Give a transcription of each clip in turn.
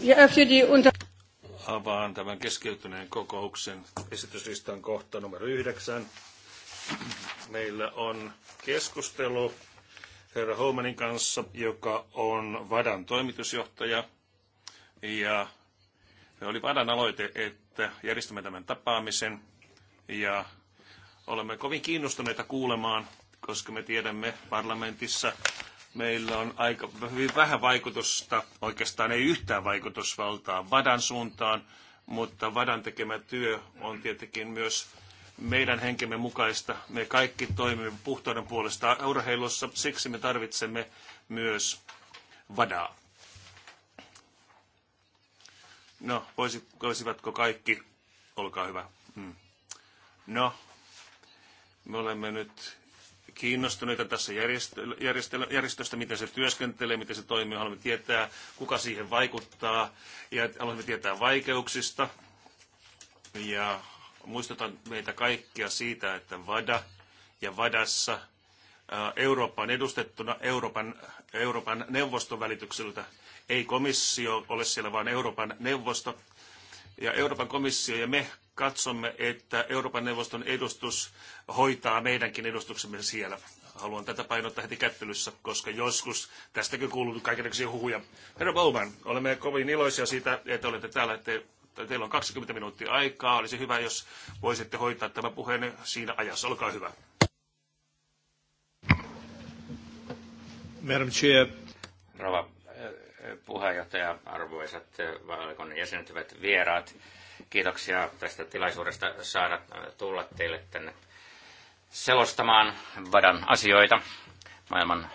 Äh, Avaan tämän keskeytyneen kokouksen esityslistan kohta numero yhdeksän. Meillä on keskustelu herra Homanin kanssa, joka on Vadan toimitusjohtaja. Ja oli Vadan aloite, että järjestämme tämän tapaamisen. Ja olemme kovin kiinnostuneita kuulemaan, koska me tiedämme parlamentissa, meillä on aika hyvin vähän vaikutusta, oikeastaan ei yhtään vaikutusvaltaa Vadan suuntaan, mutta Vadan tekemä työ on tietenkin myös meidän henkemme mukaista. Me kaikki toimimme puhtauden puolesta urheilussa, siksi me tarvitsemme myös Vadaa. No, voisivatko kaikki? Olkaa hyvä. Hmm. No, me olemme nyt kiinnostuneita tässä järjestöstä, miten se työskentelee, miten se toimii. Haluamme tietää, kuka siihen vaikuttaa ja haluamme tietää vaikeuksista. Ja muistutan meitä kaikkia siitä, että VADA ja VADassa äh, Euroopan edustettuna Euroopan, Euroopan neuvoston välitykseltä. Ei komissio ole siellä, vaan Euroopan neuvosto. Ja Euroopan komissio ja me katsomme, että Euroopan neuvoston edustus hoitaa meidänkin edustuksemme siellä. Haluan tätä painottaa heti kättelyssä, koska joskus tästäkin kuuluu kaikenlaisia huhuja. Herra Bowman, olemme kovin iloisia siitä, että olette täällä. Te, teillä on 20 minuuttia aikaa. Olisi hyvä, jos voisitte hoitaa tämä puheen siinä ajassa. Olkaa hyvä. Madam Chair. Rava puheenjohtaja, arvoisat eh, valiokunnan jäsenet, hyvät vieraat. Kiitoksia tästä tilaisuudesta saada eh, tulla teille tänne selostamaan Vadan asioita, maailman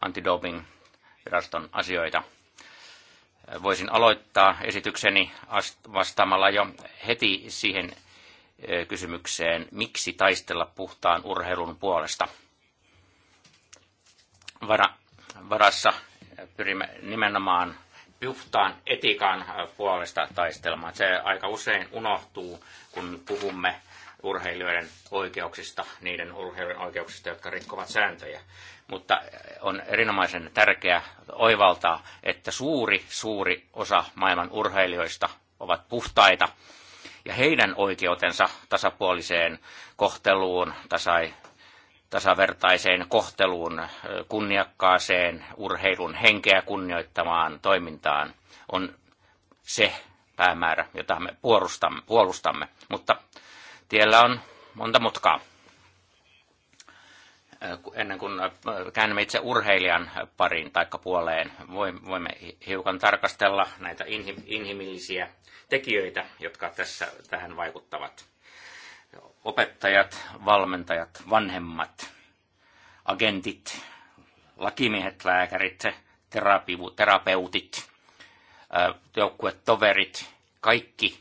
antidoping-viraston asioita. Eh, voisin aloittaa esitykseni vastaamalla jo heti siihen kysymykseen, miksi taistella puhtaan urheilun puolesta. Vara, varassa pyrimme nimenomaan puhtaan etikan äh, puolesta taistelemaan. Se aika usein unohtuu, kun puhumme urheilijoiden oikeuksista, niiden urheilijoiden oikeuksista, jotka rikkovat sääntöjä. Mutta äh, on erinomaisen tärkeää oivaltaa, että suuri, suuri osa maailman urheilijoista ovat puhtaita, ja heidän oikeutensa tasapuoliseen kohteluun, tasai, tasavertaiseen kohteluun, kunniakkaaseen urheilun henkeä kunnioittamaan toimintaan on se päämäärä, jota me puolustamme, puolustamme. mutta tiellä on monta mutkaa. Ennen kuin käännämme itse urheilijan pariin tai puoleen, voimme hiukan tarkastella näitä inhimillisiä tekijöitä, jotka tässä tähän vaikuttavat opettajat, valmentajat, vanhemmat, agentit, lakimiehet, lääkärit, terapivu, terapeutit, joukkuetoverit, kaikki,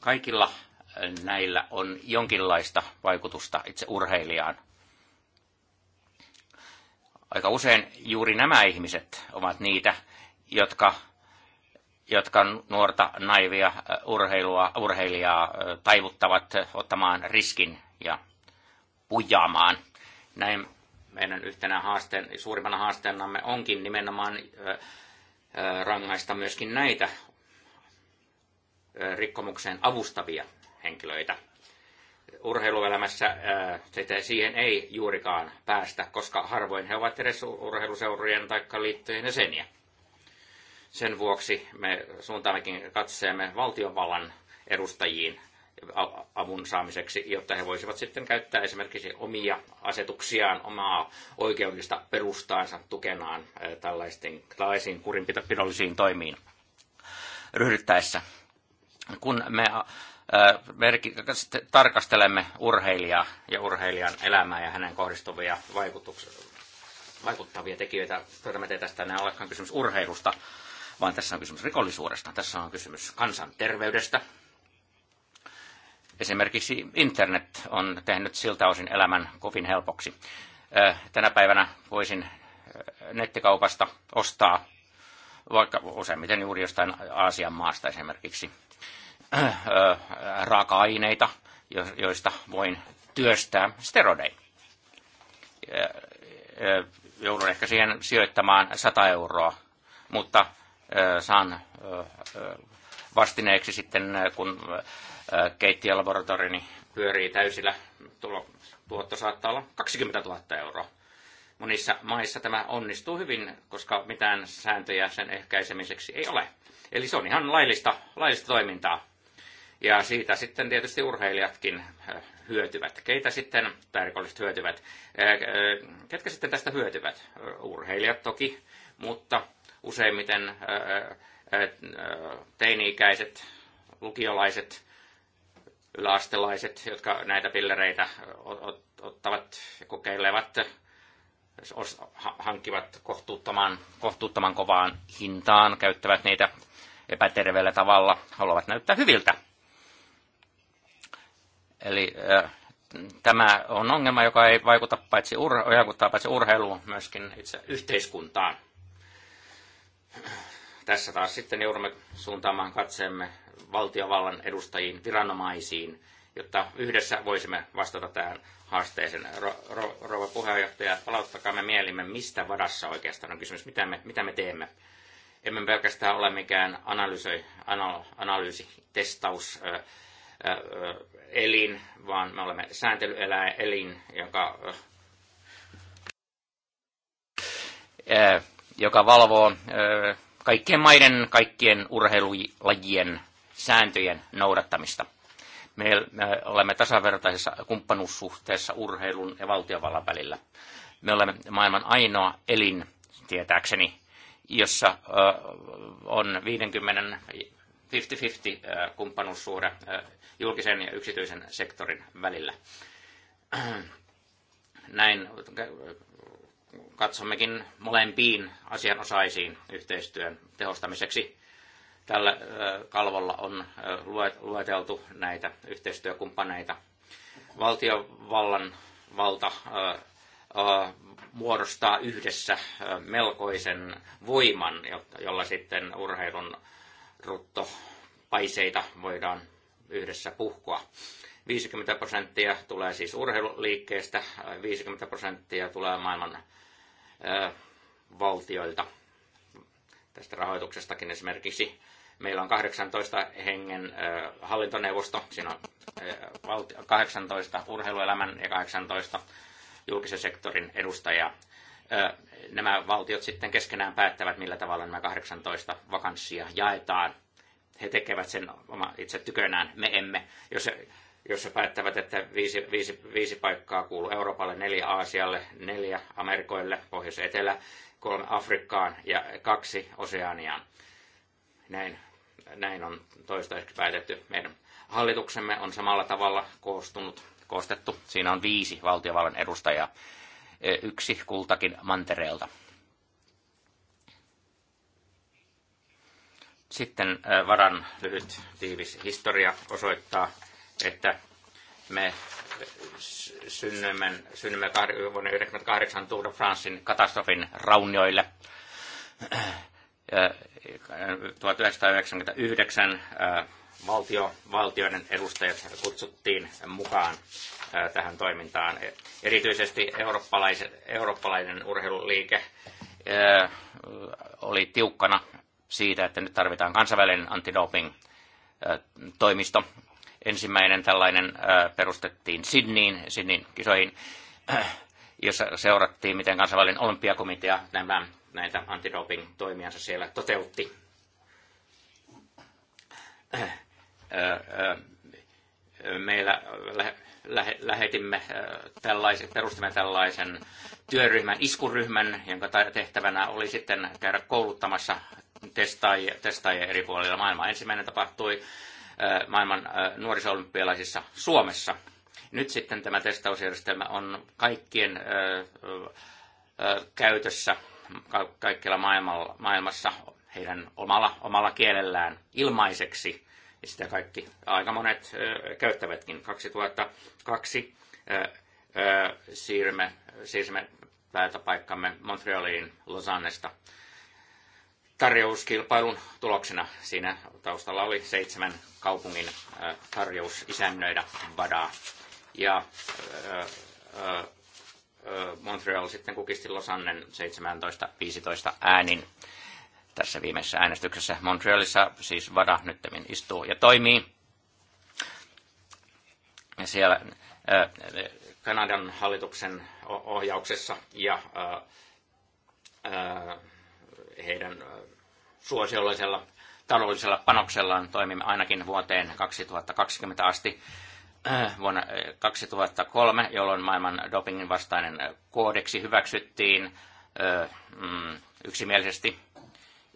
kaikilla näillä on jonkinlaista vaikutusta itse urheilijaan. Aika usein juuri nämä ihmiset ovat niitä, jotka jotka nuorta naivia urheilua, urheilijaa taivuttavat ottamaan riskin ja pujaamaan. Näin meidän yhtenä haasteen, suurimmana haasteenamme onkin nimenomaan rangaista myöskin näitä rikkomukseen avustavia henkilöitä. Urheiluelämässä sitä siihen ei juurikaan päästä, koska harvoin he ovat edes urheiluseurojen tai liittojen jäseniä sen vuoksi me suuntaammekin katseemme valtiovallan edustajiin avun saamiseksi, jotta he voisivat sitten käyttää esimerkiksi omia asetuksiaan, omaa oikeudellista perustaansa tukenaan tällaisiin, tällaisiin kurinpidollisiin toimiin ryhdyttäessä. Kun me tarkastelemme urheilijaa ja urheilijan elämää ja hänen kohdistuvia vaikutuksia, vaikuttavia tekijöitä, me tästä enää olekaan kysymys urheilusta, vaan tässä on kysymys rikollisuudesta, tässä on kysymys kansanterveydestä. Esimerkiksi internet on tehnyt siltä osin elämän kovin helpoksi. Tänä päivänä voisin nettikaupasta ostaa vaikka useimmiten juuri jostain Aasian maasta esimerkiksi raaka-aineita, joista voin työstää steroideja. Joudun ehkä siihen sijoittamaan 100 euroa, mutta saan vastineeksi sitten, kun keittiölaboratorini pyörii täysillä. tuotto saattaa olla 20 000 euroa. Monissa maissa tämä onnistuu hyvin, koska mitään sääntöjä sen ehkäisemiseksi ei ole. Eli se on ihan laillista, laillista toimintaa. Ja siitä sitten tietysti urheilijatkin hyötyvät. Keitä sitten, tai rikolliset hyötyvät, ketkä sitten tästä hyötyvät? Urheilijat toki, mutta useimmiten teini-ikäiset, lukiolaiset, yläastelaiset, jotka näitä pillereitä ottavat ja kokeilevat, hankkivat kohtuuttoman, kohtuuttoman kovaan hintaan, käyttävät niitä epäterveellä tavalla, haluavat näyttää hyviltä. Eli tämä on ongelma, joka ei vaikuta paitsi, ur- vaikuttaa paitsi urheiluun, myöskin itse yhteiskuntaan tässä taas sitten joudumme suuntaamaan katseemme valtiovallan edustajiin, viranomaisiin, jotta yhdessä voisimme vastata tähän haasteeseen. Ro- ro- rouva puheenjohtaja, palauttakaamme mielimme, mistä varassa oikeastaan on kysymys, mitä me, mitä me teemme. Emme pelkästään ole mikään analyysi, testaus, ö, ö, elin, vaan me olemme sääntelyelin, joka ö, joka valvoo kaikkien maiden, kaikkien urheilulajien sääntöjen noudattamista. Me olemme tasavertaisessa kumppanuussuhteessa urheilun ja valtiovallan välillä. Me olemme maailman ainoa elin, tietääkseni, jossa on 50 50-50 kumppanuussuhde julkisen ja yksityisen sektorin välillä. Näin katsommekin molempiin asianosaisiin yhteistyön tehostamiseksi. Tällä kalvolla on lueteltu näitä yhteistyökumppaneita. Valtiovallan valta muodostaa yhdessä melkoisen voiman, jolla sitten urheilun ruttopaiseita voidaan yhdessä puhkoa. 50 prosenttia tulee siis urheiluliikkeestä, 50 prosenttia tulee maailman valtioilta tästä rahoituksestakin esimerkiksi. Meillä on 18 hengen hallintoneuvosto, siinä on 18 urheiluelämän ja 18 julkisen sektorin edustajaa. Nämä valtiot sitten keskenään päättävät, millä tavalla nämä 18 vakanssia jaetaan. He tekevät sen oma itse tykönään, me emme. Jos jossa päättävät, että viisi, viisi, viisi paikkaa kuuluu Euroopalle, neljä Aasialle, neljä Amerikoille, Pohjois-Etelä, kolme Afrikkaan ja kaksi Oseaniaan. Näin, näin on toistaiseksi päätetty. Meidän hallituksemme on samalla tavalla koostunut, koostettu. Siinä on viisi valtiovallan edustajaa, e, yksi kultakin mantereelta. Sitten e, varan lyhyt tiivis historia osoittaa, että me synnymme, synnymme vuonna 1998 Tour de Francein katastrofin raunioille. 1999 valtio, valtioiden edustajat kutsuttiin mukaan tähän toimintaan. Erityisesti eurooppalainen urheiluliike oli tiukkana siitä, että nyt tarvitaan kansainvälinen antidoping-toimisto Ensimmäinen tällainen perustettiin Sydneyin, Sydneyin kisoihin, jossa seurattiin, miten kansainvälinen olympiakomitea nämä, näitä antidoping-toimiansa siellä toteutti. Meillä lähetimme tällaisen, perustimme tällaisen työryhmän, iskuryhmän, jonka tehtävänä oli sitten käydä kouluttamassa testaajia, testaajia eri puolilla maailmaa. Ensimmäinen tapahtui maailman nuoriso-olympialaisissa Suomessa. Nyt sitten tämä testausjärjestelmä on kaikkien käytössä kaikkialla maailmassa heidän omalla, omalla kielellään ilmaiseksi. Ja sitä kaikki aika monet käyttävätkin. 2002 siirrymme, siirrymme päätöpaikkamme Montrealiin Lausannesta tarjouskilpailun tuloksena. Siinä taustalla oli seitsemän kaupungin tarjous isännöidä Vadaa. Ja Montreal sitten kukisti Losannen 17-15 äänin tässä viimeisessä äänestyksessä. Montrealissa siis Vada nyt istuu ja toimii. Ja siellä Kanadan hallituksen ohjauksessa ja heidän suosiollisella taloudellisella panoksellaan toimimme ainakin vuoteen 2020 asti vuonna 2003, jolloin maailman dopingin vastainen koodeksi hyväksyttiin mm, yksimielisesti.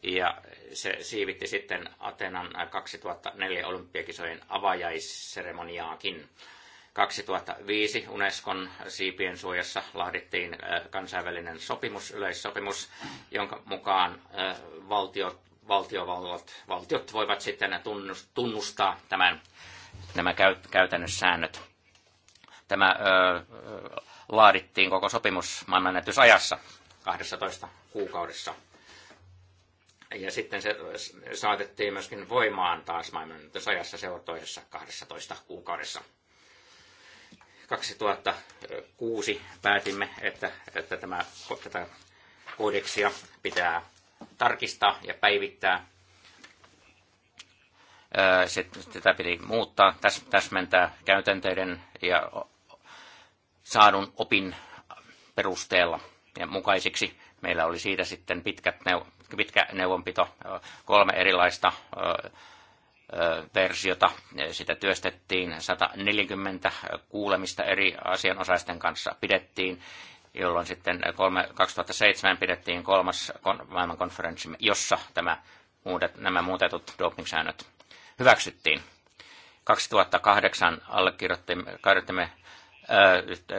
Ja se siivitti sitten Atenan 2004 olympiakisojen avajaisseremoniaakin. 2005 Unescon siipien suojassa laadittiin äh, kansainvälinen sopimus, yleissopimus, jonka mukaan äh, valtiot, valtiovallat, valtiot voivat sitten tunnustaa tämän, nämä käytännön säännöt. Tämä ö, äh, laadittiin koko sopimus maailmanennätysajassa 12 kuukaudessa. Ja sitten se saatettiin myöskin voimaan taas maailmanennätysajassa seuraavassa 12 kuukaudessa 2006 päätimme, että, että tämä, tätä kodeksia pitää tarkistaa ja päivittää. sitä piti muuttaa, täsmentää käytänteiden ja saadun opin perusteella ja mukaisiksi. Meillä oli siitä sitten pitkä neuvonpito, kolme erilaista versiota. Sitä työstettiin 140 kuulemista eri asianosaisten kanssa pidettiin, jolloin sitten 2007 pidettiin kolmas maailmankonferenssi, jossa tämä muudet, nämä muutetut doping-säännöt hyväksyttiin. 2008 allekirjoitimme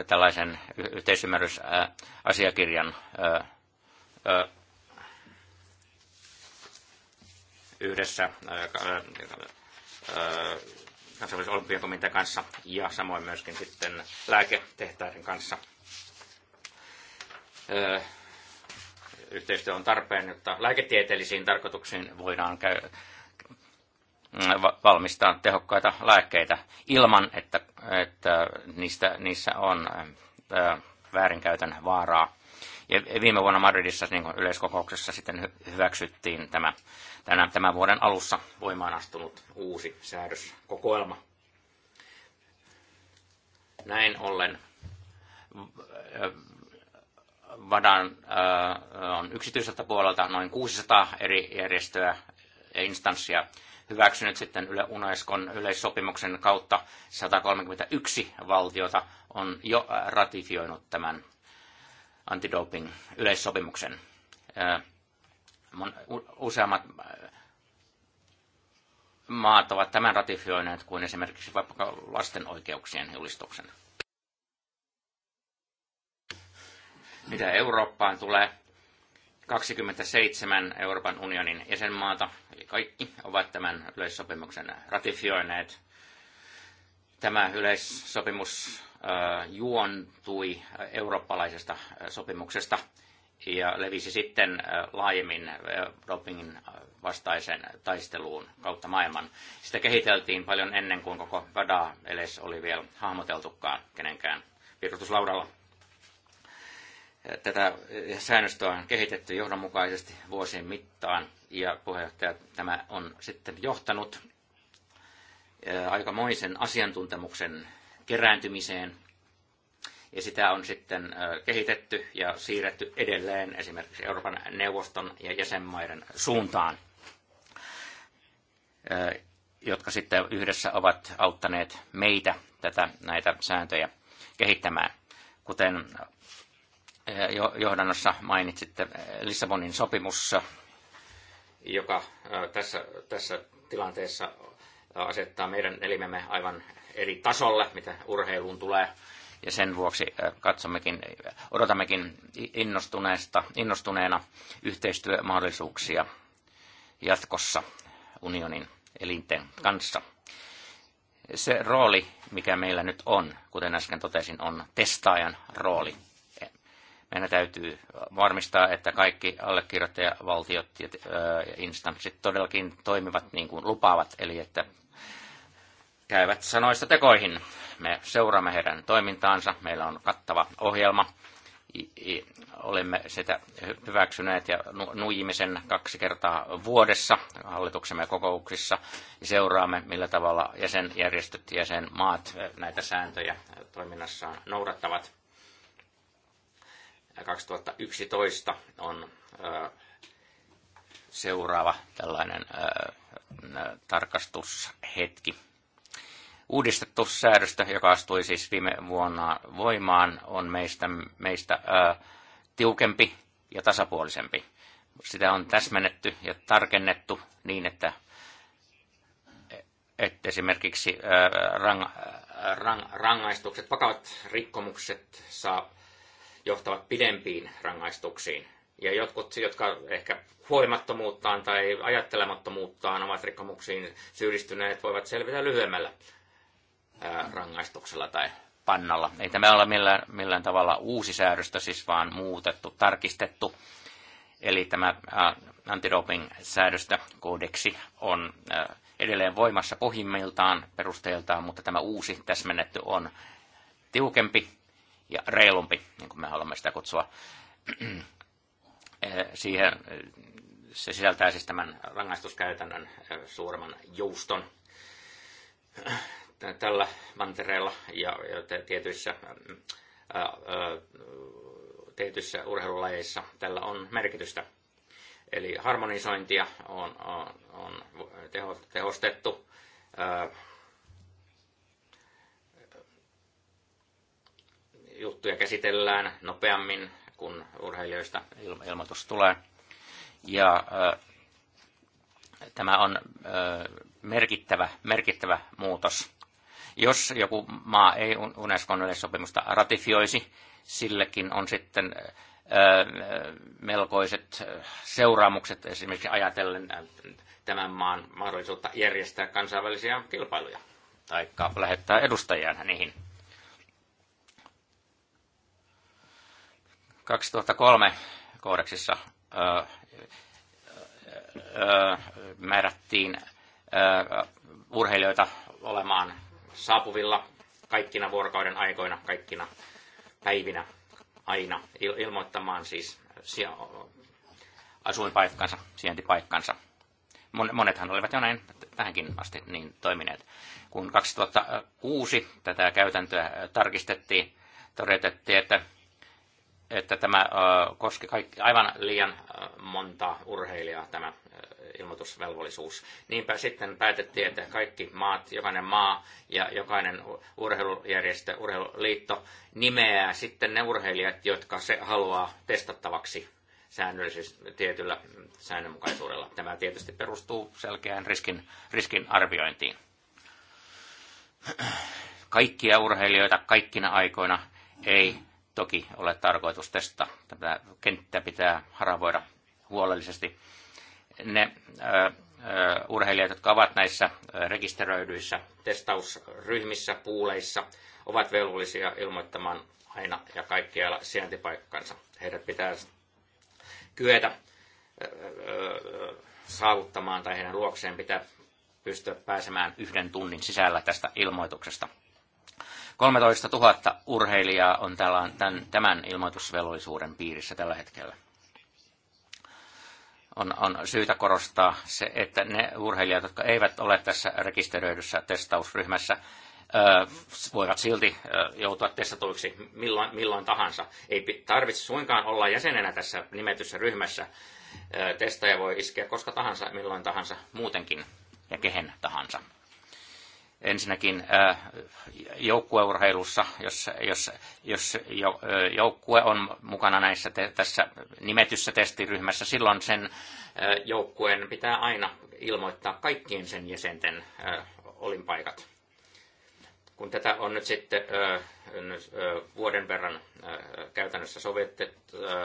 tällaisen yhteisymmärrysasiakirjan yhdessä kansainvälisen äh, äh, äh, olympiakomitean kanssa ja samoin myöskin sitten lääketehtaiden kanssa. Yhteistyö on tarpeen, jotta lääketieteellisiin tarkoituksiin voidaan käy, valmistaa tehokkaita lääkkeitä ilman, että, että niistä, niissä on väärinkäytön vaaraa. Ja viime vuonna Madridissa niin yleiskokouksessa sitten hyväksyttiin tämä tänä, tämän vuoden alussa voimaan astunut uusi säädöskokoelma. Näin ollen äh, Vadan äh, on yksityiseltä puolelta noin 600 eri järjestöä ja instanssia hyväksynyt sitten Yle Unescon yleissopimuksen kautta 131 valtiota on jo ratifioinut tämän antidoping-yleissopimuksen. Äh, useammat äh, maat ovat tämän ratifioineet kuin esimerkiksi vaikka lasten oikeuksien julistuksen. Mitä Eurooppaan tulee, 27 Euroopan unionin jäsenmaata, eli kaikki, ovat tämän yleissopimuksen ratifioineet. Tämä yleissopimus juontui eurooppalaisesta sopimuksesta ja levisi sitten laajemmin dopingin vastaiseen taisteluun kautta maailman. Sitä kehiteltiin paljon ennen kuin koko VADA edes oli vielä hahmoteltukaan kenenkään virkutuslaudalla. Tätä säännöstöä on kehitetty johdonmukaisesti vuosien mittaan ja puheenjohtaja tämä on sitten johtanut aikamoisen asiantuntemuksen kerääntymiseen. Ja sitä on sitten kehitetty ja siirretty edelleen esimerkiksi Euroopan neuvoston ja jäsenmaiden suuntaan, jotka sitten yhdessä ovat auttaneet meitä tätä, näitä sääntöjä kehittämään. Kuten johdannossa mainitsitte, Lissabonin sopimus, joka tässä, tässä tilanteessa Äh, asettaa meidän elimemme aivan eri tasolle, mitä urheiluun tulee. Ja sen vuoksi äh, katsommekin, odotammekin innostuneesta, innostuneena yhteistyömahdollisuuksia jatkossa unionin elinten kanssa. Se rooli, mikä meillä nyt on, kuten äsken totesin, on testaajan rooli. Meidän täytyy varmistaa, että kaikki allekirjoittajavaltiot ja äh, instanssit todellakin toimivat niin kuin lupaavat, eli että käyvät sanoista tekoihin. Me seuraamme heidän toimintaansa. Meillä on kattava ohjelma. Olemme sitä hyväksyneet ja nuijimisen kaksi kertaa vuodessa hallituksemme kokouksissa. Seuraamme, millä tavalla jäsenjärjestöt, jäsenmaat eh, näitä sääntöjä eh, toiminnassaan noudattavat. 2011 on eh, seuraava tällainen tarkastushetki Uudistettu säädöstö, joka astui siis viime vuonna voimaan, on meistä, meistä ää, tiukempi ja tasapuolisempi. Sitä on täsmennetty ja tarkennettu niin, että, että esimerkiksi ää, rang, rang, rangaistukset, vakavat rikkomukset saa, johtavat pidempiin rangaistuksiin ja jotkut, jotka ehkä huolimattomuuttaan tai ajattelemattomuuttaan ovat rikkomuksiin syyllistyneet, voivat selvitä lyhyemmällä rangaistuksella tai pannalla. Ei tämä ole millään, millään tavalla uusi säädöstä, siis vaan muutettu, tarkistettu. Eli tämä antidoping-säädöstä kodeksi on edelleen voimassa pohjimmiltaan perusteiltaan, mutta tämä uusi täsmennetty on tiukempi ja reilumpi, niin kuin me haluamme sitä kutsua. Siihen se sisältää siis tämän rangaistuskäytännön suuremman jouston tällä mantereella ja, ja tietyissä, mm, ää, ää, tietyissä urheilulajeissa tällä on merkitystä. Eli harmonisointia on, on, on teho, tehostettu. Ää, juttuja käsitellään nopeammin, kun urheilijoista ilmoitus tulee. Ja ää, tämä on ää, merkittävä, merkittävä muutos jos joku maa ei Unescon yleissopimusta ratifioisi, silläkin on sitten melkoiset seuraamukset esimerkiksi ajatellen tämän maan mahdollisuutta järjestää kansainvälisiä kilpailuja tai lähettää edustajiaan niihin. 2003 koodeksissa määrättiin urheilijoita olemaan saapuvilla kaikkina vuorokauden aikoina, kaikkina päivinä aina ilmoittamaan siis asuinpaikkansa, sijaintipaikkansa. Monethan olivat jo näin tähänkin asti niin toimineet. Kun 2006 tätä käytäntöä tarkistettiin, todetettiin, että että tämä koski kaikki, aivan liian monta urheilijaa tämä ilmoitusvelvollisuus. Niinpä sitten päätettiin, että kaikki maat, jokainen maa ja jokainen urheilujärjestö, urheiluliitto nimeää sitten ne urheilijat, jotka se haluaa testattavaksi säännöllisesti tietyllä säännönmukaisuudella. Tämä tietysti perustuu selkeään riskin, riskin arviointiin. Kaikkia urheilijoita kaikkina aikoina ei toki ole tarkoitus testata. Tämä kenttä pitää haravoida huolellisesti. Ne ö, ö, urheilijat, jotka ovat näissä rekisteröidyissä testausryhmissä, puuleissa, ovat velvollisia ilmoittamaan aina ja kaikkialla sijaintipaikkansa. Heidät pitää kyetä saavuttamaan tai heidän luokseen pitää pystyä pääsemään yhden tunnin sisällä tästä ilmoituksesta. 13 000 urheilijaa on tämän, tämän ilmoitusvelvollisuuden piirissä tällä hetkellä. On, on syytä korostaa se, että ne urheilijat, jotka eivät ole tässä rekisteröidyssä testausryhmässä, voivat silti joutua testatuiksi milloin, milloin tahansa. Ei tarvitse suinkaan olla jäsenenä tässä nimetyssä ryhmässä. Testaja voi iskeä koska tahansa, milloin tahansa muutenkin ja kehen tahansa ensinnäkin joukkueurheilussa, jos, jos, jos joukkue on mukana näissä tässä nimetyssä testiryhmässä, silloin sen joukkueen pitää aina ilmoittaa kaikkien sen jäsenten olinpaikat. Kun tätä on nyt sitten vuoden verran käytännössä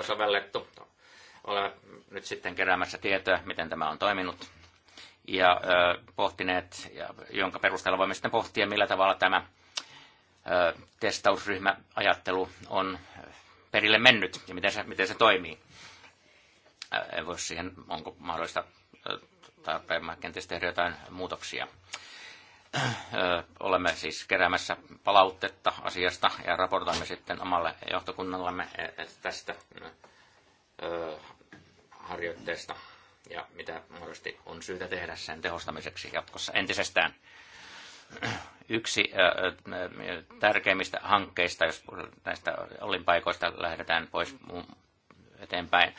sovellettu, olemme nyt sitten keräämässä tietoa, miten tämä on toiminut ja pohtineet, ja jonka perusteella voimme sitten pohtia, millä tavalla tämä testausryhmäajattelu on perille mennyt ja miten se, miten se toimii. En voi siihen, onko mahdollista tarpeen kenties tehdä jotain muutoksia. Olemme siis keräämässä palautetta asiasta ja raportoimme sitten omalle johtokunnallamme e, tästä harjoitteesta ja mitä mahdollisesti on syytä tehdä sen tehostamiseksi jatkossa entisestään. Yksi tärkeimmistä hankkeista, jos näistä olinpaikoista lähdetään pois eteenpäin,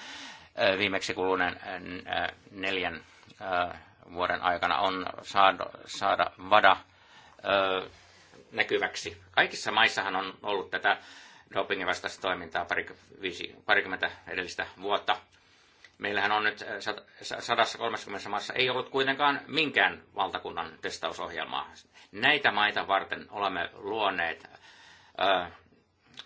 viimeksi kuluneen neljän vuoden aikana on saada, saada VADA näkyväksi. Kaikissa maissahan on ollut tätä dopingin vastaista toimintaa parikymmentä edellistä vuotta – Meillähän on nyt 130 äh, maassa, ei ollut kuitenkaan minkään valtakunnan testausohjelmaa. Näitä maita varten olemme luoneet äh,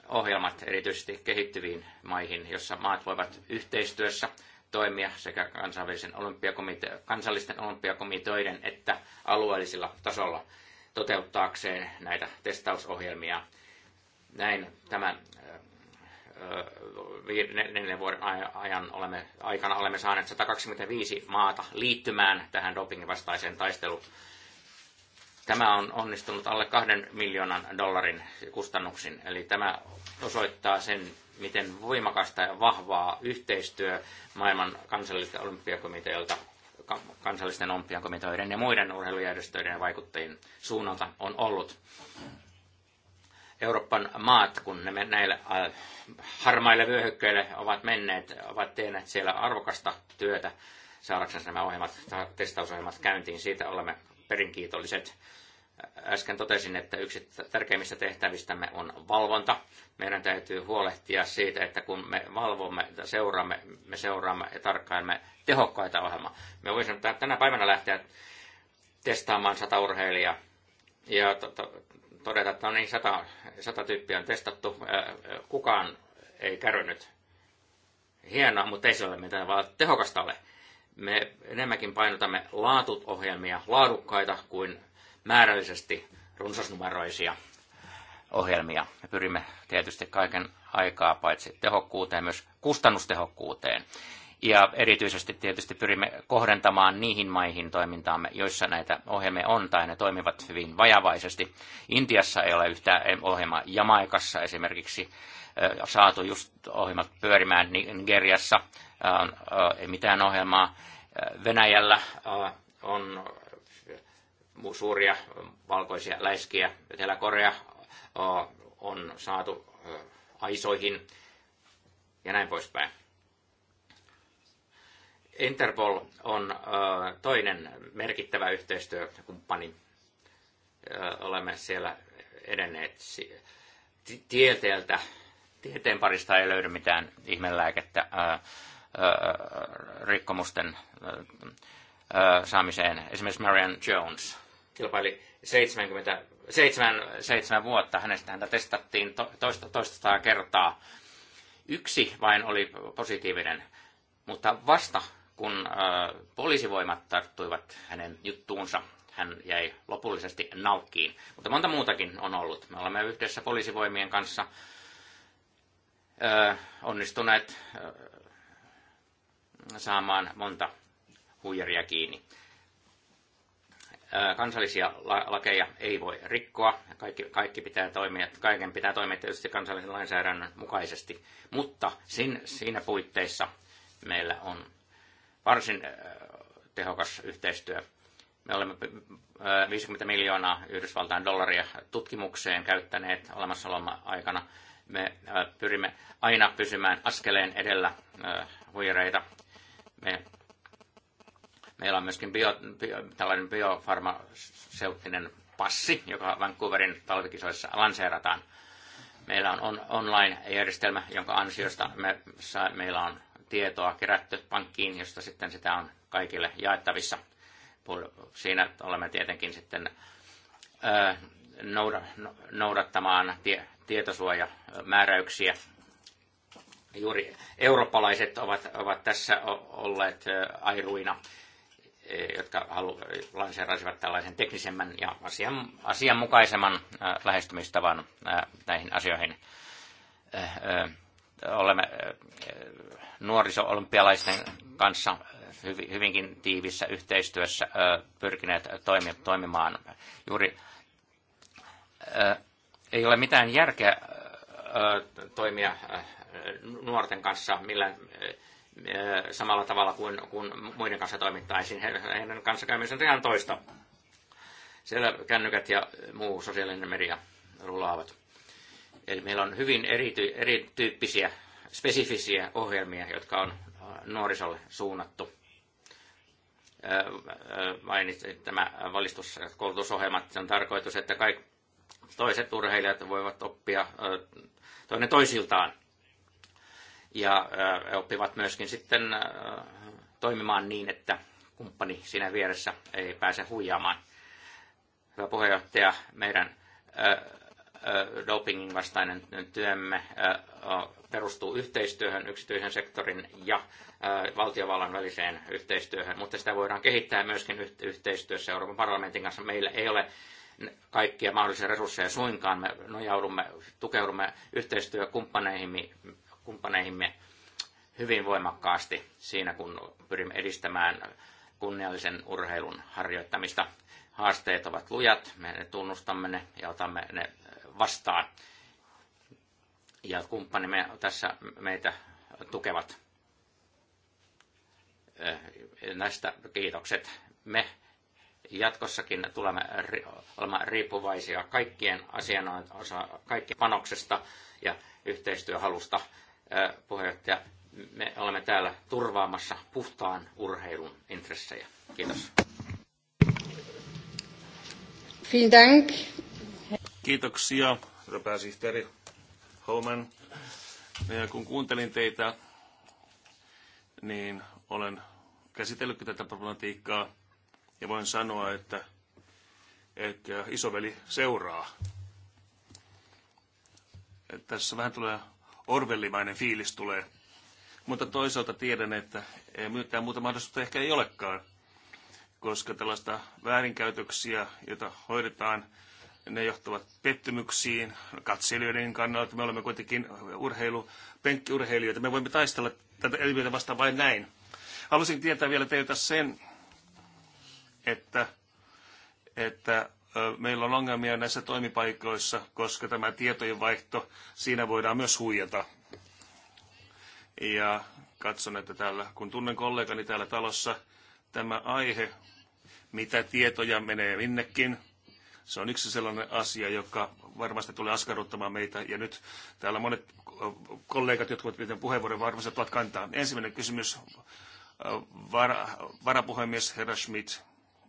ohjelmat erityisesti kehittyviin maihin, jossa maat voivat yhteistyössä toimia sekä kansainvälisen olympiakomite- kansallisten olympiakomiteoiden että alueellisilla tasolla toteuttaakseen näitä testausohjelmia. Näin tämä äh, neljän vuoden ajan olemme, aikana olemme saaneet 125 maata liittymään tähän dopingin vastaiseen taisteluun. Tämä on onnistunut alle kahden miljoonan dollarin kustannuksin, eli tämä osoittaa sen, miten voimakasta ja vahvaa yhteistyö maailman kansallisten olympiakomiteilta, kansallisten olympiakomiteoiden ja muiden urheilujärjestöiden ja vaikuttajien suunnalta on ollut Euroopan maat, kun ne näillä harmaille vyöhykkeille ovat menneet, ovat tehneet siellä arvokasta työtä saadaksensa nämä ohjelmat, testausohjelmat käyntiin. Siitä olemme perinkiitolliset. Äsken totesin, että yksi tärkeimmistä tehtävistämme on valvonta. Meidän täytyy huolehtia siitä, että kun me valvomme, seuraamme, me seuraamme ja tarkkailemme tehokkaita ohjelmaa. Me voisimme tänä päivänä lähteä testaamaan sata urheilijaa ja to, to, todeta, että no niin, sata, sata tyyppiä on testattu, kukaan ei kärynyt. Hienoa, mutta ei se ole mitään vaan tehokasta ole. Me enemmänkin painotamme laatuohjelmia, laadukkaita kuin määrällisesti runsasnumeroisia ohjelmia. Me pyrimme tietysti kaiken aikaa paitsi tehokkuuteen, myös kustannustehokkuuteen. Ja erityisesti tietysti pyrimme kohdentamaan niihin maihin toimintaamme, joissa näitä ohjelmia on tai ne toimivat hyvin vajavaisesti. Intiassa ei ole yhtään ohjelmaa. Jamaikassa esimerkiksi saatu just ohjelmat pyörimään Nigeriassa. Ei mitään ohjelmaa. Venäjällä on suuria valkoisia läiskiä. Etelä-Korea on saatu aisoihin ja näin poispäin Interpol on toinen merkittävä yhteistyökumppani. Olemme siellä edenneet tieteeltä. Tieteen parista ei löydy mitään ihmelääkettä rikkomusten saamiseen. Esimerkiksi Marian Jones kilpaili 70, 7, 7 vuotta. Hänestä häntä testattiin toista, toista kertaa. Yksi vain oli positiivinen mutta vasta kun poliisivoimat tarttuivat hänen juttuunsa, hän jäi lopullisesti naukkiin. Mutta monta muutakin on ollut. Me olemme yhdessä poliisivoimien kanssa onnistuneet saamaan monta huijaria kiinni. Kansallisia lakeja ei voi rikkoa. Kaikki, kaikki pitää toimia, kaiken pitää toimia tietysti kansallisen lainsäädännön mukaisesti, mutta sin, siinä puitteissa meillä on varsin äh, tehokas yhteistyö. Me olemme 50 äh, miljoonaa Yhdysvaltain dollaria tutkimukseen käyttäneet olemassaoloma aikana. Me äh, pyrimme aina pysymään askeleen edellä huireita. Me, meillä on myöskin bio, bio, tällainen biofarmaseuttinen passi, joka Vancouverin talvikisoissa lanseerataan. Meillä on online-järjestelmä, jonka ansiosta me, meillä on tietoa kerätty pankkiin, josta sitten sitä on kaikille jaettavissa. Siinä olemme tietenkin sitten no-, noudattamaan tietosuojamääräyksiä. Juuri eurooppalaiset ovat, ovat tässä olleet airuina, e, jotka halu, lanseerasivat tällaisen teknisemmän ja asian, asianmukaisemman lähestymistavan näihin asioihin. Olemme nuoriso-olympialaisten kanssa hyvinkin tiivissä yhteistyössä pyrkineet toimimaan. Juuri ei ole mitään järkeä toimia nuorten kanssa millään samalla tavalla kuin, kuin muiden kanssa toimittaisiin. Heidän kanssa käymisen on ihan toista. Siellä kännykät ja muu sosiaalinen media rulaavat. Eli meillä on hyvin erity, erityyppisiä spesifisiä ohjelmia, jotka on äh, nuorisolle suunnattu. Äh, äh, Mainitsin tämä valistus- ja koulutusohjelmat. Se on tarkoitus, että kaikki toiset urheilijat voivat oppia toinen toisiltaan. Ja oppivat myöskin sitten toimimaan niin, että kumppani siinä vieressä ei pääse huijaamaan. Hyvä puheenjohtaja, meidän dopingin vastainen työmme perustuu yhteistyöhön, yksityisen sektorin ja valtiovallan väliseen yhteistyöhön, mutta sitä voidaan kehittää myöskin yhteistyössä Euroopan parlamentin kanssa. Meillä ei ole kaikkia mahdollisia resursseja suinkaan. Me nojaudumme, tukeudumme yhteistyökumppaneihimme kumppaneihimme hyvin voimakkaasti siinä, kun pyrimme edistämään kunniallisen urheilun harjoittamista. Haasteet ovat lujat, me ne tunnustamme ne ja otamme ne vastaan ja kumppanimme tässä meitä tukevat. Näistä kiitokset. Me jatkossakin tulemme olemaan riippuvaisia kaikkien osa, kaikki panoksesta ja yhteistyöhalusta. Puheenjohtaja, me olemme täällä turvaamassa puhtaan urheilun intressejä. Kiitos. Vielen Dank. Kiitoksia, herra pääsihteeri. Homan. Ja kun kuuntelin teitä, niin olen käsitellyt tätä problematiikkaa ja voin sanoa, että, että isoveli seuraa. Että tässä vähän tulee orvellimainen fiilis tulee, mutta toisaalta tiedän, että ei muuta mahdollisuutta ehkä ei olekaan, koska tällaista väärinkäytöksiä, joita hoidetaan ne johtavat pettymyksiin katselijoiden kannalta. Me olemme kuitenkin urheilu, penkkiurheilijoita. Me voimme taistella tätä ilmiötä vastaan vain näin. Haluaisin tietää vielä teiltä sen, että, että meillä on ongelmia näissä toimipaikoissa, koska tämä tietojenvaihto, siinä voidaan myös huijata. Ja katson, että täällä, kun tunnen kollegani täällä talossa, tämä aihe, mitä tietoja menee minnekin, se on yksi sellainen asia, joka varmasti tulee askarruttamaan meitä. Ja nyt täällä monet kollegat, jotka ovat pitäneet puheenvuoron, varmasti ottavat kantaa. Ensimmäinen kysymys, var, varapuhemies Herra Schmidt,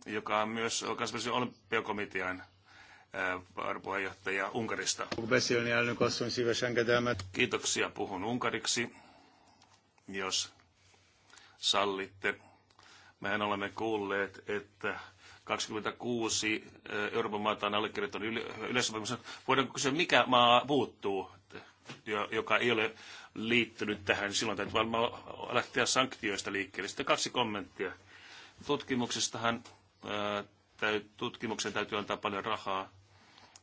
joka on myös kansainvälisen olympiakomitean äh, varapuheenjohtaja Unkarista. Kiitoksia, puhun unkariksi, jos sallitte. Mehän olemme kuulleet, että 26 Euroopan maata on allekirjoittanut yleissopimuksen. Voidaanko kysyä, mikä maa puuttuu, joka ei ole liittynyt tähän? Silloin täytyy varmaan lähteä sanktioista liikkeelle. Sitten kaksi kommenttia. Tutkimuksestahan tutkimuksen täytyy antaa paljon rahaa.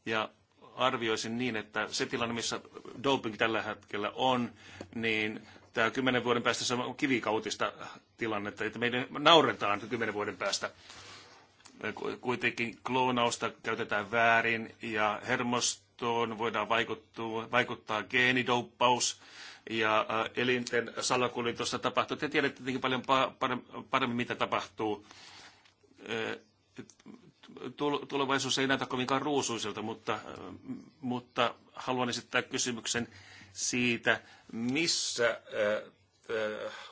Ja arvioisin niin, että se tilanne, missä doping tällä hetkellä on, niin tämä kymmenen vuoden päästä se on kivikautista tilannetta, että meidän nauretaan kymmenen vuoden päästä kuitenkin kloonausta käytetään väärin ja hermostoon voidaan vaikuttua, vaikuttaa geenidouppaus ja äh, elinten salakuljetusta tapahtuu. Te tiedätte tietenkin paljon paremmin, mitä tapahtuu. Äh, tulevaisuus ei näytä kovinkaan ruusuiselta, mutta, äh, mutta haluan esittää kysymyksen siitä, missä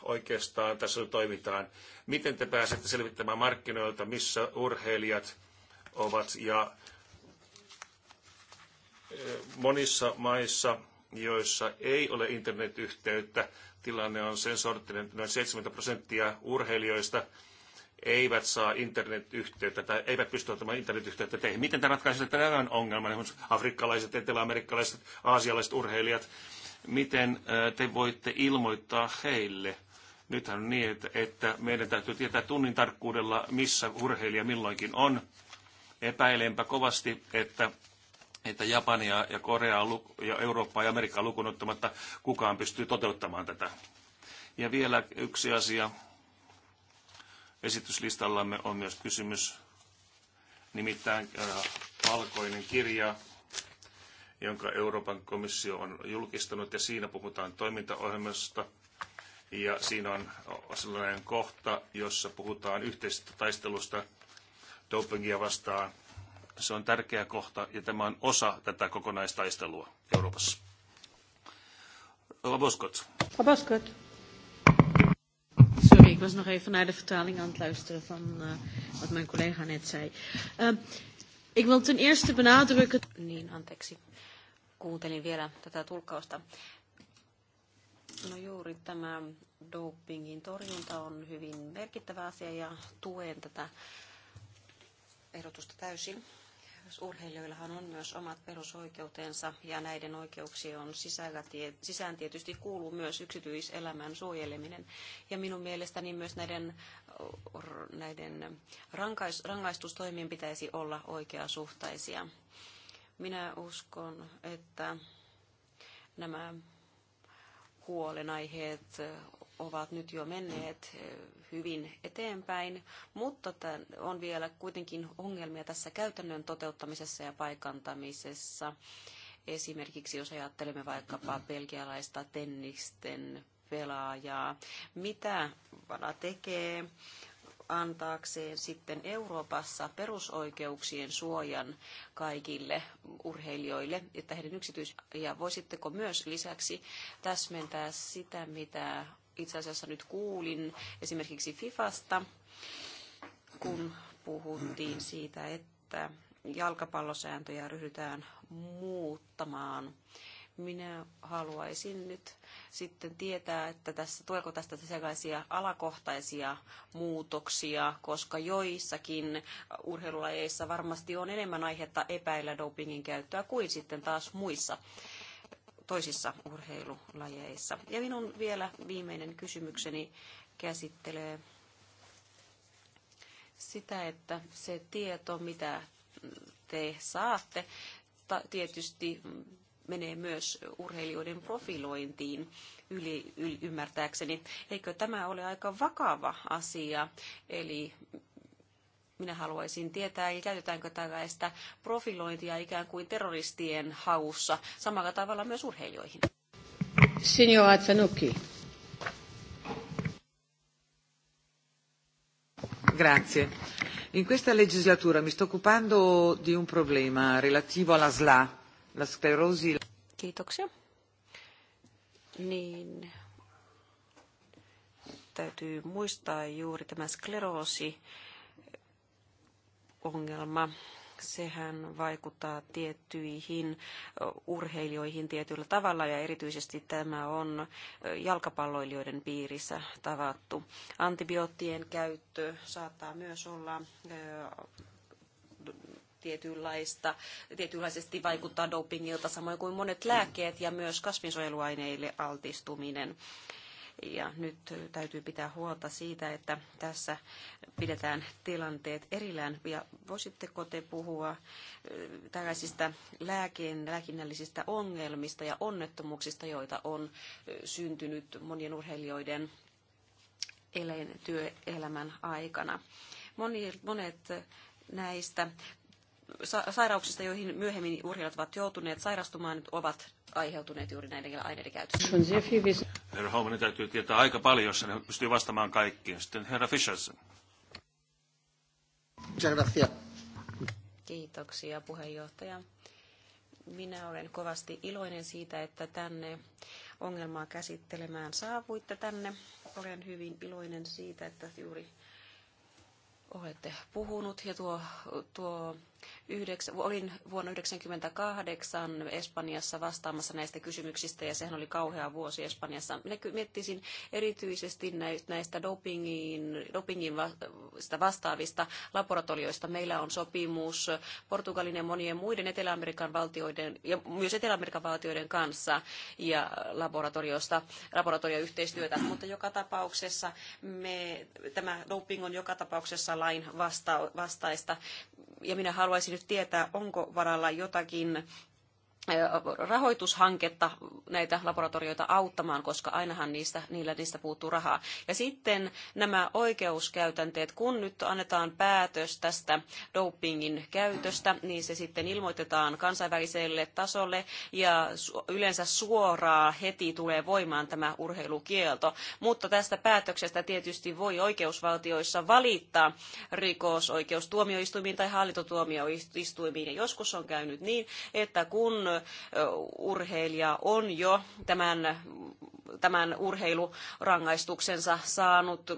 oikeastaan tässä toimitaan. Miten te pääsette selvittämään markkinoilta, missä urheilijat ovat ja monissa maissa, joissa ei ole internetyhteyttä, tilanne on sen sorttinen, että noin 70 prosenttia urheilijoista eivät saa internetyhteyttä tai eivät pysty ottamaan internetyhteyttä teihin. Miten te ratkaisette tämän ongelman? Esimerkiksi afrikkalaiset, eteläamerikkalaiset, aasialaiset urheilijat, miten te voitte ilmoittaa heille? Nythän on niin, että, meidän täytyy tietää tunnin tarkkuudella, missä urheilija milloinkin on. Epäilenpä kovasti, että että Japania ja Koreaa ja Eurooppaa ja Amerikkaa lukuun ottamatta kukaan pystyy toteuttamaan tätä. Ja vielä yksi asia. Esityslistallamme on myös kysymys, nimittäin valkoinen kirja jonka Euroopan komissio on julkistanut, ja siinä puhutaan toimintaohjelmasta. Ja siinä on sellainen kohta, jossa puhutaan yhteisestä taistelusta dopingia vastaan. Se on tärkeä kohta, ja tämä on osa tätä kokonaistaistelua Euroopassa. Laboskot. Laboskot. Sorry, ik was nog even naar de vertaling aan het luisteren van uh, wat mijn collega net zei. Uh, ik wil ten eerste benadrukken... Niin, anteeksi kuuntelin vielä tätä tulkkausta. No juuri tämä dopingin torjunta on hyvin merkittävä asia ja tuen tätä ehdotusta täysin. Urheilijoillahan on myös omat perusoikeutensa ja näiden oikeuksien sisällä, sisään tietysti kuuluu myös yksityiselämän suojeleminen. Ja minun mielestäni myös näiden, näiden rankais, rangaistustoimien pitäisi olla oikeasuhtaisia. suhtaisia minä uskon, että nämä huolenaiheet ovat nyt jo menneet eh, hyvin eteenpäin, mutta on vielä kuitenkin ongelmia tässä käytännön toteuttamisessa ja paikantamisessa. Esimerkiksi jos ajattelemme vaikkapa belgialaista tennisten pelaajaa, mitä Vala tekee antaakseen sitten Euroopassa perusoikeuksien suojan kaikille urheilijoille, että heidän yksityis... Ja voisitteko myös lisäksi täsmentää sitä, mitä itse asiassa nyt kuulin esimerkiksi FIFasta, kun puhuttiin siitä, että jalkapallosääntöjä ryhdytään muuttamaan minä haluaisin nyt sitten tietää, että tässä, tuleeko tästä sellaisia alakohtaisia muutoksia, koska joissakin urheilulajeissa varmasti on enemmän aihetta epäillä dopingin käyttöä kuin sitten taas muissa toisissa urheilulajeissa. Ja minun vielä viimeinen kysymykseni käsittelee sitä, että se tieto, mitä te saatte, tietysti menee myös urheilijoiden profilointiin yli, yli, ymmärtääkseni. Eikö tämä ole aika vakava asia? Eli minä haluaisin tietää, käytetäänkö tällaista profilointia ikään kuin terroristien haussa samalla tavalla myös urheilijoihin. Signor Zanucchi. Grazie. In questa legislatura mi sto occupando di un problema relativo alla SLA, La sklerosi... Kiitoksia. Niin, täytyy muistaa juuri tämä skleroosi ongelma. Sehän vaikuttaa tiettyihin urheilijoihin tietyllä tavalla ja erityisesti tämä on jalkapalloilijoiden piirissä tavattu. Antibioottien käyttö saattaa myös olla tietynlaista, tietynlaisesti vaikuttaa dopingilta, samoin kuin monet lääkkeet ja myös kasvinsuojeluaineille altistuminen. Ja nyt täytyy pitää huolta siitä, että tässä pidetään tilanteet erillään. Ja voisitteko te puhua tällaisista lääkeen, lääkinnällisistä ongelmista ja onnettomuuksista, joita on syntynyt monien urheilijoiden eleen työelämän aikana? Moni, monet näistä sairauksista, joihin myöhemmin urheilijat ovat joutuneet sairastumaan, ovat aiheutuneet juuri näiden aineiden käytöstä. Herra Holmanin täytyy tietää aika paljon, jos hän pystyy vastaamaan kaikkiin. Sitten herra Fischersen. Kiitoksia puheenjohtaja. Minä olen kovasti iloinen siitä, että tänne ongelmaa käsittelemään saavuitte tänne. Olen hyvin iloinen siitä, että juuri olette puhunut ja tuo, tuo Yhdeksän. olin vuonna 1998 Espanjassa vastaamassa näistä kysymyksistä ja sehän oli kauhea vuosi Espanjassa. Minä miettisin erityisesti näistä dopingin, dopingin sitä vastaavista laboratorioista. Meillä on sopimus Portugalin ja monien muiden Etelä-Amerikan valtioiden ja myös Etelä-Amerikan valtioiden kanssa ja laboratorioista, laboratorioyhteistyötä, mutta joka tapauksessa me, tämä doping on joka tapauksessa lain vasta, vastaista ja minä haluaisin nyt tietää, onko varalla jotakin rahoitushanketta näitä laboratorioita auttamaan, koska ainahan niistä, niillä niistä puuttuu rahaa. Ja sitten nämä oikeuskäytänteet, kun nyt annetaan päätös tästä dopingin käytöstä, niin se sitten ilmoitetaan kansainväliselle tasolle ja yleensä suoraan heti tulee voimaan tämä urheilukielto. Mutta tästä päätöksestä tietysti voi oikeusvaltioissa valittaa rikosoikeustuomioistuimiin tai hallintotuomioistuimiin. Ja joskus on käynyt niin, että kun urheilija on jo tämän, tämän urheilurangaistuksensa saanut,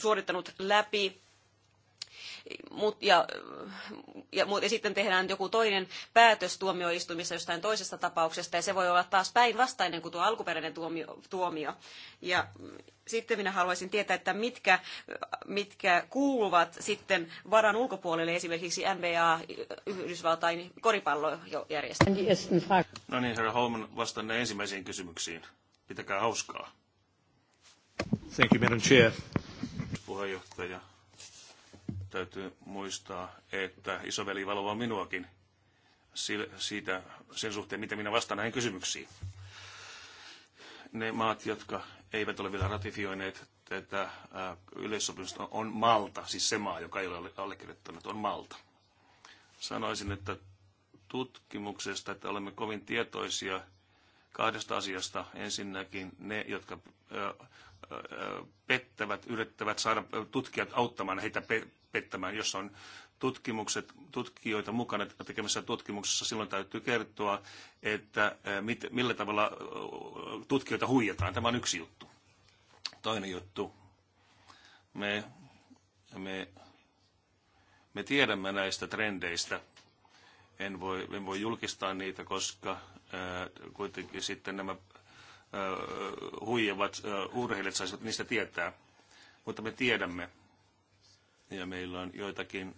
suorittanut läpi mut, ja, ja, ja sitten tehdään joku toinen päätös tuomioistuimissa jostain toisesta tapauksesta, ja se voi olla taas päinvastainen kuin tuo alkuperäinen tuomio. tuomio. Ja sitten minä haluaisin tietää, että mitkä, mitkä kuuluvat sitten varan ulkopuolelle esimerkiksi NBA, Yhdysvaltain koripallojärjestö. No niin, herra Holman, vastaan ensimmäisiin kysymyksiin. Pitäkää hauskaa. Thank you, Madam Chair. Puheenjohtaja täytyy muistaa, että isoveli valvoo minuakin siitä, sen suhteen, miten minä vastaan näihin kysymyksiin. Ne maat, jotka eivät ole vielä ratifioineet tätä yleissopimusta, on Malta, siis se maa, joka ei ole allekirjoittanut, on Malta. Sanoisin, että tutkimuksesta, että olemme kovin tietoisia kahdesta asiasta. Ensinnäkin ne, jotka pettävät, yrittävät saada tutkijat auttamaan heitä pettämään. Jos on tutkimukset, tutkijoita mukana tekemässä tutkimuksessa, silloin täytyy kertoa, että mit, millä tavalla tutkijoita huijataan. Tämä on yksi juttu. Toinen juttu. Me, me, me tiedämme näistä trendeistä. En voi, en voi julkistaa niitä, koska kuitenkin sitten nämä huijavat urheilijat saisivat niistä tietää. Mutta me tiedämme, ja meillä on joitakin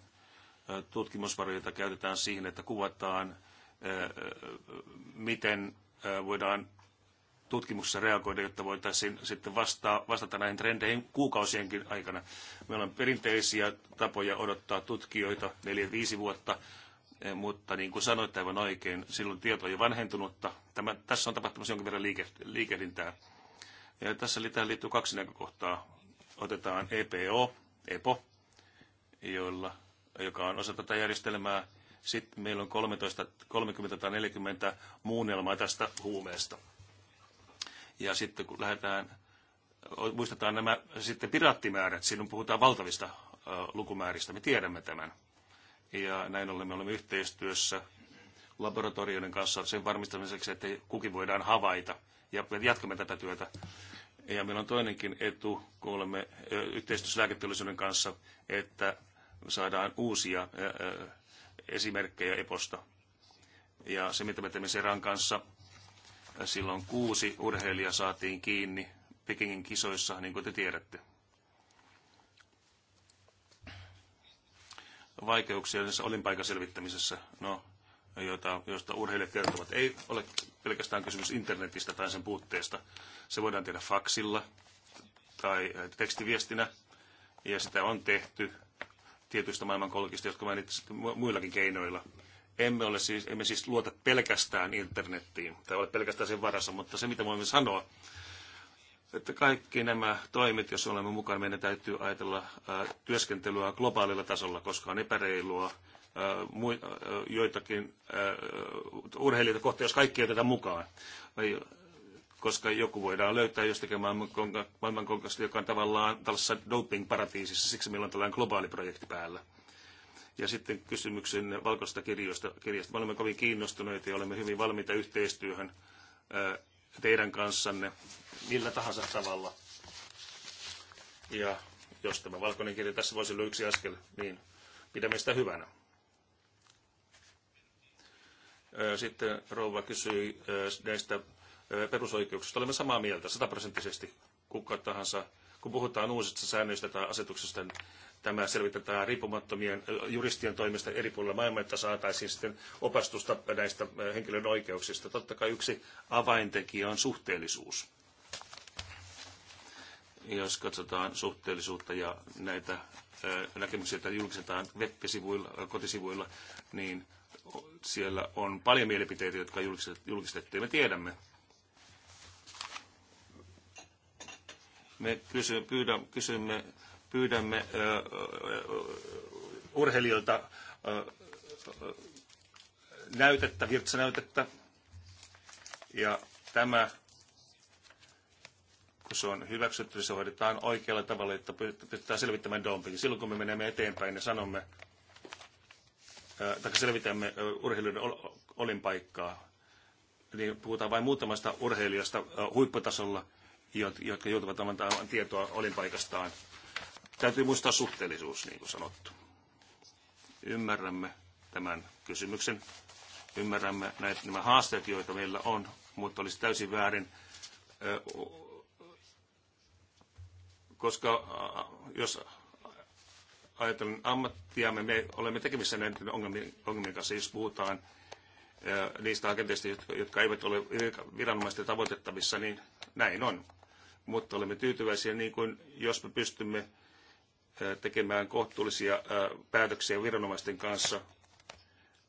tutkimusvaroja, joita käytetään siihen, että kuvataan, miten voidaan tutkimuksessa reagoida, jotta voitaisiin sitten vastaa, vastata näihin trendeihin kuukausienkin aikana. Meillä on perinteisiä tapoja odottaa tutkijoita neljä viisi vuotta Eh, mutta niin kuin sanoit aivan oikein, silloin tieto oli vanhentunutta. Tämä, tässä on tapahtumassa jonkin verran liike, liikehdintää. Ja tässä tähän liittyy kaksi näkökohtaa. Otetaan EPO, EPO, joilla, joka on osa tätä järjestelmää. Sitten meillä on 13, 30 tai 40 muunnelmaa tästä huumeesta. Ja sitten kun lähdetään, muistetaan nämä sitten piraattimäärät, silloin puhutaan valtavista lukumääristä, me tiedämme tämän ja näin ollen me olemme yhteistyössä laboratorioiden kanssa sen varmistamiseksi, että kukin voidaan havaita ja jatkamme tätä työtä. Ja meillä on toinenkin etu, kun olemme yhteistyössä lääketeollisuuden kanssa, että saadaan uusia esimerkkejä EPOsta. Ja se, mitä me teemme Seran kanssa, silloin kuusi urheilijaa saatiin kiinni Pekingin kisoissa, niin kuin te tiedätte. vaikeuksia näissä olinpaikan selvittämisessä, no, joita, joista urheilijat kertovat. Ei ole pelkästään kysymys internetistä tai sen puutteesta. Se voidaan tehdä faksilla tai äh, tekstiviestinä, ja sitä on tehty tietyistä maailmankolkista, jotka mainitsit muillakin keinoilla. Emme, ole siis, emme siis luota pelkästään internettiin, tai ole pelkästään sen varassa, mutta se mitä voimme sanoa, että kaikki nämä toimet, jos olemme mukana, meidän täytyy ajatella työskentelyä globaalilla tasolla, koska on epäreilua joitakin urheilijoita kohti, jos kaikki otetaan mukaan. Koska joku voidaan löytää jostakin maailmankonkasta, joka on tavallaan tällaisessa doping-paratiisissa, siksi meillä on tällainen globaali projekti päällä. Ja sitten kysymyksen valkoista kirjoista, kirjasta. Me olemme kovin kiinnostuneita ja olemme hyvin valmiita yhteistyöhön teidän kanssanne millä tahansa tavalla. Ja jos tämä valkoinen kirja tässä voisi olla yksi askel, niin pidämme sitä hyvänä. Sitten rouva kysyi näistä perusoikeuksista. Olemme samaa mieltä sataprosenttisesti. Kuka tahansa, kun puhutaan uusista säännöistä tai asetuksista, niin tämä selvitetään riippumattomien juristien toimesta eri puolilla maailmaa, että saataisiin sitten opastusta näistä henkilön oikeuksista. Totta kai yksi avaintekijä on suhteellisuus. Jos katsotaan suhteellisuutta ja näitä näkemyksiä, joita julkistetaan web-sivuilla, kotisivuilla, niin siellä on paljon mielipiteitä, jotka julkistettiin. me tiedämme. Me kysymme, pyydä, kysymme pyydämme urheilijoilta näytettä, virtsanäytettä. Ja tämä, kun se on hyväksytty, se hoidetaan oikealla tavalla, että pystytään selvittämään dumpingin. Silloin kun me menemme eteenpäin ja sanomme, tai selvitämme urheilijoiden olinpaikkaa, niin puhutaan vain muutamasta urheilijasta huipputasolla, jotka joutuvat antamaan tietoa olinpaikastaan. Täytyy muistaa suhteellisuus, niin kuin sanottu. Ymmärrämme tämän kysymyksen, ymmärrämme näitä, nämä haasteet, joita meillä on, mutta olisi täysin väärin, koska jos ajatellen ammattiamme, me olemme tekemissä näiden ongelmien, kanssa, jos siis puhutaan niistä agenteista, jotka eivät ole viranomaisten tavoitettavissa, niin näin on. Mutta olemme tyytyväisiä, niin kuin jos me pystymme tekemään kohtuullisia päätöksiä viranomaisten kanssa.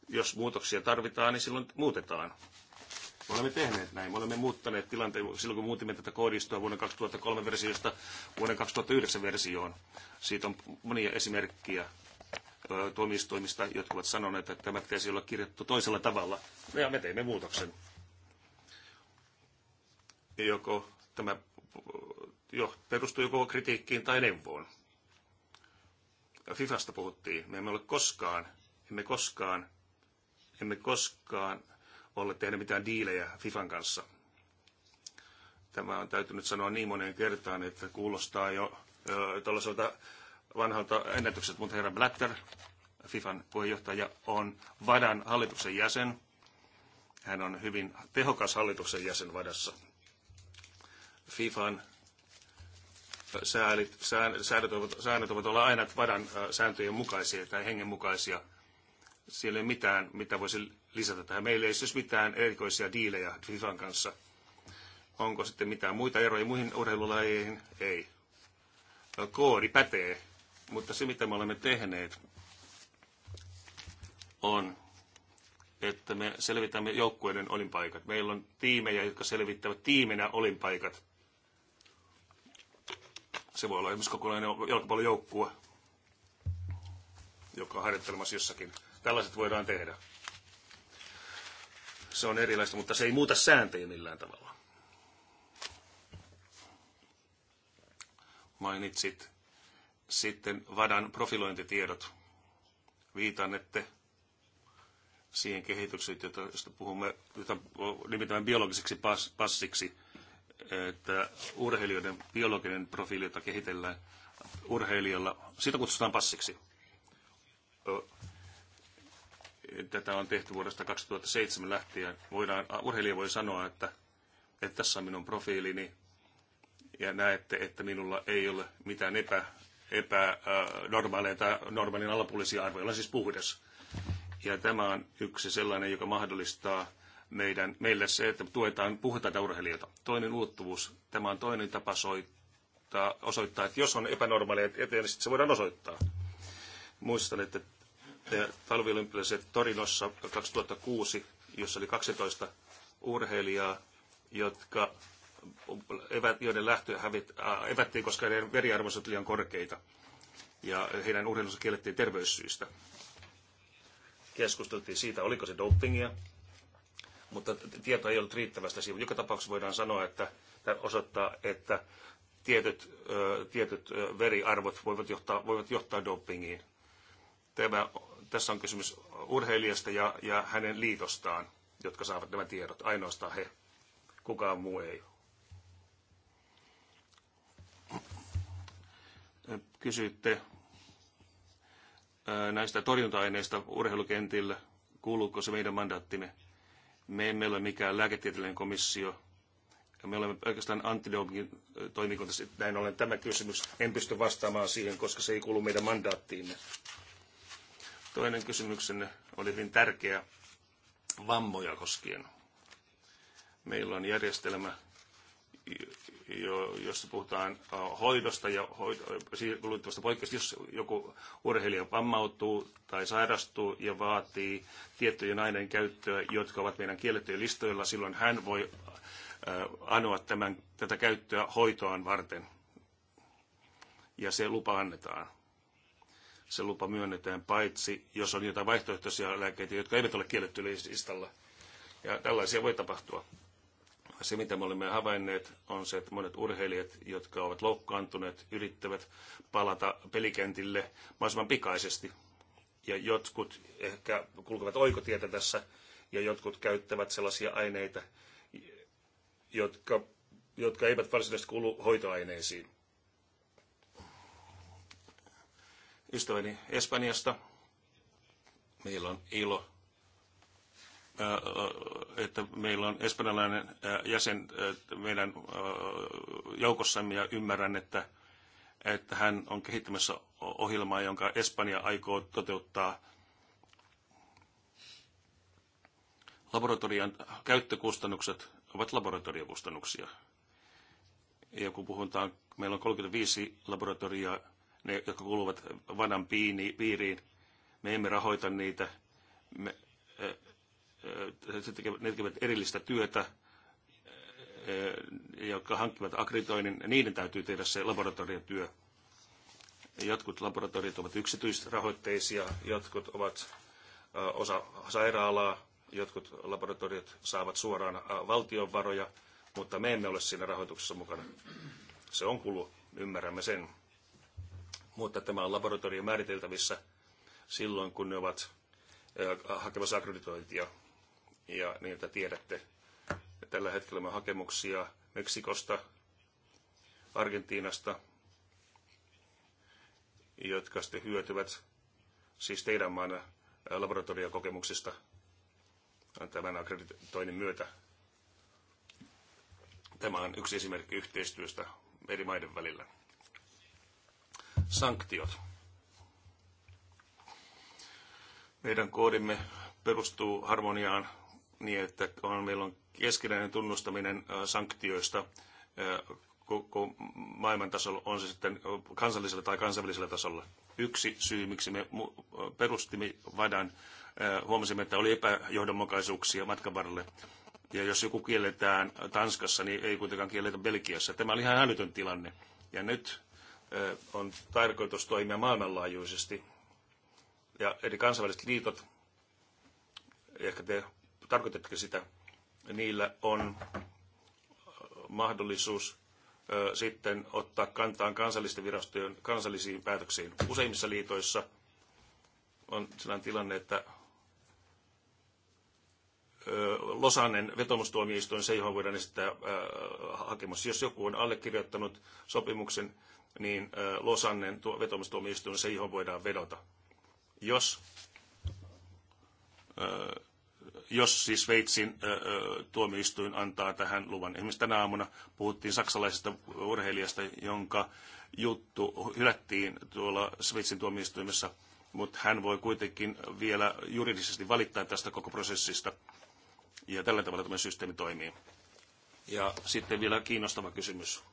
Jos muutoksia tarvitaan, niin silloin muutetaan. Me olemme tehneet näin. Me olemme muuttaneet tilanteen silloin, kun muutimme tätä koodistoa vuoden 2003 versiosta vuoden 2009 versioon. Siitä on monia esimerkkiä tuomistoimista, jotka ovat sanoneet, että tämä pitäisi olla kirjattu toisella tavalla. Ja me teimme muutoksen. Joko tämä jo, perustuu joko kritiikkiin tai neuvoon. FIFasta puhuttiin. Me emme ole koskaan, emme koskaan, emme koskaan ole tehneet mitään diilejä FIFan kanssa. Tämä on täytynyt sanoa niin moneen kertaan, että kuulostaa jo tuollaiselta vanhalta ennätykset, mutta herra Blatter, FIFan puheenjohtaja, on Vadan hallituksen jäsen. Hän on hyvin tehokas hallituksen jäsen Vadassa. FIFAn säälit, säännöt, ovat, säännöt ovat olla aina vadan sääntöjen mukaisia tai hengen mukaisia. Siellä ei ole mitään, mitä voisi lisätä tähän. Meillä ei siis mitään erikoisia diilejä FIFAn kanssa. Onko sitten mitään muita eroja muihin urheilulajeihin? Ei. No, koodi pätee, mutta se mitä me olemme tehneet on, että me selvitämme joukkueiden olinpaikat. Meillä on tiimejä, jotka selvittävät tiiminä olinpaikat se voi olla esimerkiksi kokonainen jalkapallojoukkue, joka on harjoittelemassa jossakin. Tällaiset voidaan tehdä. Se on erilaista, mutta se ei muuta sääntöjä millään tavalla. Mainitsit sitten Vadan profilointitiedot. Viitannette siihen kehitykseen, josta puhumme, jota nimitetään biologiseksi passiksi että urheilijoiden biologinen profiili, jota kehitellään urheilijalla, sitä kutsutaan passiksi. Tätä on tehty vuodesta 2007 lähtien. Voidaan, urheilija voi sanoa, että, että tässä on minun profiilini ja näette, että minulla ei ole mitään epä, epänormaaleja tai normaalin alapuolisia arvoja, olen siis puhdas. Ja tämä on yksi sellainen, joka mahdollistaa meidän, meille se, että tuetaan, puhutaan urheilijoita. Toinen uuttuvuus, tämä on toinen tapa soittaa, osoittaa, että jos on epänormaalia eteen, niin se voidaan osoittaa. Muistan, että talviolympialaiset Torinossa 2006, jossa oli 12 urheilijaa, jotka evät, joiden lähtöä hävit, äh, evättiin, koska heidän veriarvonsa oli liian korkeita. Ja heidän urheilunsa kiellettiin terveyssyistä. Keskusteltiin siitä, oliko se dopingia, mutta tieto ei ollut riittävästä siinä. Joka tapauksessa voidaan sanoa, että osoittaa, että tietyt, tietyt veriarvot voivat johtaa, voivat johtaa dopingiin. Tämä, tässä on kysymys urheilijasta ja, ja hänen liitostaan, jotka saavat nämä tiedot. Ainoastaan he, kukaan muu ei. Kysyitte näistä torjunta-aineista urheilukentillä, kuuluuko se meidän mandaattimme me emme ole mikään lääketieteellinen komissio. Me olemme oikeastaan antidopingin toimikunta. Näin ollen tämä kysymys. En pysty vastaamaan siihen, koska se ei kuulu meidän mandaattiimme. Toinen kysymyksenne oli hyvin tärkeä vammoja koskien. Meillä on järjestelmä, jos puhutaan äh, hoidosta ja kuluttavasta poikkeusta, jos joku urheilija vammautuu tai sairastuu ja vaatii tiettyjen aineen käyttöä, jotka ovat meidän kiellettyjen listoilla, silloin hän voi äh, anoa tämän, tätä käyttöä hoitoaan varten. Ja se lupa annetaan. Se lupa myönnetään paitsi, jos on jotain vaihtoehtoisia lääkkeitä, jotka eivät ole kiellettyillä listalla. Ja tällaisia voi tapahtua se, mitä me olemme havainneet, on se, että monet urheilijat, jotka ovat loukkaantuneet, yrittävät palata pelikentille mahdollisimman pikaisesti. Ja jotkut ehkä kulkevat oikotietä tässä, ja jotkut käyttävät sellaisia aineita, jotka, jotka eivät varsinaisesti kuulu hoitoaineisiin. Ystäväni Espanjasta, meillä on ilo Äh, äh, että meillä on espanjalainen äh, jäsen meidän joukossamme ja ymmärrän, että, että hän on kehittämässä ohjelmaa, jonka Espanja aikoo toteuttaa laboratorian käyttökustannukset ovat laboratoriokustannuksia. Ja kun puhutaan, meillä on 35 laboratoriaa, ne, jotka kuuluvat vanan piiriin, me emme rahoita niitä. Me, ne tekevät erillistä työtä, eh, jotka hankkivat akkreditoinnin, niiden täytyy tehdä se laboratoriotyö. Jotkut laboratoriot ovat yksityisrahoitteisia, jotkut ovat eh, osa sairaalaa, jotkut laboratoriot saavat suoraan eh, valtion varoja, mutta me emme ole siinä rahoituksessa mukana. Se on kulu, ymmärrämme sen. Mutta tämä on laboratorio määriteltävissä silloin, kun ne ovat hakemassa akkreditointia ja niiltä tiedätte. Tällä hetkellä me hakemuksia Meksikosta, Argentiinasta, jotka sitten hyötyvät siis teidän maan laboratoriokokemuksista tämän akkreditoinnin myötä. Tämä on yksi esimerkki yhteistyöstä eri maiden välillä. Sanktiot. Meidän koodimme perustuu harmoniaan niin, että on, meillä on keskinäinen tunnustaminen äh, sanktioista äh, koko maailman tasolla, on se sitten kansallisella tai kansainvälisellä tasolla. Yksi syy, miksi me perustimme Vadan, äh, huomasimme, että oli epäjohdonmukaisuuksia matkan varrelle. Ja jos joku kielletään Tanskassa, niin ei kuitenkaan kielletä Belgiassa. Tämä oli ihan älytön tilanne. Ja nyt on tarkoitus toimia maailmanlaajuisesti. Ja eri kansainväliset liitot, ehkä te tarkoitatko sitä, niillä on äh, mahdollisuus äh, sitten ottaa kantaa kansallisten virastojen kansallisiin päätöksiin. Useimmissa liitoissa on sellainen tilanne, että äh, Losanen vetomustuomioistuin, se johon voidaan esittää hakemus. Jos joku on allekirjoittanut sopimuksen, niin Losannen vetomustuomioistuin, se johon voidaan vedota. Jos jos siis Sveitsin tuomioistuin antaa tähän luvan. Esimerkiksi tänä aamuna puhuttiin saksalaisesta urheilijasta, jonka juttu hylättiin tuolla Sveitsin tuomioistuimessa, mutta hän voi kuitenkin vielä juridisesti valittaa tästä koko prosessista. Ja tällä tavalla tämä systeemi toimii. Ja sitten vielä kiinnostava kysymys.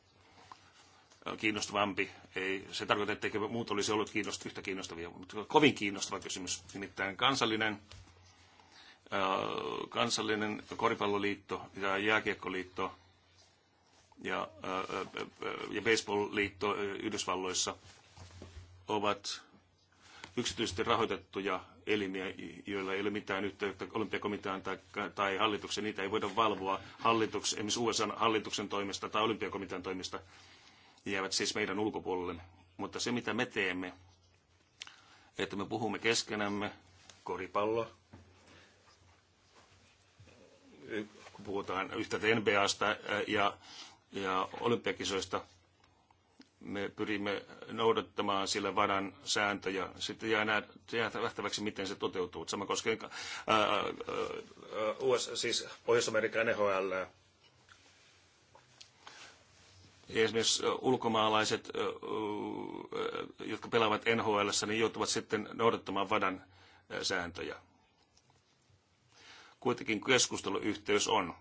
Kiinnostavampi. Ei se tarkoittaa etteikö muut olisi ollut kiinnost- yhtä kiinnostavia, mutta kovin kiinnostava kysymys. Nimittäin kansallinen kansallinen koripalloliitto ja jääkiekkoliitto ja, ja baseballliitto Yhdysvalloissa ovat yksityisesti rahoitettuja elimiä, joilla ei ole mitään yhteyttä olympiakomiteaan tai, tai hallituksen. Niitä ei voida valvoa hallituksen, esimerkiksi USA hallituksen toimesta tai olympiakomitean toimesta. Jäävät siis meidän ulkopuolelle. Mutta se, mitä me teemme, että me puhumme keskenämme, koripallo, puhutaan yhtä NBAsta ja, ja olympiakisoista, me pyrimme noudattamaan sillä varan sääntöjä. Sitten jää, nää, jää nähtäväksi, miten se toteutuu. Sama koskee ää, ää, US, siis Pohjois-Amerikan NHL. Esimerkiksi ulkomaalaiset, jotka pelaavat NHL, niin joutuvat sitten noudattamaan vadan sääntöjä kuitenkin keskusteluyhteys on,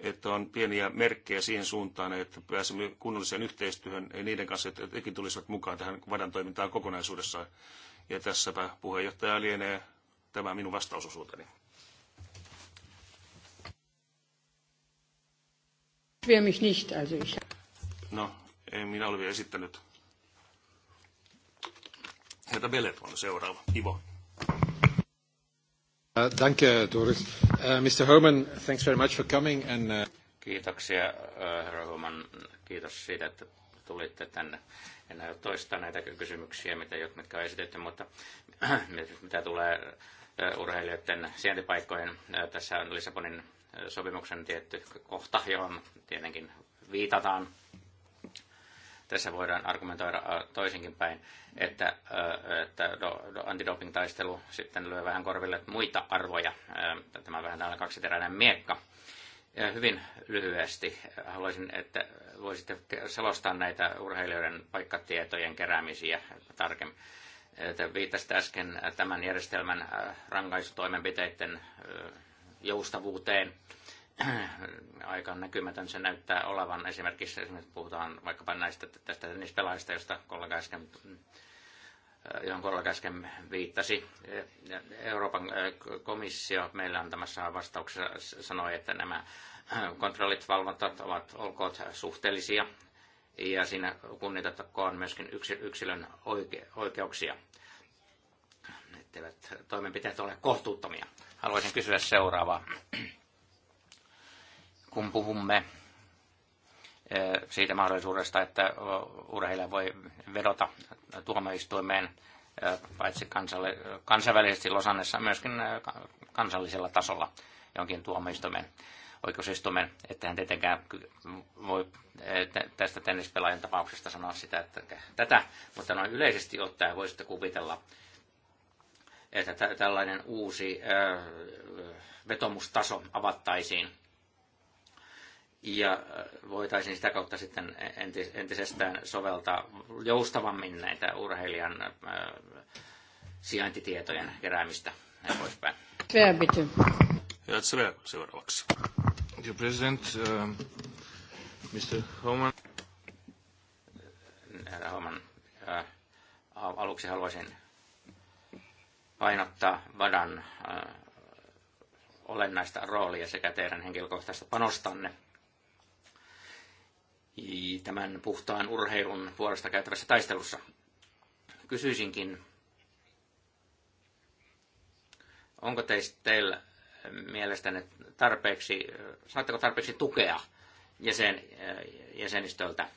että on pieniä merkkejä siihen suuntaan, että pääsemme kunnolliseen yhteistyöhön ja niiden kanssa, että tekin tulisivat mukaan tähän vadan toimintaan kokonaisuudessaan. Ja tässäpä puheenjohtaja lienee tämä minun vastausosuuteni. No, en minä ole vielä esittänyt. Herra Belet on seuraava. Ivo. Uh, Doris. Uh, Mr. Homan, thanks very much for coming and... Uh, Kiitoksia, herra Homan. Kiitos siitä, että tulitte tänne. En aio toistaa näitä kysymyksiä, mitä, jotkut on esitetty, mutta mitä tulee urheilijoiden sijaintipaikkoihin. Tässä on Lissabonin sopimuksen tietty kohta, johon tietenkin viitataan tässä voidaan argumentoida äh, toisinkin päin, että, äh, että antidoping-taistelu sitten lyö vähän korville muita arvoja. Äh, tämä on vähän tällainen kaksiteräinen miekka. Hyvin lyhyesti haluaisin, että voisitte selostaa näitä urheilijoiden paikkatietojen keräämisiä tarkemmin. Te viittasitte äsken tämän järjestelmän rankaisutoimenpiteiden joustavuuteen aika näkymätön se näyttää olevan. Esimerkiksi, esimerkiksi puhutaan vaikkapa näistä tästä pelaajista, joista kollega äsken, äh, johon kollega äsken viittasi. Euroopan äh, komissio meillä antamassa vastauksessa sanoi, että nämä äh, kontrollit, valvontat ovat olkoot suhteellisia ja siinä kunnitettakoon myöskin yksilön oike- oikeuksia, etteivät toimenpiteet ole kohtuuttomia. Haluaisin kysyä seuraavaa kun puhumme eh, siitä mahdollisuudesta, että urheilija voi vedota tuomioistuimeen eh, paitsi kansainvälisesti Losannessa, myöskin eh, kansallisella tasolla jonkin tuomioistuimen oikeusistuimen, että hän tietenkään voi tästä tennispelaajan tapauksesta sanoa sitä, että tätä, mutta noin yleisesti ottaen voisitte kuvitella, että tällainen uusi vetomustaso avattaisiin ja äh, voitaisiin sitä kautta sitten entisestään soveltaa joustavammin näitä urheilijan äh, sijaintitietojen keräämistä ja poispäin. Kääpity. Ja seuraavaksi. President, Mr. Um, Homan. Herra Homan, äh, aluksi haluaisin painottaa Vadan olennaista roolia sekä teidän henkilökohtaista panostanne – tämän puhtaan urheilun puolesta käytävässä taistelussa. Kysyisinkin, onko teillä mielestänne tarpeeksi, saatteko tarpeeksi tukea jäsen, jäsenistöltä?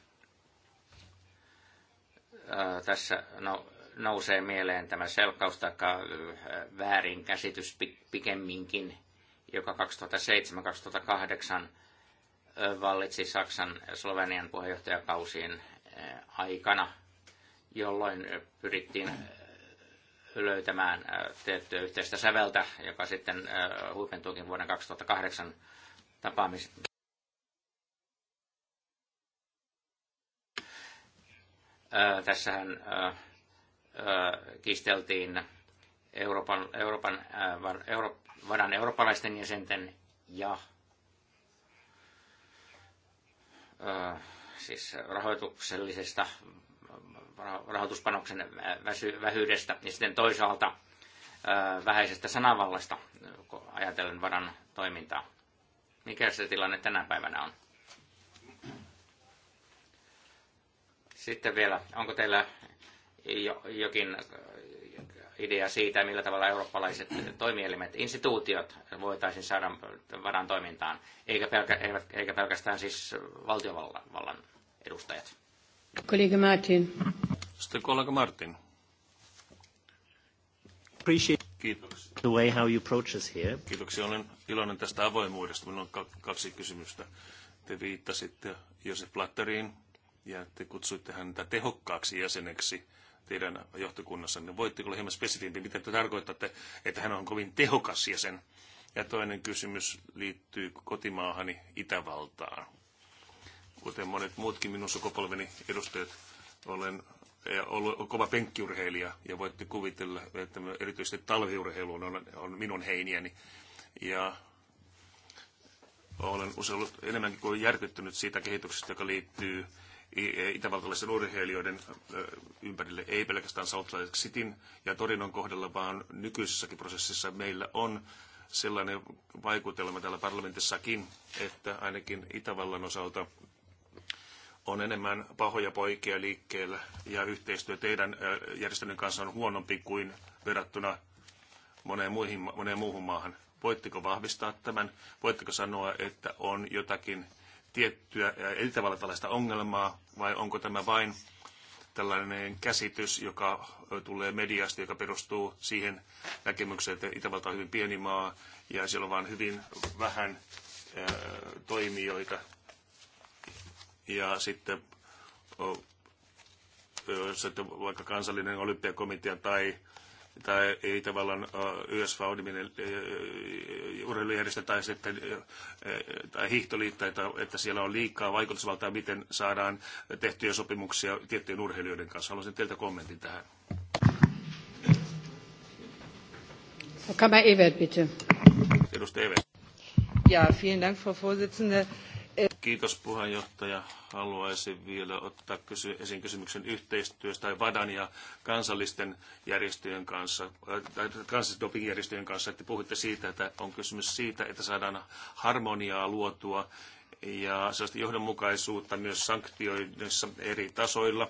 Tässä no, nousee mieleen tämä selkkaus tai väärinkäsitys pikemminkin, joka 2007-2008 vallitsi Saksan ja Slovenian puheenjohtajakausien eh, aikana, jolloin pyrittiin eh, löytämään eh, tiettyä yhteistä säveltä, joka sitten huipentuikin vuoden 2008 tapaamisen. Tässähän kisteltiin Euroopan, Euroopan, Euro, vadan eurooppalaisten jäsenten ja siis rahoituksellisesta rahoituspanoksen vähyydestä ja niin sitten toisaalta vähäisestä sanavallasta ajatellen varan toimintaa. Mikä se tilanne tänä päivänä on? Sitten vielä, onko teillä jokin idea siitä, millä tavalla eurooppalaiset toimielimet, instituutiot voitaisiin saada varan toimintaan, eikä, pelkä, eikä pelkästään siis valtiovallan edustajat. Kollega Martin. Sitten kollega Martin. Appreciate Kiitoksia. the way how you approach us here. Kiitoksia. Olen iloinen tästä avoimuudesta. Minulla on kaksi kysymystä. Te viittasitte Josef Platteriin ja te kutsuitte häntä tehokkaaksi jäseneksi – teidän johtokunnassanne. Niin voitteko olla hieman spesifimpi, mitä te tarkoittatte, että hän on kovin tehokas jäsen? Ja toinen kysymys liittyy kotimaahani Itävaltaan. Kuten monet muutkin minun sukupolveni edustajat, olen ollut kova penkkiurheilija ja voitte kuvitella, että erityisesti talviurheilu on, on minun heiniäni. Ja olen usein ollut enemmänkin kuin järkyttynyt siitä kehityksestä, joka liittyy itävaltalaisen urheilijoiden ympärille, ei pelkästään Salt Lake Cityn ja Torinon kohdalla, vaan nykyisessäkin prosessissa meillä on sellainen vaikutelma täällä parlamentissakin, että ainakin Itävallan osalta on enemmän pahoja poikia liikkeellä ja yhteistyö teidän järjestön kanssa on huonompi kuin verrattuna moneen, muihin, moneen muuhun maahan. Voitteko vahvistaa tämän? Voitteko sanoa, että on jotakin tiettyä eri tavalla tällaista ongelmaa, vai onko tämä vain tällainen käsitys, joka tulee mediasta, joka perustuu siihen näkemykseen, että Itävalta on hyvin pieni maa ja siellä on vain hyvin vähän toimijoita. Ja sitten, sitten vaikka kansallinen olympiakomitea tai tai ei tavallaan YSV-niminen urheilujärjestö tai sitten tai hiihtoliitto, että siellä on liikaa vaikutusvaltaa, miten saadaan tehtyjä sopimuksia tiettyjen urheilijoiden kanssa. Haluaisin teiltä kommentin tähän. Kammer Evert, bitte. Edustaja Evert. Ja, vielen Dank, Frau Vorsitzende. Kiitos puheenjohtaja. Haluaisin vielä ottaa kysy- esiin kysymyksen yhteistyöstä tai Vadan ja kansallisten järjestöjen kanssa, tai äh, kansallisten dopingjärjestöjen kanssa, että puhuitte siitä, että on kysymys siitä, että saadaan harmoniaa luotua ja sellaista johdonmukaisuutta myös sanktioinnissa eri tasoilla.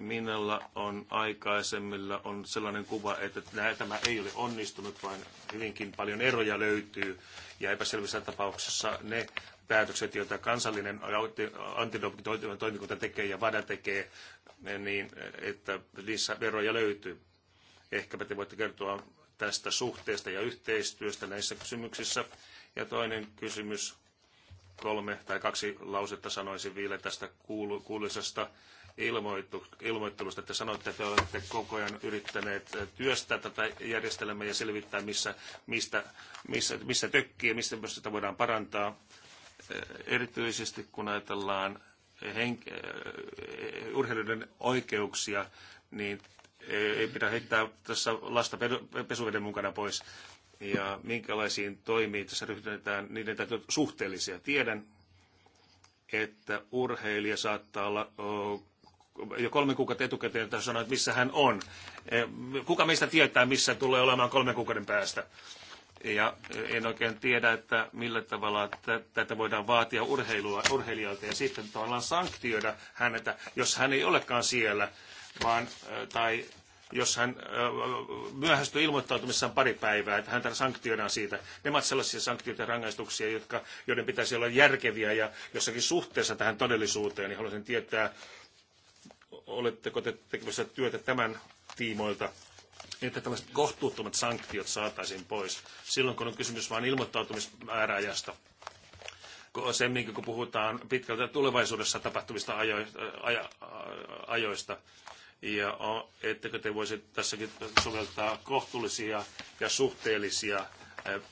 Minulla on aikaisemmilla on sellainen kuva, että tämä ei ole onnistunut, vaan hyvinkin paljon eroja löytyy. Ja epäselvissä tapauksessa ne päätökset, joita kansallinen antidoping-toimikunta tekee ja VADA tekee, niin että niissä veroja löytyy. Ehkäpä te voitte kertoa tästä suhteesta ja yhteistyöstä näissä kysymyksissä. Ja toinen kysymys, kolme tai kaksi lausetta sanoisin vielä tästä kuuluisesta ilmoittu, ilmoittelusta, että sanoitte, että olette koko ajan yrittäneet työstää tätä järjestelmää ja selvittää, missä, mistä, missä, missä tökkii ja mistä sitä voidaan parantaa erityisesti kun ajatellaan henke- eh, urheilijoiden oikeuksia, niin ei pidä heittää tässä lasta pesuveden mukana pois. Ja minkälaisiin toimiin tässä ryhdytään, niiden täytyy olla suhteellisia. Tiedän, että urheilija saattaa olla oh, jo kolme kuukautta etukäteen että sanoo, että missä hän on. Eh, kuka meistä tietää, missä tulee olemaan kolmen kuukauden päästä? Ja eh, en oikein tiedä, että millä tavalla tätä voidaan vaatia urheilua, urheilijalta ja sitten tavallaan sanktioida hänetä, jos hän ei olekaan siellä, vaan, eh, tai jos hän eh, myöhästyy ilmoittautumissaan pari päivää, että häntä sanktioidaan siitä. Ne ovat sellaisia sanktioita ja rangaistuksia, jotka, joiden pitäisi olla järkeviä ja jossakin suhteessa tähän todellisuuteen. Niin haluaisin tietää, oletteko te tekemässä työtä tämän tiimoilta niin, että tällaiset kohtuuttomat sanktiot saataisiin pois silloin, kun on kysymys vain ilmoittautumismääräajasta. Semminkin, kun puhutaan pitkältä tulevaisuudessa tapahtuvista äh, äh, ajoista, ja ettekö te voisi tässäkin soveltaa kohtuullisia ja suhteellisia äh,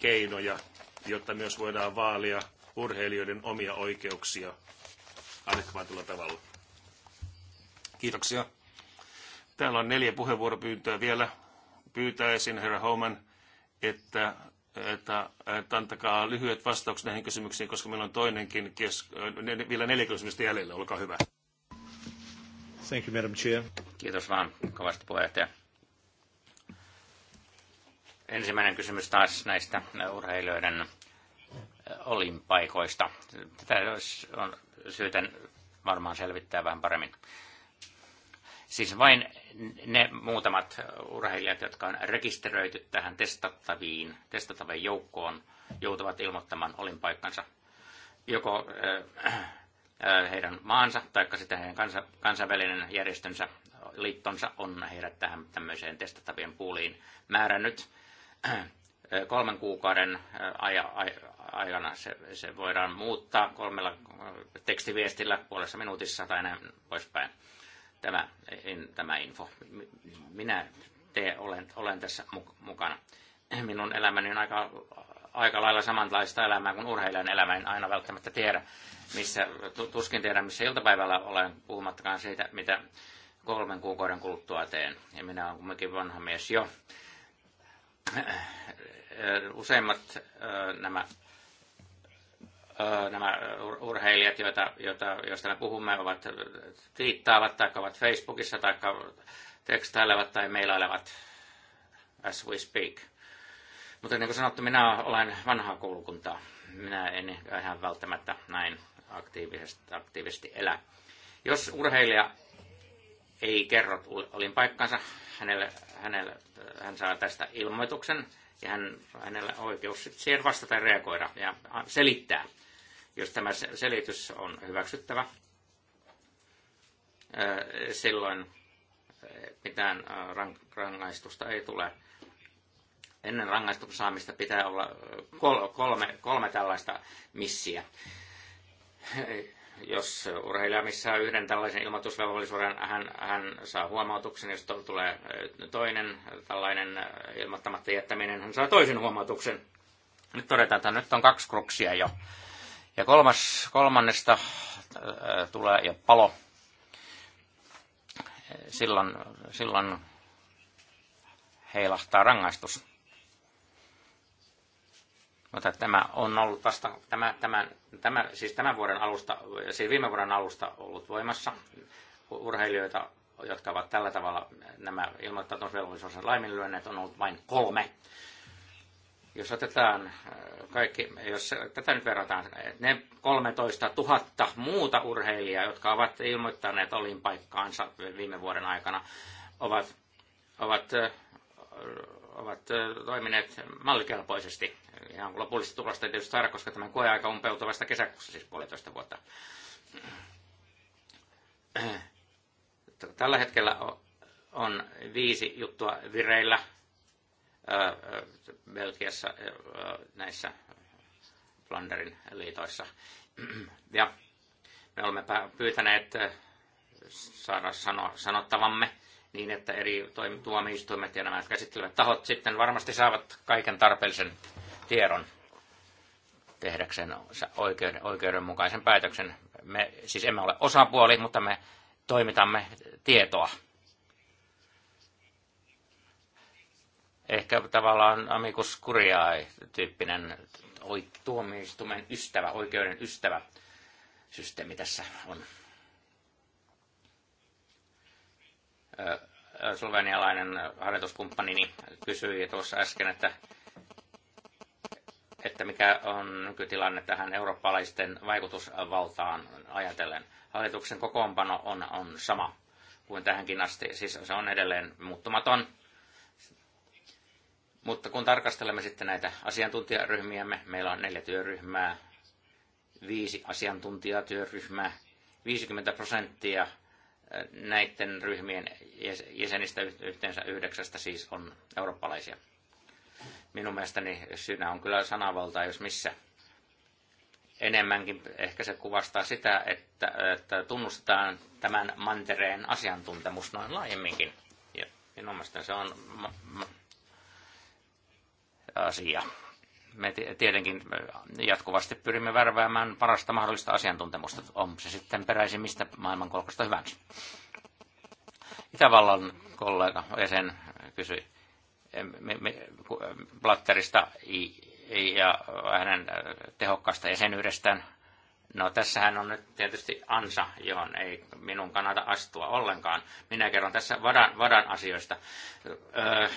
keinoja, jotta myös voidaan vaalia urheilijoiden omia oikeuksia adekvaatilla tavalla. Kiitoksia. Täällä on neljä puheenvuoropyyntöä vielä pyytäisin, herra Homan, että, että, että antakaa lyhyet vastaukset näihin kysymyksiin, koska meillä on toinenkin kes, vielä neljä kysymystä jäljellä. Olkaa hyvä. Thank you, Madam Chair. Kiitos vaan kovasti puheenjohtaja. Ensimmäinen kysymys taas näistä urheilijoiden olinpaikoista. Tätä on syytä varmaan selvittää vähän paremmin. Siis vain ne muutamat urheilijat, jotka on rekisteröity tähän testattaviin, testattavien joukkoon, joutuvat ilmoittamaan olinpaikkansa joko äh, äh heidän maansa tai sitten heidän kansa, kansainvälinen järjestönsä, liittonsa on heidät tähän tämmöiseen testattavien puuliin määrännyt. Äh, kolmen kuukauden äh, aikana se, se voidaan muuttaa kolmella tekstiviestillä puolessa minuutissa tai näin poispäin tämä, tämä info. Minä te olen, olen tässä mukana. Minun elämäni on aika, aika lailla samanlaista elämää kuin urheilijan elämä. En aina välttämättä tiedä, missä, tuskin tiedän, missä iltapäivällä olen, puhumattakaan siitä, mitä kolmen kuukauden kuluttua teen. Ja minä olen kuitenkin vanha mies jo. Useimmat nämä nämä urheilijat, joita, joita, joista me puhumme, ovat tiittaavat tai ovat Facebookissa tai tekstailevat tai mailailevat as we speak. Mutta niin kuin sanottu, minä olen vanhaa koulukuntaa. Minä en ihan välttämättä näin aktiivisesti, aktiivisesti elä. Jos urheilija ei kerro olin paikkansa, hänelle, hänelle, hän saa tästä ilmoituksen ja hän, hänellä on oikeus siihen vastata ja reagoida ja selittää jos tämä selitys on hyväksyttävä, silloin mitään rangaistusta ei tule. Ennen rangaistuksen saamista pitää olla kolme, kolme tällaista missiä jos urheilija missaa yhden tällaisen ilmoitusvelvollisuuden, hän, hän saa huomautuksen, jos tulee toinen tällainen ilmoittamatta jättäminen, hän saa toisen huomautuksen. Nyt todetaan, että nyt on kaksi kruksia jo ja kolmas, kolmannesta äh, tulee ja palo. Silloin, silloin heilahtaa rangaistus. Mutta tämä on ollut vasta tämä, tämä tämä, siis tämän vuoden alusta, siis viime vuoden alusta ollut voimassa urheilijoita, jotka ovat tällä tavalla nämä ilmoittautumisvelvollisuus laiminlyönneet, on ollut vain kolme jos otetaan äh, kaikki, jos tätä nyt verrataan, ne 13 000 muuta urheilijaa, jotka ovat ilmoittaneet paikkaansa viime vuoden aikana, ovat, ovat, äh, ovat äh, toimineet mallikelpoisesti. Ihan lopullista tulosta ei tietysti saada, koska tämä koeaika umpeutuu vasta kesäkuussa, siis puolitoista vuotta. Tällä hetkellä on viisi juttua vireillä Belgiassa näissä Flanderin liitoissa. Ja me olemme pyytäneet saada sano, sanottavamme niin, että eri tuomioistuimet ja nämä käsittelevät tahot sitten varmasti saavat kaiken tarpeellisen tiedon tehdäkseen oikeuden, oikeudenmukaisen päätöksen. Me siis emme ole osapuoli, mutta me toimitamme tietoa ehkä tavallaan amicus curiae tyyppinen tuomioistuimen ystävä, oikeuden ystävä systeemi tässä on. Slovenialainen hallituskumppani kysyi tuossa äsken, että, että mikä on nykytilanne tähän eurooppalaisten vaikutusvaltaan ajatellen. Hallituksen kokoonpano on, on sama kuin tähänkin asti, siis se on edelleen muuttumaton mutta kun tarkastelemme sitten näitä asiantuntijaryhmiämme, meillä on neljä työryhmää, viisi asiantuntijatyöryhmää, 50 prosenttia eh, näiden ryhmien jäsenistä yhteensä yhdeksästä siis on eurooppalaisia. Minun mielestäni syynä on kyllä sanavaltaa, jos missä. Enemmänkin ehkä se kuvastaa sitä, että, että tunnustetaan tämän mantereen asiantuntemus noin laajemminkin. Ja minun mielestäni se on asia. Me tietenkin jatkuvasti pyrimme värväämään parasta mahdollista asiantuntemusta, on se sitten peräisin mistä maailmankolkasta hyvänsä. Itävallan kollega Esen kysyi me, me, Blatterista ja hänen äh, tehokkaasta jäsenyydestään. No tässähän on nyt tietysti ansa, johon ei minun kannata astua ollenkaan. Minä kerron tässä vadan, vadan asioista. Öö,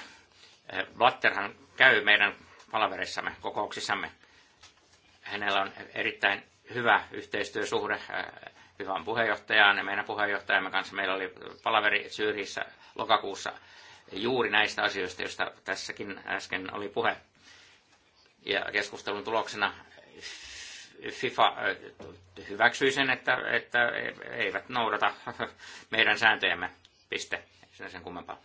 Blatterhan eh, käy meidän palaverissamme, kokouksissamme. Hänellä on erittäin hyvä yhteistyösuhde eh, hyvän puheenjohtajaan ja meidän puheenjohtajamme kanssa. Meillä oli palaveri Syyriissä lokakuussa juuri näistä asioista, joista tässäkin äsken oli puhe. Ja keskustelun tuloksena FIFA eh, hyväksyi sen, että, että eivät noudata meidän sääntöjämme. Piste. Se sen kummempaa.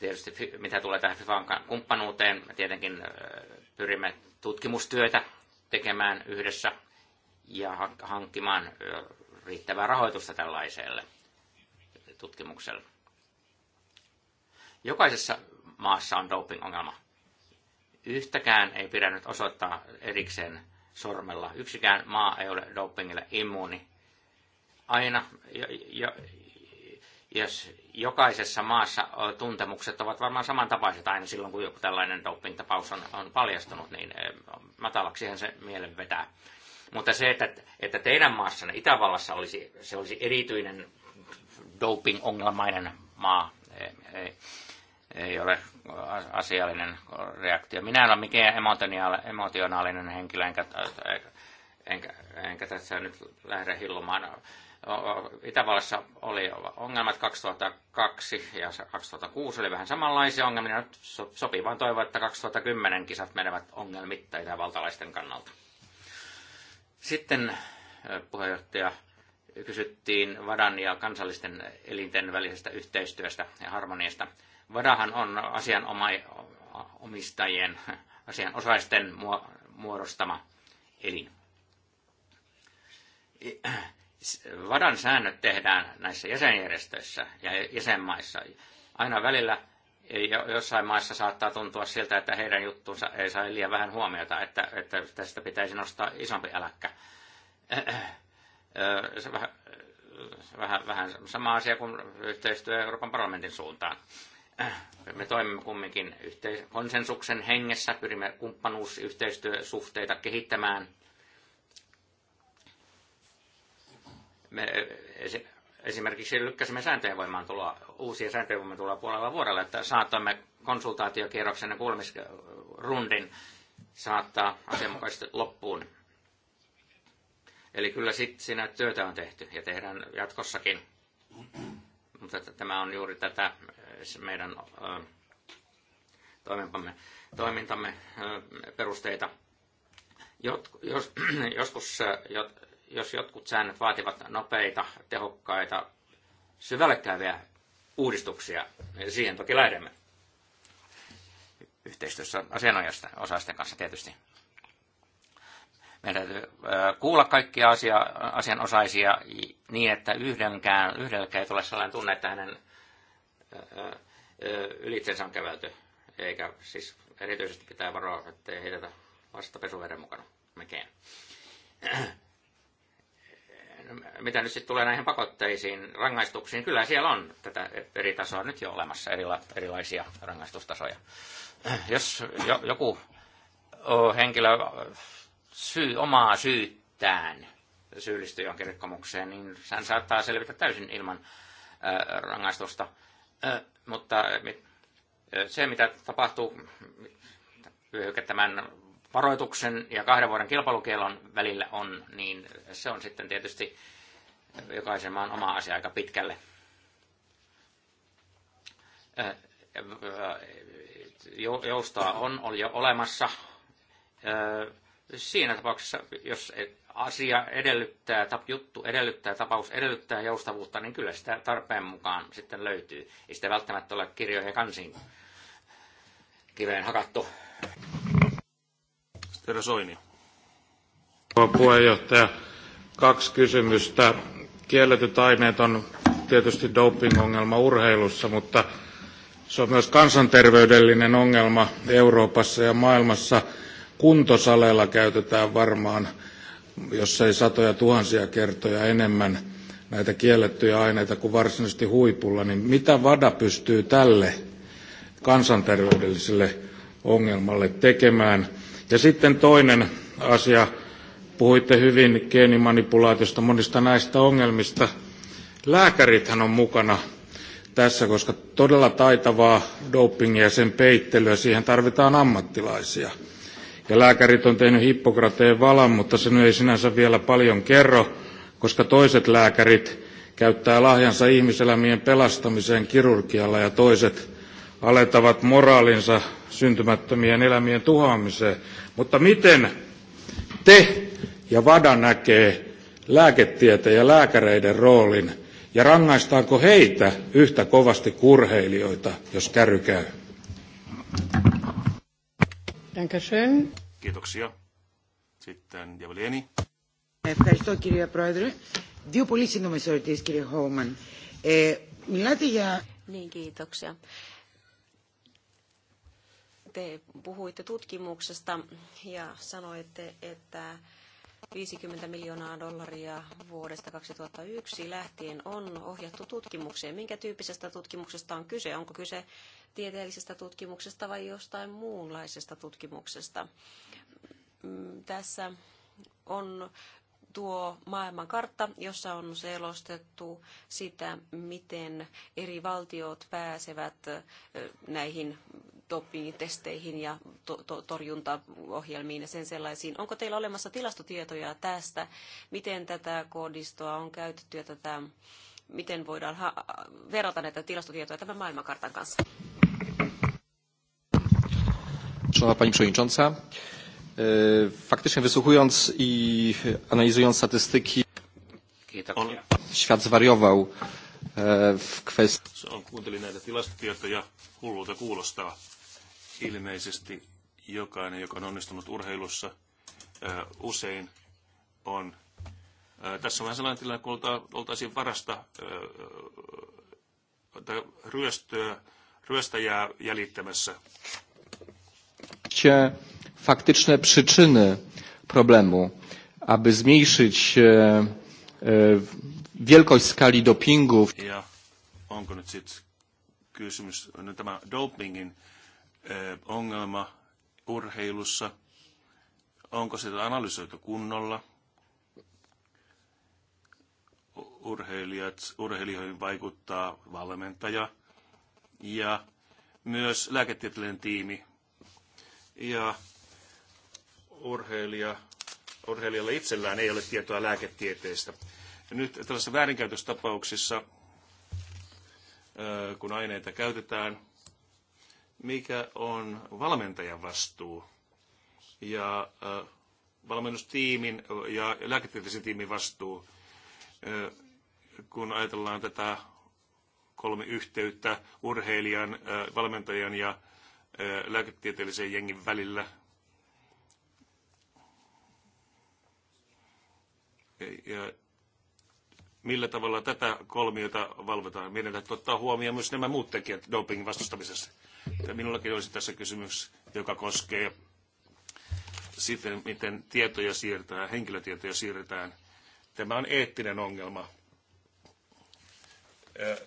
Tietysti mitä tulee tähän FIFAn kumppanuuteen, tietenkin pyrimme tutkimustyötä tekemään yhdessä ja hankkimaan riittävää rahoitusta tällaiselle tutkimukselle. Jokaisessa maassa on doping-ongelma. Yhtäkään ei pidä nyt osoittaa erikseen sormella. Yksikään maa ei ole dopingille immuuni. Aina, jo, jo, jos jokaisessa maassa tuntemukset ovat varmaan samantapaiset aina silloin, kun joku tällainen doping-tapaus on, on paljastunut, niin matalaksihan se mielen vetää. Mutta se, että, että teidän maassanne Itävallassa olisi, se olisi erityinen doping-ongelmainen maa, ei, ei, ei ole asiallinen reaktio. Minä en ole mikään emotionaalinen henkilö, enkä, enkä, enkä tässä nyt lähde hillumaan Itävallassa oli ongelmat 2002 ja 2006 oli vähän samanlaisia ongelmia. Nyt sopii vaan toivoa, että 2010 kisat menevät ongelmitta itävaltalaisten kannalta. Sitten puheenjohtaja kysyttiin Vadan ja kansallisten elinten välisestä yhteistyöstä ja harmoniasta. Vadahan on asianomistajien, asianosaisten muodostama elin vadan säännöt tehdään näissä jäsenjärjestöissä ja jäsenmaissa. Aina välillä jossain maissa saattaa tuntua siltä, että heidän juttuunsa ei saa liian vähän huomiota, että, että tästä pitäisi nostaa isompi äläkkä. Se vähän, vähän, vähän sama asia kuin yhteistyö Euroopan parlamentin suuntaan. Me toimimme kumminkin yhteis- konsensuksen hengessä, pyrimme kumppanuusyhteistyösuhteita kehittämään – Me esimerkiksi lykkäsimme sääntöjen tuloa, uusia sääntöjen voimaantuloa puolella vuodella, että saatoimme konsultaatiokierroksen ja kuulemisrundin saattaa asianmukaisesti loppuun. Eli kyllä sit siinä työtä on tehty ja tehdään jatkossakin. Mutta tämä on juuri tätä meidän toimintamme, toimintamme perusteita. Jot, jos, joskus jot, jos jotkut säännöt vaativat nopeita, tehokkaita, syvälle käyviä uudistuksia, niin siihen toki lähdemme. Yhteistyössä asianajasta osaisten kanssa tietysti. Meidän täytyy kuulla kaikkia asia, asianosaisia niin, että yhdenkään, yhdelläkään ei tule sellainen tunne, että hänen ylitsensä on kävelty. Eikä siis erityisesti pitää varoa, ettei heitetä vasta pesuveden mukana mekeen mitä nyt sitten tulee näihin pakotteisiin, rangaistuksiin, kyllä siellä on tätä eri tasoa nyt jo olemassa, erila, erilaisia rangaistustasoja. Jos jo, joku henkilö syy, omaa syyttään syyllistyy johonkin rikkomukseen, niin hän saattaa selvitä täysin ilman rangaistusta. mutta se, mitä tapahtuu tämän varoituksen ja kahden vuoden kilpailukielon välillä on, niin se on sitten tietysti jokaisen maan oma asia aika pitkälle. Joustoa on, jo olemassa. Siinä tapauksessa, jos asia edellyttää, juttu edellyttää, tapaus edellyttää joustavuutta, niin kyllä sitä tarpeen mukaan sitten löytyy. Ei sitä välttämättä ole kirjoihin kansiin kiveen hakattu. Herra Soini. Puheenjohtaja, kaksi kysymystä. Kielletyt aineet on tietysti doping-ongelma urheilussa, mutta se on myös kansanterveydellinen ongelma Euroopassa ja maailmassa. Kuntosaleilla käytetään varmaan, jos ei satoja tuhansia kertoja enemmän näitä kiellettyjä aineita kuin varsinaisesti huipulla, niin mitä VADA pystyy tälle kansanterveydelliselle ongelmalle tekemään? Ja sitten toinen asia. Puhuitte hyvin geenimanipulaatiosta, monista näistä ongelmista. Lääkärithän on mukana tässä, koska todella taitavaa dopingia ja sen peittelyä, siihen tarvitaan ammattilaisia. Ja lääkärit on tehnyt Hippokrateen valan, mutta se ei sinänsä vielä paljon kerro, koska toiset lääkärit käyttää lahjansa ihmiselämien pelastamiseen kirurgialla ja toiset alentavat moraalinsa syntymättömien elämien tuhoamiseen. Mutta miten te ja VADA näkee lääketieteen ja lääkäreiden roolin ja rangaistaanko heitä yhtä kovasti kurheilijoita, jos käry käy? Dankeschön. Kiitoksia. Sitten Javlieni. Ευχαριστώ κύριε Πρόεδρε. Δύο πολύ σύντομες ερωτήσεις κύριε Χόουμαν. Ε, μιλάτε για... Niin, kiitoksia. Te puhuitte tutkimuksesta ja sanoitte, että 50 miljoonaa dollaria vuodesta 2001 lähtien on ohjattu tutkimukseen. Minkä tyyppisestä tutkimuksesta on kyse? Onko kyse tieteellisestä tutkimuksesta vai jostain muunlaisesta tutkimuksesta? Mm, tässä on tuo maailmankartta, jossa on selostettu sitä, miten eri valtiot pääsevät näihin topiin, testeihin ja to- to- torjuntaohjelmiin ja sen sellaisiin. Onko teillä olemassa tilastotietoja tästä, miten tätä koodistoa on käytetty ja tätä, miten voidaan verrata näitä tilastotietoja tämän maailmankartan kanssa? Szanowna Pani Przewodnicząca, e, faktycznie wysłuchując i analizując statystyki, on, świat zwariował e, w kwestii. Kuuntelin näitä tilastotietoja, hullulta kuulostaa. Ilmeisesti jokainen, joka on onnistunut urheilussa usein, on. Tässä on vähän sellainen tilanne, kun oltaisiin varasta ää, ryöstöä, ryöstäjää jäljittämässä. Faktyczne przyczyny problemu, aby zmniejszyć e, e, wielkość skali dopingów. Ja onko nyt sitten kysymys, no tämä dopingin ongelma urheilussa, onko sitä analysoitu kunnolla, urheilijat, urheilijoihin vaikuttaa valmentaja ja myös lääketieteellinen tiimi ja urheilija, urheilijalla itsellään ei ole tietoa lääketieteestä. Ja nyt tällaisissa väärinkäytöstapauksissa, kun aineita käytetään, mikä on valmentajan vastuu ja valmennustiimin ja lääketieteellisen tiimin vastuu, kun ajatellaan tätä kolme yhteyttä urheilijan, valmentajan ja lääketieteellisen jengin välillä. Ja millä tavalla tätä kolmiota valvotaan. Meidän täytyy ottaa huomioon myös nämä muut tekijät dopingin vastustamisessa. Minullakin olisi tässä kysymys, joka koskee sitten, miten tietoja siirretään, henkilötietoja siirretään. Tämä on eettinen ongelma eh,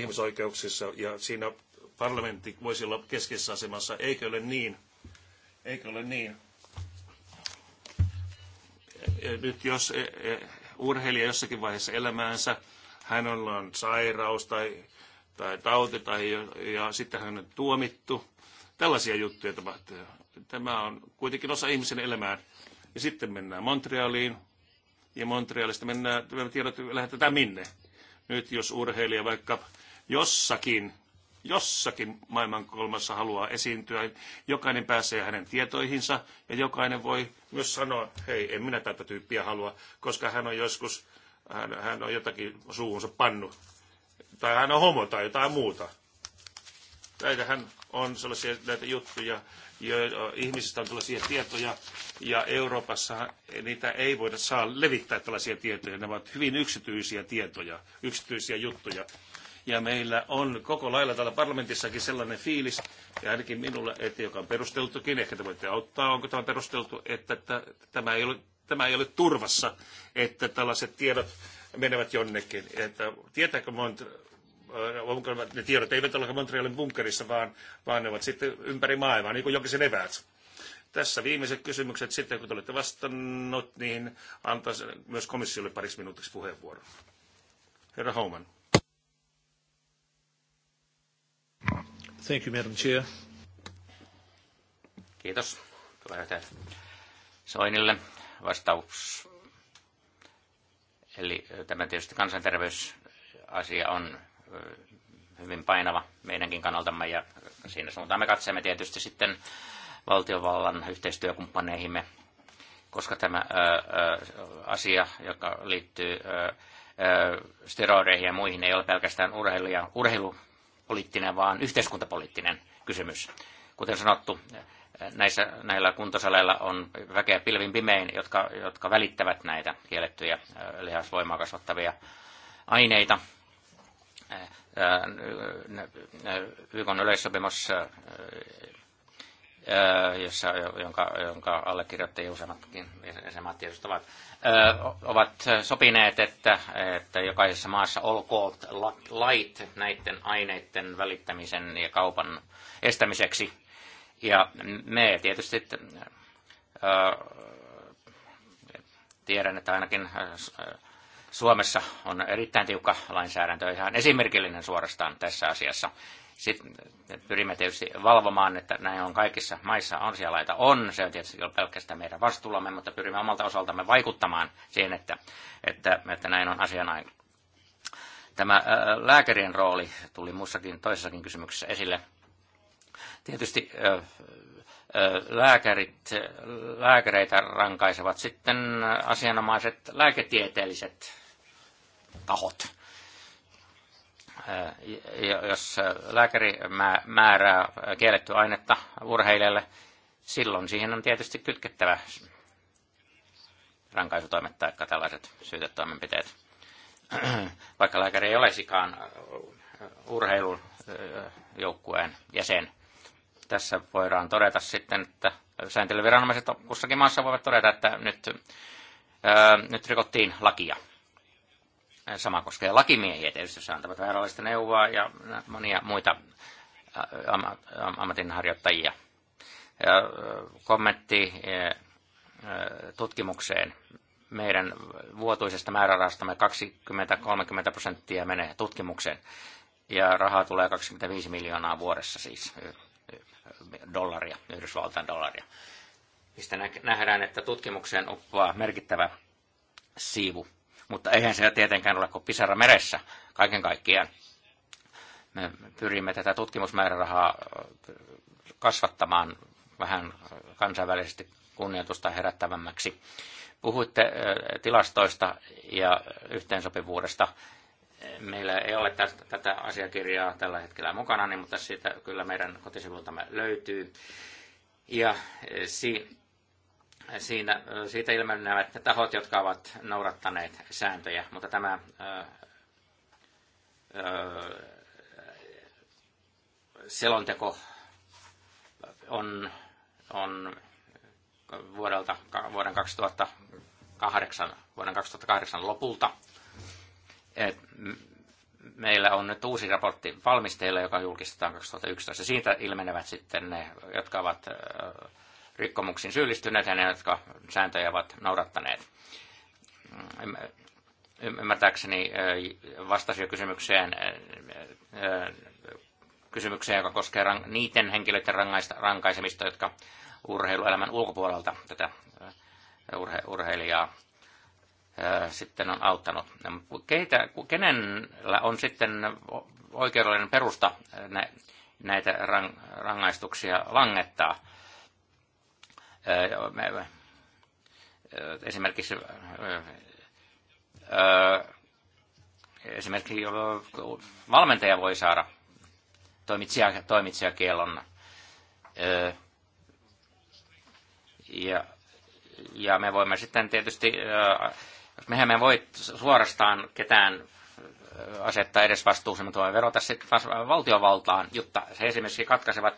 ihmisoikeuksissa ja siinä parlamentti voisi olla keskeisessä asemassa. Eikö ole niin? Eikö ole niin? Eh, nyt jos eh, urheilija jossakin vaiheessa elämäänsä, hänellä on sairaus tai, tai tauti tai, ja sitten hän on tuomittu. Tällaisia juttuja tapahtuu. Tämä on kuitenkin osa ihmisen elämää. Ja sitten mennään Montrealiin, ja Montrealista mennään, tiedot lähetetään minne. Nyt jos urheilija vaikka jossakin jossakin maailmankolmassa haluaa esiintyä, jokainen pääsee hänen tietoihinsa ja jokainen voi myös sanoa, hei, en minä tätä tyyppiä halua, koska hän on joskus, hän, hän on jotakin suuhunsa pannu tai hän on homo tai jotain muuta. hän on sellaisia näitä juttuja, jo, ihmisistä on tällaisia tietoja, ja Euroopassa niitä ei voida saa levittää tällaisia tietoja. Ne ovat hyvin yksityisiä tietoja, yksityisiä juttuja. Ja meillä on koko lailla täällä parlamentissakin sellainen fiilis, ja ainakin minulla, että joka on perusteltukin, ehkä te voitte auttaa, onko tämä perusteltu, että tämä ei ole, tämä ei ole turvassa, että tällaiset tiedot menevät jonnekin. Että tietääkö monta, äh, onko ne tiedot eivät ole Montrealin bunkerissa, vaan, vaan ne ovat sitten ympäri maailmaa, niin kuin jokisen eväät. Tässä viimeiset kysymykset. Sitten kun te olette vastannut, niin antaisin myös komissiolle pariksi minuutiksi puheenvuoron. Herra Houman. Thank you, Madam Chair. Kiitos puheenjohtaja Soinille vastaus. Eli tämä tietysti kansanterveysasia on hyvin painava meidänkin kannaltamme ja siinä suuntaan me katseemme tietysti sitten valtiovallan yhteistyökumppaneihimme, koska tämä asia, joka liittyy steroideihin ja muihin, ei ole pelkästään urheilija, urheilu poliittinen, vaan yhteiskuntapoliittinen kysymys. Kuten sanottu, näissä, näillä kuntosaleilla on väkeä pilvin pimein, jotka, jotka välittävät näitä kiellettyjä lihasvoimaa kasvattavia aineita. YK yleissopimus jossa, jonka, jonka allekirjoittajia useammatkin jäsenmaat niin tietysti ovat, ovat sopineet, että, että jokaisessa maassa olkoon lait näiden aineiden välittämisen ja kaupan estämiseksi. Ja me tietysti tiedän, että ainakin Suomessa on erittäin tiukka lainsäädäntö, ihan esimerkillinen suorastaan tässä asiassa. Sitten pyrimme tietysti valvomaan, että näin on kaikissa maissa ansialaita on. Se on tietysti jo pelkästään meidän vastuullamme, mutta pyrimme omalta osaltamme vaikuttamaan siihen, että, että, että näin on asianain. Tämä lääkärin rooli tuli muussakin toisessakin kysymyksessä esille. Tietysti lääkärit, lääkäreitä rankaisevat sitten asianomaiset lääketieteelliset tahot jos lääkäri määrää kielletty ainetta urheilijalle, silloin siihen on tietysti kytkettävä rankaisutoimet tai tällaiset syytetoimenpiteet. Vaikka lääkäri ei olisikaan urheilujoukkueen jäsen. Tässä voidaan todeta sitten, että sääntelyviranomaiset kussakin maassa voivat todeta, että nyt, nyt rikottiin lakia Sama koskee lakimiehiä tietysti, jos antavat vääränlaista neuvoa ja monia muita ammatinharjoittajia. Kommentti tutkimukseen. Meidän vuotuisesta määrärahastamme 20-30 prosenttia menee tutkimukseen ja rahaa tulee 25 miljoonaa vuodessa siis dollaria, Yhdysvaltain dollaria. Mistä nähdään, että tutkimukseen uppoaa merkittävä siivu mutta eihän se tietenkään ole kuin pisara meressä kaiken kaikkiaan. Me pyrimme tätä tutkimusmäärärahaa kasvattamaan vähän kansainvälisesti kunnioitusta herättävämmäksi. Puhuitte tilastoista ja yhteensopivuudesta. Meillä ei ole tästä, tätä asiakirjaa tällä hetkellä mukana, niin, mutta siitä kyllä meidän kotisivultamme löytyy. Ja e, Siinä, siitä ilmenevät tahot, jotka ovat noudattaneet sääntöjä, mutta tämä ö, ö, selonteko on, on vuodelta, vuoden 2008, vuoden 2008 lopulta. Et meillä on nyt uusi raportti valmisteilla, joka julkistetaan 2011. Siitä ilmenevät sitten ne, jotka ovat rikkomuksiin syyllistyneet ja ne, jotka sääntöjä ovat noudattaneet. Ymmärtääkseni vastasi jo kysymykseen, kysymykseen joka koskee niiden henkilöiden rankaisemista, jotka urheiluelämän ulkopuolelta tätä urhe- urheilijaa sitten on auttanut. Keitä, kenellä on sitten oikeudellinen perusta näitä rangaistuksia langettaa? esimerkiksi esimerkiksi valmentaja voi saada toimitsija, toimitsijakielon. Ja, ja me voimme sitten tietysti, mehän me voi suorastaan ketään asettaa edes vastuuseen, voi verota sitten valtiovaltaan, jotta he esimerkiksi katkaisevat,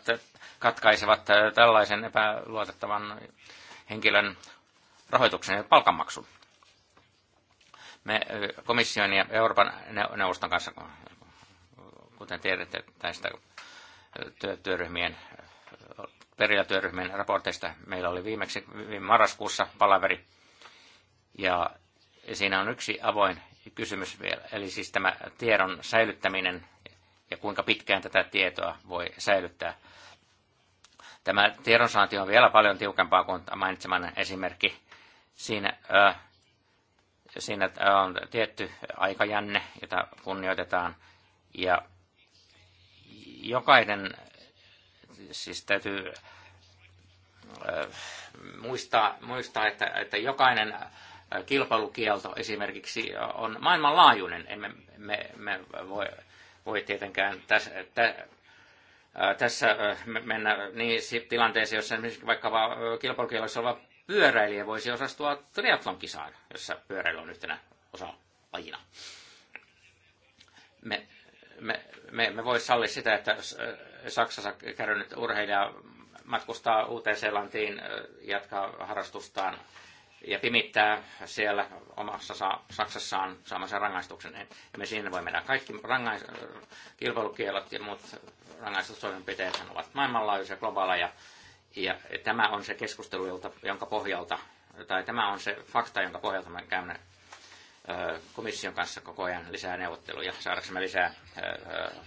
katkaisevat tällaisen epäluotettavan henkilön rahoituksen ja palkanmaksun. Me komission ja Euroopan neuvoston kanssa, kuten tiedätte näistä työryhmien perjantyöryhmien raporteista, meillä oli viimeksi viime marraskuussa palaveri, ja siinä on yksi avoin kysymys vielä, eli siis tämä tiedon säilyttäminen ja kuinka pitkään tätä tietoa voi säilyttää. Tämä tiedonsaanti on vielä paljon tiukempaa kuin mainitseman esimerkki. Siinä, ö, siinä on tietty aikajänne, jota kunnioitetaan, ja jokainen siis täytyy ö, muistaa, muistaa että, että jokainen kilpailukielto esimerkiksi on maailmanlaajuinen. Emme me, me voi, voi tietenkään tässä, tä, tässä mennä niin tilanteeseen, jossa esimerkiksi vaikka kilpailukielossa oleva pyöräilijä voisi osastua triathlon kisaan, jossa pyöräily on yhtenä osa lajina. Me, me, me, me voisi sallia sitä, että Saksassa käynyt urheilija matkustaa Uuteen-Seelantiin, jatkaa harrastustaan ja pimittää siellä omassa sa- Saksassaan saamansa rangaistuksen. Ja me siinä voi mennä. Kaikki rangais- kilpailukielot ja muut rangaistustoimenpiteet ovat maailmanlaajuisia, globaaleja. Ja tämä on se keskustelu, jonka pohjalta, tai tämä on se fakta, jonka pohjalta me käymme komission kanssa koko ajan lisää neuvotteluja, saadaksemme lisää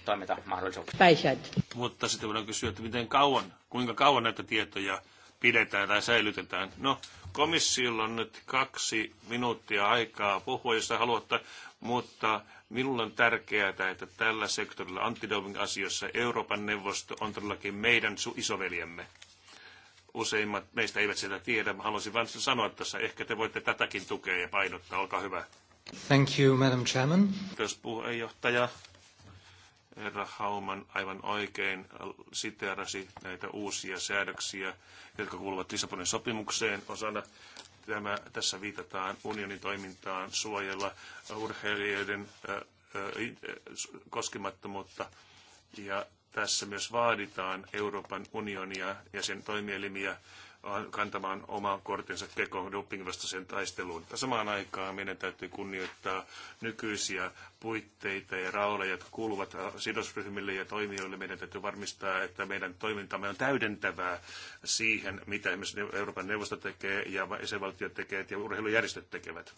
toimintamahdollisuuksia. Päisät. Mutta sitten voidaan kysyä, että miten kauan, kuinka kauan näitä tietoja pidetään tai säilytetään. No, komissiolla on nyt kaksi minuuttia aikaa puhua, jos haluatte, mutta minulle on tärkeää, että tällä sektorilla antidoping-asioissa Euroopan neuvosto on todellakin meidän isoveljemme. Useimmat meistä eivät sitä tiedä. Mä haluaisin vain sanoa tässä, ehkä te voitte tätäkin tukea ja painottaa. Olkaa hyvä. Thank you, Madam Chairman. Kiitos puheenjohtaja herra Hauman aivan oikein siteerasi näitä uusia säädöksiä, jotka kuuluvat Lissabonin sopimukseen osana. Tämä, tässä viitataan unionin toimintaan suojella urheilijoiden koskemattomuutta ja tässä myös vaaditaan Euroopan unionia ja sen toimielimiä kantamaan oma kortinsa kekoon dopingvastaiseen taisteluun. Samaan aikaan meidän täytyy kunnioittaa nykyisiä puitteita ja rauleja, jotka kuuluvat sidosryhmille ja toimijoille. Meidän täytyy varmistaa, että meidän toimintamme on täydentävää siihen, mitä esimerkiksi Euroopan neuvosto tekee ja jäsenvaltiot tekevät ja urheilujärjestöt tekevät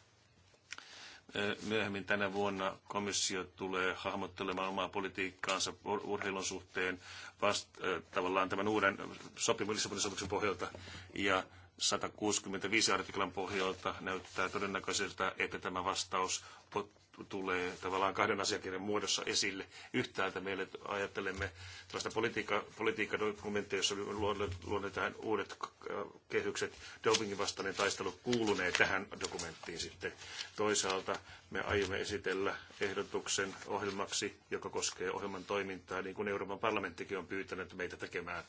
Myöhemmin tänä vuonna komissio tulee hahmottelemaan omaa politiikkaansa urheilun suhteen vast, tavallaan tämän uuden sopimuksen, Lissabonin sopimuksen pohjalta. Ja 165 artiklan pohjalta näyttää todennäköiseltä, että tämä vastaus tulee tavallaan kahden asiakirjan muodossa esille. Yhtäältä meille ajattelemme tällaista politiikka, politiikkadokumenttia, jossa luonnetaan uudet kehykset, dopingin vastainen taistelu kuulunee tähän dokumenttiin sitten. Toisaalta me aiomme esitellä ehdotuksen ohjelmaksi, joka koskee ohjelman toimintaa, niin kuin Euroopan parlamenttikin on pyytänyt meitä tekemään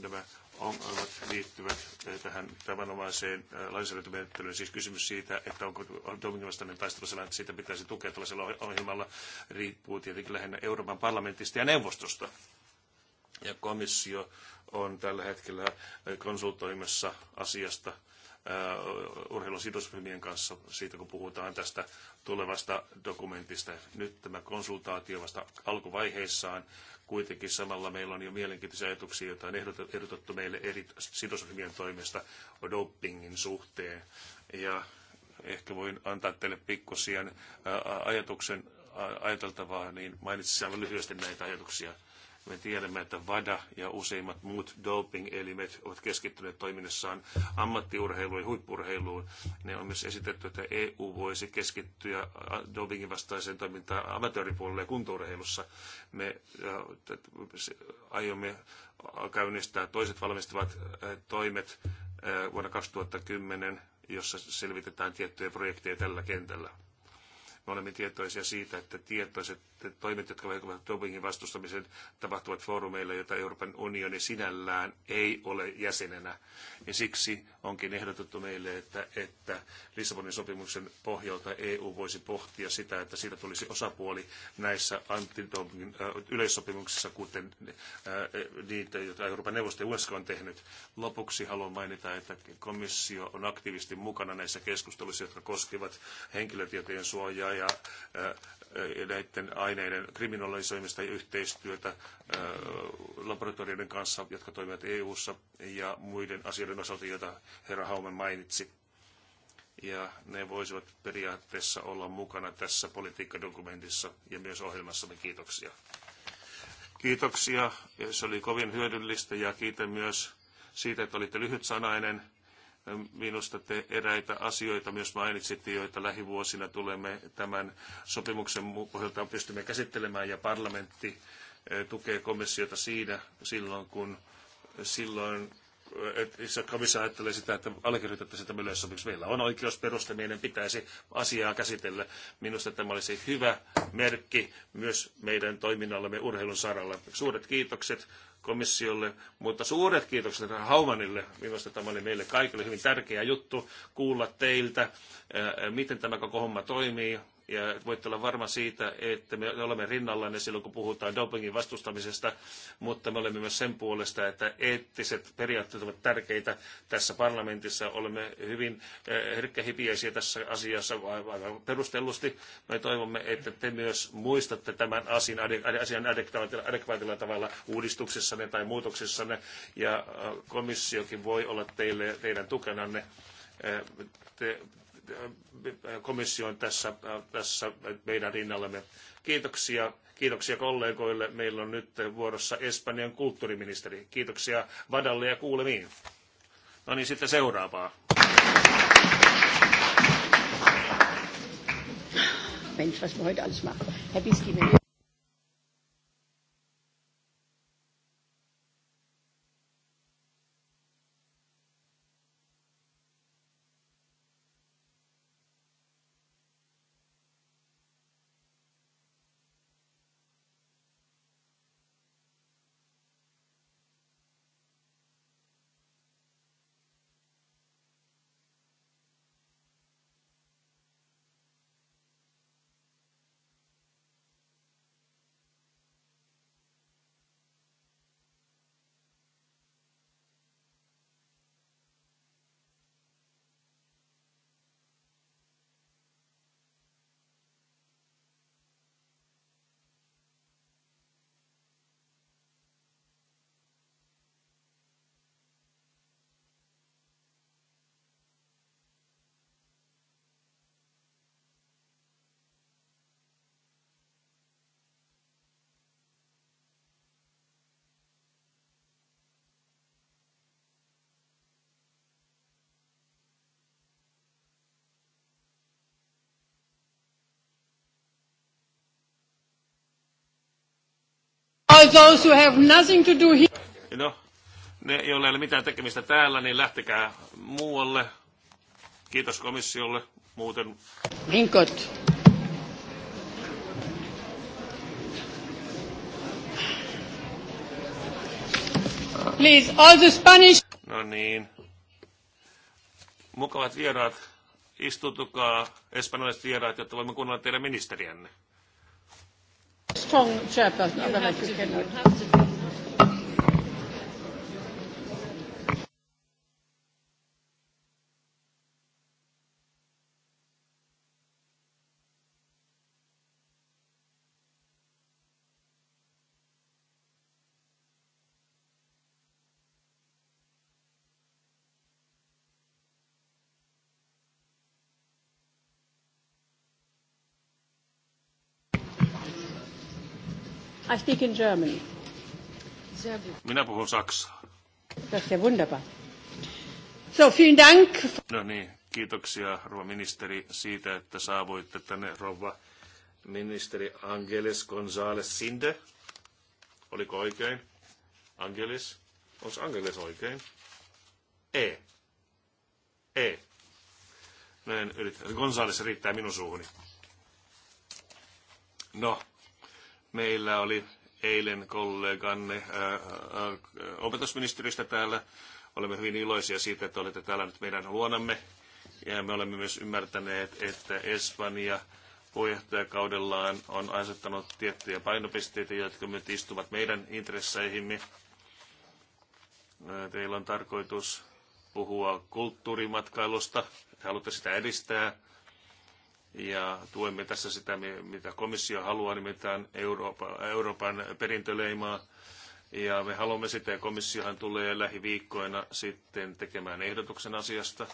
nämä ongelmat liittyvät eh, tähän tavanomaiseen eh, lainsäädäntömenettelyyn. Siis kysymys siitä, että onko domingovastainen taistelu sellainen, että siitä pitäisi tukea tällaisella ohjelmalla, riippuu tietenkin lähinnä Euroopan parlamentista ja neuvostosta. Ja komissio on tällä hetkellä eh, konsultoimassa asiasta urheilusidosryhmien kanssa siitä, kun puhutaan tästä tulevasta dokumentista. Nyt tämä konsultaatio vasta alkuvaiheissaan Kuitenkin samalla meillä on jo mielenkiintoisia ajatuksia, joita on ehdotettu meille eri sidosryhmien toimesta dopingin suhteen. Ja ehkä voin antaa teille pikkusien ajatuksen ajateltavaa, niin mainitsin aivan lyhyesti näitä ajatuksia. Me tiedämme, että VADA ja useimmat muut doping-elimet ovat keskittyneet toiminnassaan ammattiurheiluun ja huippurheiluun. Ne on myös esitetty, että EU voisi keskittyä äh, dopingin vastaiseen toimintaan amatööripuolella ja kuntourheilussa. Me äh, aiomme käynnistää toiset valmistavat äh, toimet vuonna 2010, jossa selvitetään tiettyjä projekteja tällä kentällä me olemme tietoisia siitä, että tietoiset toimet, jotka vaikuttavat dopingin vastustamiseen, tapahtuvat foorumeilla, joita Euroopan unioni sinällään ei ole jäsenenä. Ja siksi onkin ehdotettu meille, että, että Lissabonin sopimuksen pohjalta EU voisi pohtia sitä, että siitä tulisi osapuoli näissä antidopingin yleissopimuksissa, kuten niitä, joita Euroopan neuvosto ja UNESCO on tehnyt. Lopuksi haluan mainita, että komissio on aktiivisesti mukana näissä keskusteluissa, jotka koskevat henkilötietojen suojaa ja eh, eh, näiden aineiden kriminalisoimista ja yhteistyötä eh, laboratorioiden kanssa, jotka toimivat EU-ssa ja muiden asioiden osalta, joita herra Haume mainitsi. Ja ne voisivat periaatteessa olla mukana tässä politiikkadokumentissa ja myös ohjelmassamme. Kiitoksia. Kiitoksia. Se oli kovin hyödyllistä ja kiitän myös siitä, että olitte lyhytsanainen Minusta te eräitä asioita myös mainitsitte, joita lähivuosina tulemme tämän sopimuksen pohjalta pystymme käsittelemään ja parlamentti eh, tukee komissiota siinä silloin, kun silloin eh, että komissio ajattelee sitä, että allekirjoitettaisiin tämä yleissopimus. Meillä on oikeus peruste, meidän pitäisi asiaa käsitellä. Minusta tämä olisi hyvä merkki myös meidän toiminnallamme urheilun saralla. Suuret kiitokset komissiolle, mutta suuret kiitokset Haumanille. Minusta tämä oli meille kaikille hyvin tärkeä juttu kuulla teiltä, miten tämä koko homma toimii, ja voitte olla varma siitä, että me olemme rinnallanne silloin, kun puhutaan dopingin vastustamisesta, mutta me olemme myös sen puolesta, että eettiset periaatteet ovat tärkeitä tässä parlamentissa. Olemme hyvin eh, herkkähipiäisiä tässä asiassa aivan perustellusti. Me toivomme, että te myös muistatte tämän asian, asian adekvaatilla tavalla uudistuksissanne tai muutoksissanne, ja komissiokin voi olla teille, teidän tukenanne eh, te, komissio on tässä, tässä meidän rinnallamme. Kiitoksia. Kiitoksia kollegoille. Meillä on nyt vuorossa Espanjan kulttuuriministeri. Kiitoksia Vadalle ja kuulemiin. No niin, sitten seuraavaa. Mensch, was wir heute alles machen. Herr For those who have nothing to do here. No, ne, joilla ei ole mitään tekemistä täällä, niin lähtekää muualle. Kiitos komissiolle. Muuten... Rinkot. Please, all the Spanish... No niin. Mukavat vieraat, istutukaa, espanjalaiset vieraat, jotta voimme kuunnella teidän ministeriänne strong chairperson. Otherwise, you, you cannot. I speak in German. Sehr gut. Minä puhun saksaa. Das ist ja wunderbar. So, vielen Dank. No niin, kiitoksia rouva ministeri siitä, että saavuitte tänne rouva ministeri Angeles González Sinde. Oliko oikein? Angelis? Onko Angelis oikein? E. E. Näin yritetään. Gonzales riittää minun suuhuni. No, Meillä oli eilen kolleganne opetusministeristä täällä. Olemme hyvin iloisia siitä, että olette täällä nyt meidän luonamme. Ja me olemme myös ymmärtäneet, että Espanja puheenjohtajakaudellaan on asettanut tiettyjä painopisteitä, jotka nyt istuvat meidän intresseihimme. Teillä on tarkoitus puhua kulttuurimatkailusta, te haluatte sitä edistää ja tuemme tässä sitä, mitä komissio haluaa, nimittäin Euroopan, Euroopan perintöleimaa. Ja me haluamme sitä, ja komissiohan tulee lähiviikkoina sitten tekemään ehdotuksen asiasta.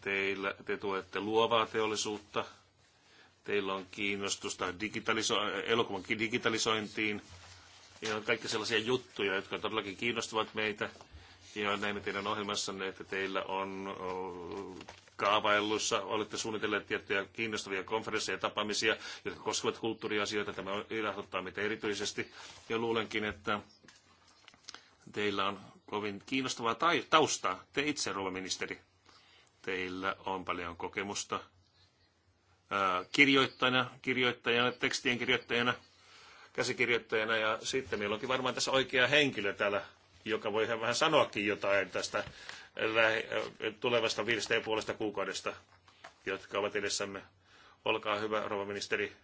Teillä, te tuette luovaa teollisuutta, teillä on kiinnostusta digitaliso- elokuvan digitalisointiin, ja on kaikki sellaisia juttuja, jotka todellakin kiinnostavat meitä. Ja näemme teidän ohjelmassanne, että teillä on kaavailussa olette suunnitelleet tiettyjä kiinnostavia konferensseja ja tapaamisia, jotka koskevat kulttuuriasioita. Tämä ilahduttaa meitä erityisesti ja luulenkin, että teillä on kovin kiinnostavaa taustaa. Te itse, rouva ministeri, teillä on paljon kokemusta kirjoittajana, kirjoittajana, tekstien kirjoittajana, käsikirjoittajana ja sitten meillä onkin varmaan tässä oikea henkilö täällä, joka voi vähän sanoakin jotain tästä tulevasta viidestä ja puolesta kuukaudesta, jotka ovat edessämme. Olkaa hyvä, rouva ministeri.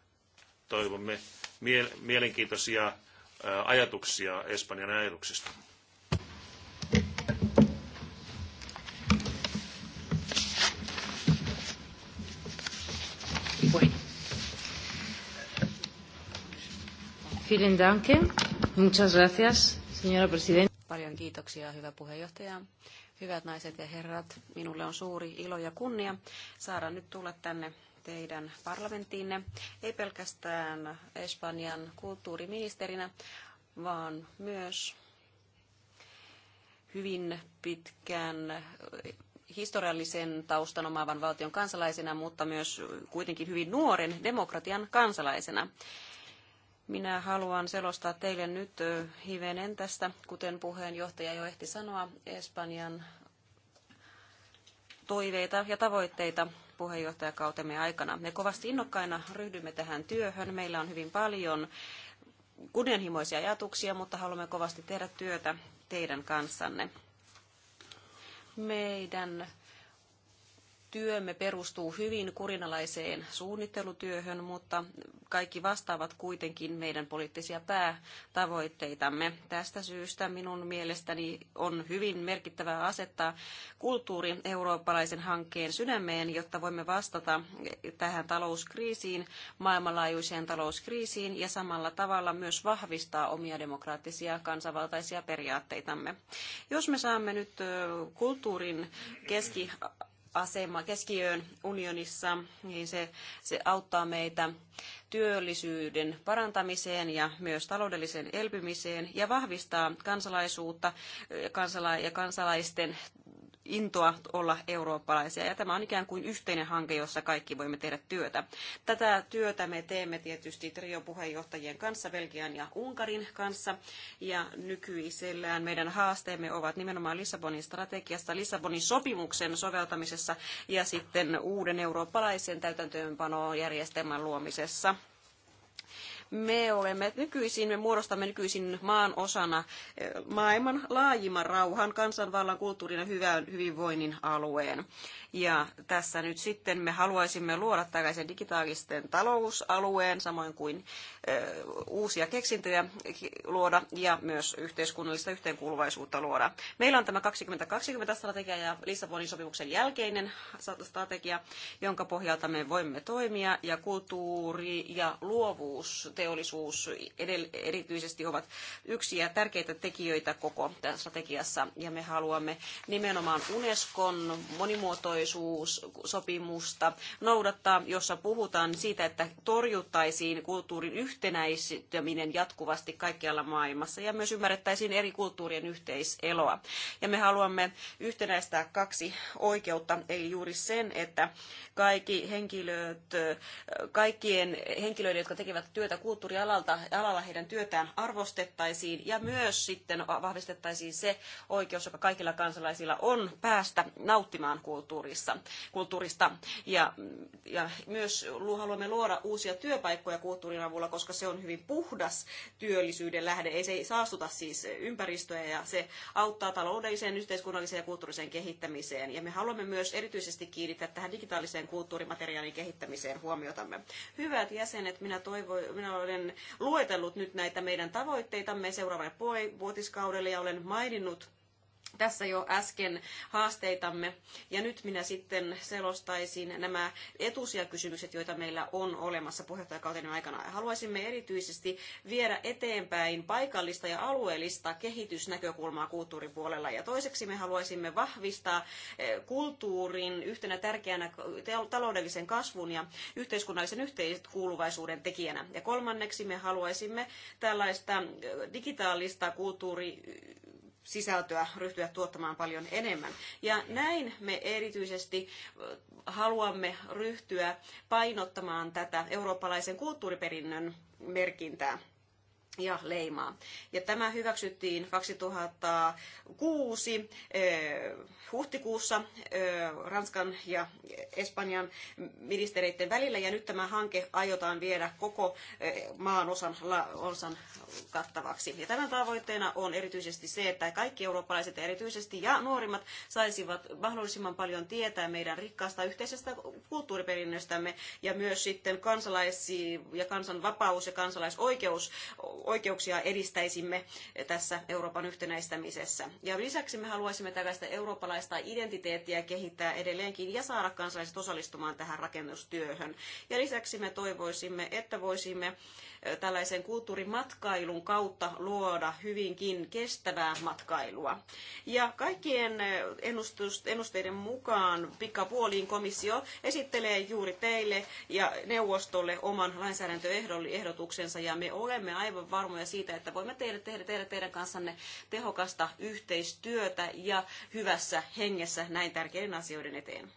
Toivomme mielenkiintoisia ajatuksia Espanjan ajatuksista. Bueno. Vielen danke. Muchas gracias, señora presidenta. Paljon kiitoksia, hyvä puheenjohtaja. Hyvät naiset ja herrat, minulle on suuri ilo ja kunnia saada nyt tulla tänne teidän parlamenttiinne, ei pelkästään Espanjan kulttuuriministerinä, vaan myös hyvin pitkän historiallisen taustan omaavan valtion kansalaisena, mutta myös kuitenkin hyvin nuoren demokratian kansalaisena. Minä haluan selostaa teille nyt hivenen tästä, kuten puheenjohtaja jo ehti sanoa, Espanjan toiveita ja tavoitteita puheenjohtajakautemme aikana. Me kovasti innokkaina ryhdymme tähän työhön. Meillä on hyvin paljon kunnianhimoisia ajatuksia, mutta haluamme kovasti tehdä työtä teidän kanssanne. Meidän työmme perustuu hyvin kurinalaiseen suunnittelutyöhön, mutta kaikki vastaavat kuitenkin meidän poliittisia päätavoitteitamme. Tästä syystä minun mielestäni on hyvin merkittävää asettaa kulttuuri eurooppalaisen hankkeen sydämeen, jotta voimme vastata tähän talouskriisiin, maailmanlaajuiseen talouskriisiin ja samalla tavalla myös vahvistaa omia demokraattisia kansanvaltaisia periaatteitamme. Jos me saamme nyt kulttuurin keski asema keskiöön unionissa, niin se, se auttaa meitä työllisyyden parantamiseen ja myös taloudelliseen elpymiseen ja vahvistaa kansalaisuutta kansala- ja kansalaisten intoa olla eurooppalaisia. Ja tämä on ikään kuin yhteinen hanke, jossa kaikki voimme tehdä työtä. Tätä työtä me teemme tietysti trio-puheenjohtajien kanssa, Belgian ja Unkarin kanssa. Ja nykyisellään meidän haasteemme ovat nimenomaan Lissabonin strategiasta, Lissabonin sopimuksen soveltamisessa ja sitten uuden eurooppalaisen täytäntöönpanojärjestelmän luomisessa. Me olemme nykyisin, me muodostamme nykyisin maan osana eh, maailman laajimman rauhan, kansanvallan, kulttuurin ja hyvän hyvinvoinnin alueen. Ja tässä nyt sitten me haluaisimme luoda tällaisen digitaalisten talousalueen, samoin kuin eh, uusia keksintöjä luoda ja myös yhteiskunnallista yhteenkuuluvaisuutta luoda. Meillä on tämä 2020-strategia ja Lissabonin sopimuksen jälkeinen strategia, jonka pohjalta me voimme toimia ja kulttuuri ja luovuus teollisuus erityisesti ovat yksi ja tärkeitä tekijöitä koko tässä strategiassa. Ja me haluamme nimenomaan Unescon monimuotoisuussopimusta noudattaa, jossa puhutaan siitä, että torjuttaisiin kulttuurin yhtenäistäminen jatkuvasti kaikkialla maailmassa ja myös ymmärrettäisiin eri kulttuurien yhteiseloa. Ja me haluamme yhtenäistää kaksi oikeutta, eli juuri sen, että kaikki henkilöt, kaikkien henkilöiden, jotka tekevät työtä kulttuurialalta alalla heidän työtään arvostettaisiin ja myös sitten vahvistettaisiin se oikeus, joka kaikilla kansalaisilla on päästä nauttimaan kulttuurissa, kulttuurista. Ja, ja myös haluamme luoda uusia työpaikkoja kulttuurin avulla, koska se on hyvin puhdas työllisyyden lähde. Ei se saastuta siis ympäristöä ja se auttaa taloudelliseen, yhteiskunnalliseen ja kulttuuriseen kehittämiseen. Ja me haluamme myös erityisesti kiinnittää tähän digitaaliseen kulttuurimateriaalin kehittämiseen huomiotamme. Hyvät jäsenet, minä, toivo, minä olen luetellut nyt näitä meidän tavoitteitamme seuraavalle vuotiskaudelle ja olen maininnut tässä jo äsken haasteitamme. Ja nyt minä sitten selostaisin nämä etusijakysymykset, joita meillä on olemassa puheenjohtajakauteni aikana. Haluaisimme erityisesti viedä eteenpäin paikallista ja alueellista kehitysnäkökulmaa kulttuuripuolella. Ja toiseksi me haluaisimme vahvistaa eh, kulttuurin yhtenä tärkeänä taloudellisen kasvun ja yhteiskunnallisen yhteiskuuluvaisuuden tekijänä. Ja kolmanneksi me haluaisimme tällaista eh, digitaalista kulttuuri sisältöä ryhtyä tuottamaan paljon enemmän. Ja näin me erityisesti haluamme ryhtyä painottamaan tätä eurooppalaisen kulttuuriperinnön merkintää ja leimaa. Ja tämä hyväksyttiin 2006 eh, huhtikuussa eh, Ranskan ja Espanjan ministereiden välillä, ja nyt tämä hanke aiotaan viedä koko eh, maan osan, osan kattavaksi. Ja tämän tavoitteena on erityisesti se, että kaikki eurooppalaiset erityisesti ja nuorimmat saisivat mahdollisimman paljon tietää meidän rikkaasta yhteisestä kulttuuriperinnöstämme, ja myös sitten kansalaisi- ja kansanvapaus ja kansalaisoikeus oikeuksia edistäisimme tässä Euroopan yhtenäistämisessä. Ja lisäksi me haluaisimme tällaista eurooppalaista identiteettiä kehittää edelleenkin ja saada kansalaiset osallistumaan tähän rakennustyöhön. Ja lisäksi me toivoisimme, että voisimme tällaisen kulttuurimatkailun kautta luoda hyvinkin kestävää matkailua. Ja kaikkien eh, ennusteiden mukaan pikapuoliin komissio esittelee juuri teille ja neuvostolle oman lainsäädäntöehdotuksensa ja me olemme aivan varmoja siitä, että voimme tehdä, tehdä, tehdä teidän kanssanne tehokasta yhteistyötä ja hyvässä hengessä näin tärkeiden asioiden eteen.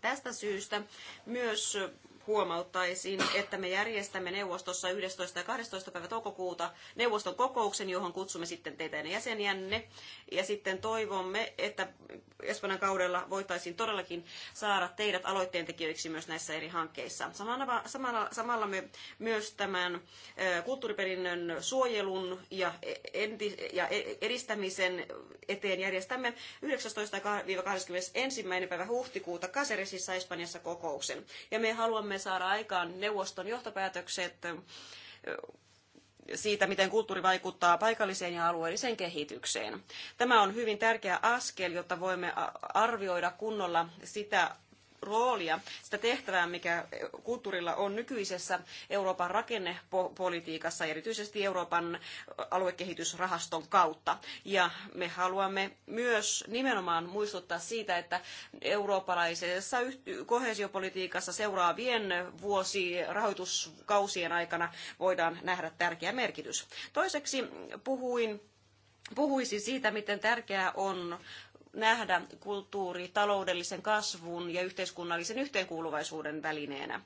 Tästä syystä myös huomauttaisin, että me järjestämme neuvostossa 11. ja 12. päivä toukokuuta neuvoston kokouksen, johon kutsumme sitten teitä ja jäseniänne. Ja sitten toivomme, että Espanjan kaudella voitaisiin todellakin saada teidät aloitteentekijöiksi myös näissä eri hankkeissa. Samalla, samalla, samalla me myös tämän kulttuuriperinnön suojelun ja, e-, enti, ja e-, edistämisen eteen järjestämme 19-21. päivä huhtikuuta Kaseresissa Espanjassa kokouksen. Ja me haluamme voimme saada aikaan neuvoston johtopäätökset siitä, miten kulttuuri vaikuttaa paikalliseen ja alueelliseen kehitykseen. Tämä on hyvin tärkeä askel, jotta voimme arvioida kunnolla sitä roolia, sitä tehtävää, mikä kulttuurilla on nykyisessä Euroopan rakennepolitiikassa, erityisesti Euroopan aluekehitysrahaston kautta. Ja me haluamme myös nimenomaan muistuttaa siitä, että eurooppalaisessa kohesiopolitiikassa seuraavien vuosi rahoituskausien aikana voidaan nähdä tärkeä merkitys. Toiseksi puhuin puhuisin siitä, miten tärkeää on nähdä kulttuuri taloudellisen kasvun ja yhteiskunnallisen yhteenkuuluvaisuuden välineenä.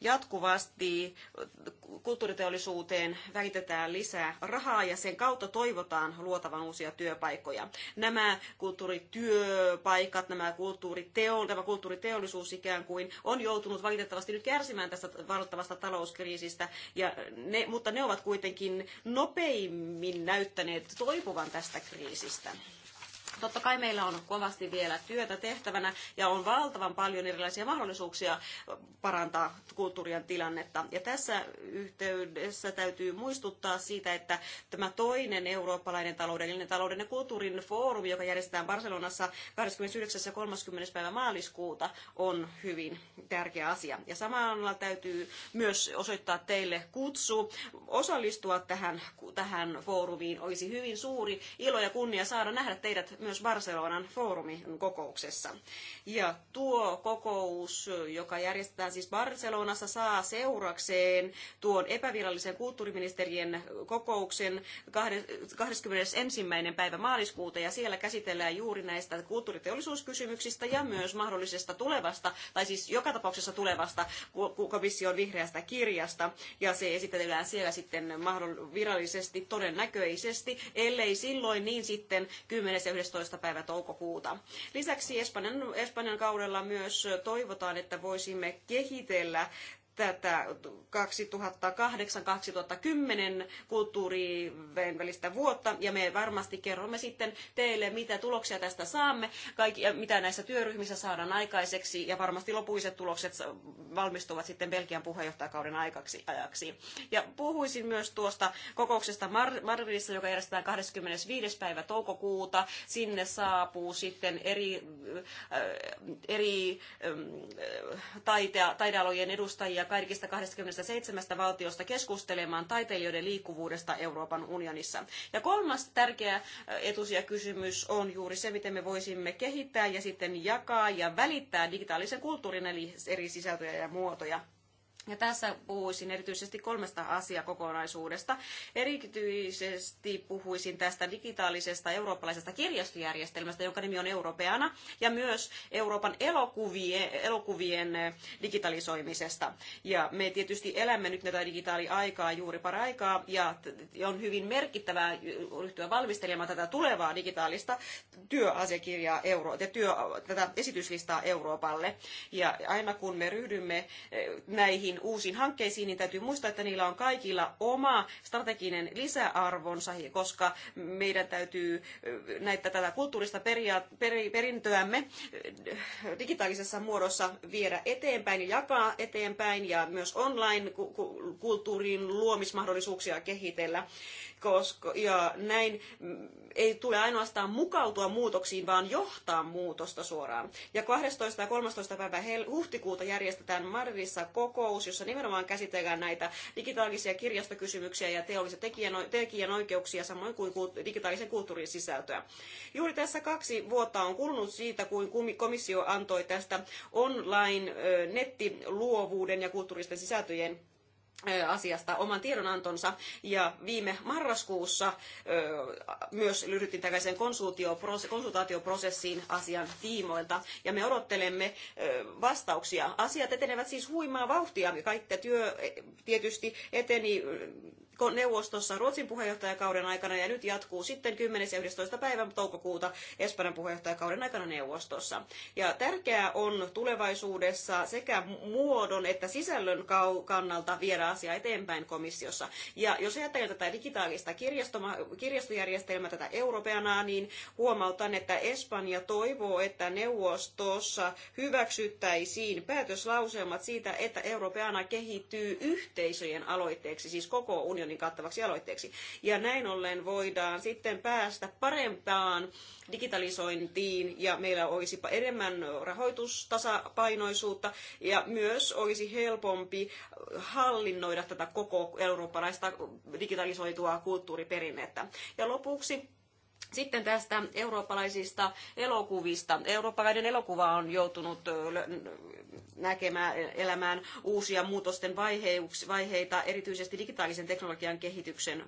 Jatkuvasti kulttuuriteollisuuteen väitetään lisää rahaa ja sen kautta toivotaan luotavan uusia työpaikkoja. Nämä kulttuurityöpaikat, nämä kulttuuriteo, tämä kulttuuriteollisuus ikään kuin on joutunut valitettavasti nyt kärsimään tästä valtavasta talouskriisistä, ja ne, mutta ne ovat kuitenkin nopeimmin näyttäneet toipuvan tästä kriisistä. Totta kai meillä on kovasti vielä työtä tehtävänä ja on valtavan paljon erilaisia mahdollisuuksia parantaa kulttuurien tilannetta. Ja tässä yhteydessä täytyy muistuttaa siitä, että tämä toinen eurooppalainen taloudellinen talouden ja kulttuurin foorumi, joka järjestetään Barcelonassa 29. ja 30. päivä maaliskuuta, on hyvin tärkeä asia. Ja samalla täytyy myös osoittaa teille kutsu osallistua tähän, tähän foorumiin. Olisi hyvin suuri ilo ja kunnia saada nähdä teidät myös Barcelonan foorumin kokouksessa. Ja tuo kokous, joka järjestetään siis Barcelonassa, saa seurakseen tuon epävirallisen kulttuuriministerien kokouksen 21. päivä maaliskuuta ja siellä käsitellään juuri näistä kulttuuriteollisuuskysymyksistä ja myös mahdollisesta tulevasta, tai siis joka tapauksessa tulevasta komission vihreästä kirjasta ja se esitellään siellä sitten virallisesti todennäköisesti, ellei silloin niin sitten 10. ja 11 16. päivä toukokuuta. Lisäksi Espanjan, Espanjan kaudella myös toivotaan, että voisimme kehitellä tätä 2008-2010 kulttuurien välistä vuotta, ja me varmasti kerromme sitten teille, mitä tuloksia tästä saamme, kaikki, ja mitä näissä työryhmissä saadaan aikaiseksi, ja varmasti lopuiset tulokset valmistuvat sitten Belgian puheenjohtajakauden aikaksi, ajaksi. Ja puhuisin myös tuosta kokouksesta Mar- Madridissa, joka järjestetään 25. päivä toukokuuta. Sinne saapuu sitten eri, äh, eri ähm, äh, taitea, taidealojen edustajia kaikista 27 valtiosta keskustelemaan taiteilijoiden liikkuvuudesta Euroopan unionissa. Ja kolmas tärkeä etusia kysymys on juuri se, miten me voisimme kehittää ja sitten jakaa ja välittää digitaalisen kulttuurin eli eri sisältöjä ja muotoja ja tässä puhuisin erityisesti kolmesta asiakokonaisuudesta. Erityisesti puhuisin tästä digitaalisesta eurooppalaisesta kirjastojärjestelmästä, jonka nimi on Europeana, ja myös Euroopan elokuvien, elokuvien eh, digitalisoimisesta. Ja me tietysti elämme nyt tätä digitaaliaikaa juuri paraikaa, ja on hyvin merkittävää ryhtyä valmistelemaan tätä tulevaa digitaalista työasiakirjaa Euro- ja työ, tätä esityslistaa Euroopalle. Ja aina kun me ryhdymme eh, näihin näihin uusiin hankkeisiin, niin täytyy muistaa, että niillä on kaikilla oma strateginen lisäarvonsa, koska meidän täytyy näitä tätä kulttuurista periaat, perintöämme digitaalisessa muodossa viedä eteenpäin ja jakaa eteenpäin ja myös online-kulttuurin luomismahdollisuuksia kehitellä koska, ja näin mm, ei tule ainoastaan mukautua muutoksiin, vaan johtaa muutosta suoraan. Ja 12. ja 13. päivä huhtikuuta järjestetään Madridissa kokous, jossa nimenomaan käsitellään näitä digitaalisia kirjastokysymyksiä ja teollisia tekijänoikeuksia, samoin kuin digitaalisen kulttuurin sisältöä. Juuri tässä kaksi vuotta on kulunut siitä, kun komissio antoi tästä online nettiluovuuden ja kulttuuristen sisältöjen asiasta oman tiedonantonsa ja viime marraskuussa myös ryhdyttiin tällaiseen konsultaatioprosessiin asian tiimoilta ja me odottelemme vastauksia. Asiat etenevät siis huimaa vauhtia. Kaikki työ e, tietysti eteni neuvostossa Ruotsin puheenjohtajakauden aikana ja nyt jatkuu sitten 10. ja 11. päivän toukokuuta Espanjan puheenjohtajakauden aikana neuvostossa. Ja tärkeää on tulevaisuudessa sekä muodon että sisällön kannalta viedä asia eteenpäin komissiossa. Ja jos ajattelee tätä digitaalista kirjastojärjestelmää, tätä europeanaa, niin huomautan, että Espanja toivoo, että neuvostossa hyväksyttäisiin päätöslauselmat siitä, että europeana kehittyy yhteisöjen aloitteeksi, siis koko unionin unionin kattavaksi aloitteeksi. Ja näin ollen voidaan sitten päästä parempaan digitalisointiin ja meillä olisi enemmän rahoitustasapainoisuutta ja myös olisi helpompi hallinnoida tätä koko eurooppalaista digitalisoitua kulttuuriperinnettä. Ja lopuksi sitten tästä eurooppalaisista elokuvista. Eurooppalainen elokuva on joutunut näkemään, e, elämään uusia muutosten vaiheita, erityisesti digitaalisen teknologian kehityksen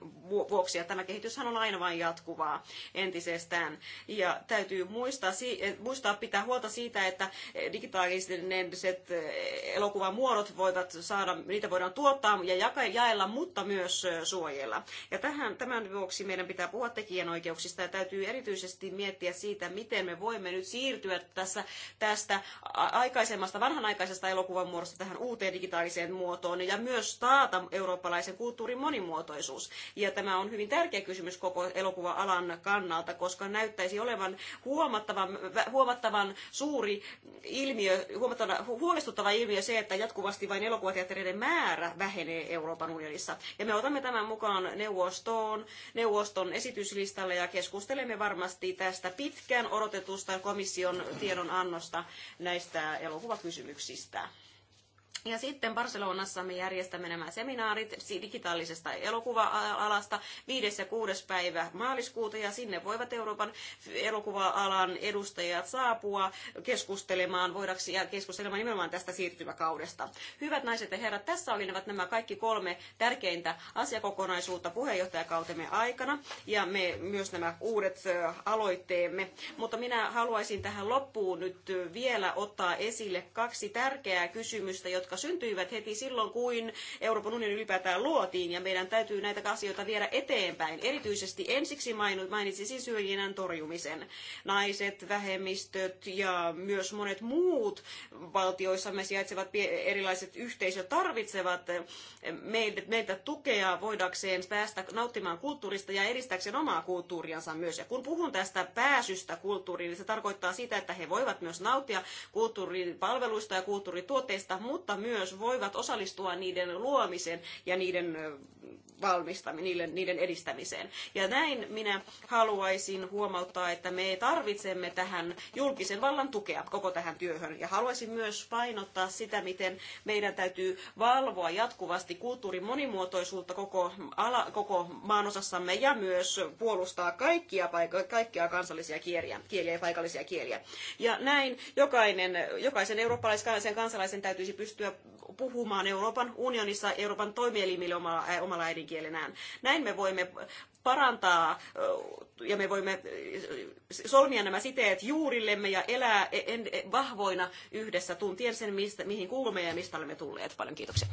vuoksi. Ja tämä kehityshän on aina vain jatkuvaa entisestään. Ja täytyy muistaa, e, muistaa pitää huolta siitä, että e, digitaaliset elokuvan muodot voivat saada, niitä voidaan tuottaa ja jaella, mutta myös suojella. Ja tähän, tämän vuoksi meidän pitää puhua tekijänoikeuksista ja täytyy erityisesti miettiä siitä, miten me voimme nyt siirtyä tässä, tästä aikaisemmasta, vanhanaikaisesta elokuvan muodosta tähän uuteen digitaaliseen muotoon ja myös taata eurooppalaisen kulttuurin monimuotoisuus. Ja tämä on hyvin tärkeä kysymys koko elokuva-alan kannalta, koska näyttäisi olevan huomattavan, huomattavan suuri ilmiö, huomattavan huolestuttava ilmiö se, että jatkuvasti vain elokuvateattereiden määrä vähenee Euroopan unionissa. Ja me otamme tämän mukaan neuvostoon, neuvoston esityslistalle ja keskusteluun keskustelemme varmasti tästä pitkään odotetusta komission tiedonannosta näistä elokuvakysymyksistä. Ja sitten Barcelonassa me järjestämme nämä seminaarit digitaalisesta elokuva-alasta 5. ja 6. päivä maaliskuuta ja sinne voivat Euroopan elokuva-alan edustajat saapua keskustelemaan, voidaksi ja keskustelemaan nimenomaan tästä siirtymäkaudesta. Hyvät naiset ja herrat, tässä olivat nämä kaikki kolme tärkeintä asiakokonaisuutta puheenjohtajakautemme aikana ja me myös nämä uudet aloitteemme. Mutta minä haluaisin tähän loppuun nyt vielä ottaa esille kaksi tärkeää kysymystä, jotka syntyivät heti silloin, kuin Euroopan unioni ylipäätään luotiin, ja meidän täytyy näitä asioita viedä eteenpäin. Erityisesti ensiksi mainitsisin syrjinnän torjumisen. Naiset, vähemmistöt ja myös monet muut valtioissamme sijaitsevat erilaiset yhteisöt tarvitsevat meiltä tukea voidakseen päästä nauttimaan kulttuurista ja edistääkseen omaa kulttuuriansa myös. Ja kun puhun tästä pääsystä kulttuuriin, niin se tarkoittaa sitä, että he voivat myös nauttia kulttuuripalveluista ja kulttuurituotteista, mutta myös voivat osallistua niiden luomiseen ja niiden valmistamiseen, niiden, niiden edistämiseen. Ja näin minä haluaisin huomauttaa, että me tarvitsemme tähän julkisen vallan tukea koko tähän työhön. Ja haluaisin myös painottaa sitä, miten meidän täytyy valvoa jatkuvasti kulttuurin monimuotoisuutta koko, ala, koko maanosassamme ja myös puolustaa kaikkia, paik- kaikkia kansallisia kieliä, kieliä ja paikallisia kieliä. Ja näin jokainen, jokaisen eurooppalaisen kansalaisen täytyisi pystyä puhumaan Euroopan unionissa Euroopan toimielimille omalla, omalla äidinkielenään. Näin me voimme parantaa ja me voimme solmia nämä siteet juurillemme ja elää e, e, vahvoina yhdessä tuntien sen, mistä, mihin kuulumme ja mistä olemme tulleet. Paljon kiitoksia.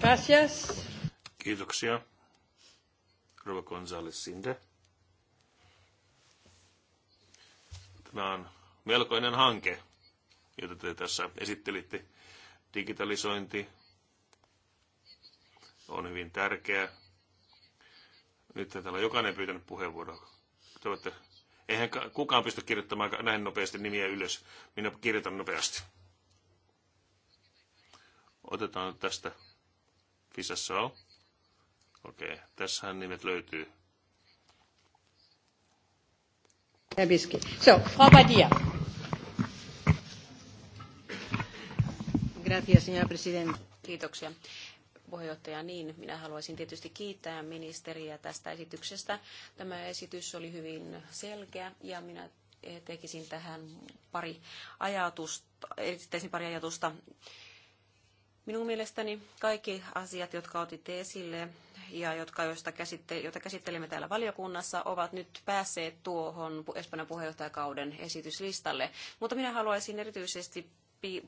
Gracias. Kiitoksia. Rova González Sinde. Tämä on melkoinen hanke, jota te tässä esittelitte. Digitalisointi on hyvin tärkeä. Nyt täällä on jokainen pyytänyt puheenvuoroa. Toivotte, eihän kukaan pysty kirjoittamaan näin nopeasti nimiä ylös. Minä kirjoitan nopeasti. Otetaan nyt tästä Fisassa on. Okei, okay. tässähän nimet löytyy. Herr Biski. So, Frau Badia. Kiitoksia puheenjohtaja, niin minä haluaisin tietysti kiittää ministeriä tästä esityksestä. Tämä esitys oli hyvin selkeä ja minä tekisin tähän pari ajatusta, esittäisin pari ajatusta. Minun mielestäni kaikki asiat, jotka otitte esille ja jotka, joista käsitte, joita käsittelemme täällä valiokunnassa, ovat nyt päässeet tuohon Espanjan puheenjohtajakauden esityslistalle. Mutta minä haluaisin erityisesti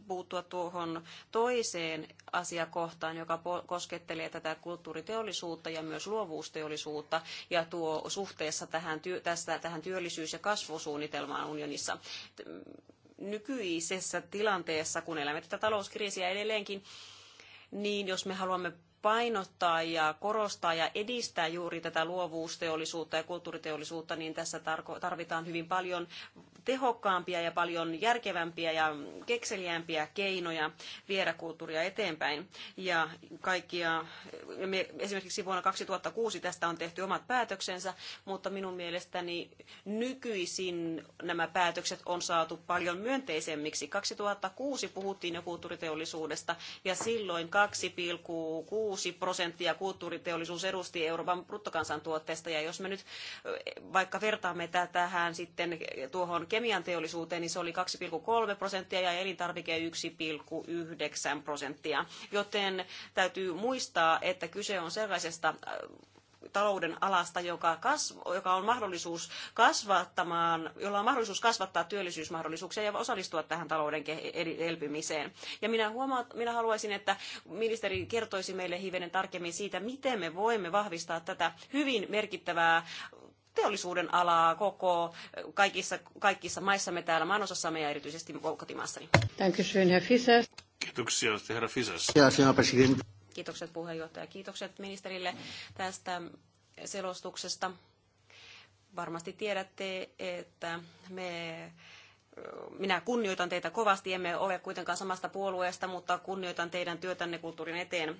puuttua tuohon toiseen asiakohtaan, joka koskettelee tätä kulttuuriteollisuutta ja myös luovuusteollisuutta ja tuo suhteessa tähän, tästä, tähän työllisyys- ja kasvusuunnitelmaan unionissa nykyisessä tilanteessa, kun elämme tätä talouskriisiä edelleenkin, niin jos me haluamme painottaa ja korostaa ja edistää juuri tätä luovuusteollisuutta ja kulttuuriteollisuutta, niin tässä tarvitaan hyvin paljon tehokkaampia ja paljon järkevämpiä ja kekseliämpiä keinoja viedä kulttuuria eteenpäin. Ja kaikkia, esimerkiksi vuonna 2006 tästä on tehty omat päätöksensä, mutta minun mielestäni nykyisin nämä päätökset on saatu paljon myönteisemmiksi. 2006 puhuttiin jo kulttuuriteollisuudesta ja silloin 2,6 6 prosenttia kulttuuriteollisuus edusti Euroopan bruttokansantuotteesta. Ja jos me nyt eh, vaikka vertaamme tähän sitten tuohon kemian teollisuuteen, niin se oli 2,3 prosenttia ja elintarvike 1,9 prosenttia. Joten täytyy muistaa, että kyse on sellaisesta talouden alasta, joka, joka on mahdollisuus kasvattamaan, jolla on mahdollisuus kasvattaa työllisyysmahdollisuuksia ja osallistua tähän talouden elpymiseen. Ja minä, huomaat, minä haluaisin, että ministeri kertoisi meille hivenen tarkemmin siitä, miten me voimme vahvistaa tätä hyvin merkittävää teollisuuden alaa koko kaikissa, kaikissa maissamme täällä maanosassamme ja erityisesti kotimaassani. Dankeschön, Herr Fisas. Kiitoksia, herra Fisas. presidentti. Kiitokset puheenjohtaja, kiitokset ministerille tästä selostuksesta. Varmasti tiedätte, että me minä kunnioitan teitä kovasti, emme ole kuitenkaan samasta puolueesta, mutta kunnioitan teidän työtänne kulttuurin eteen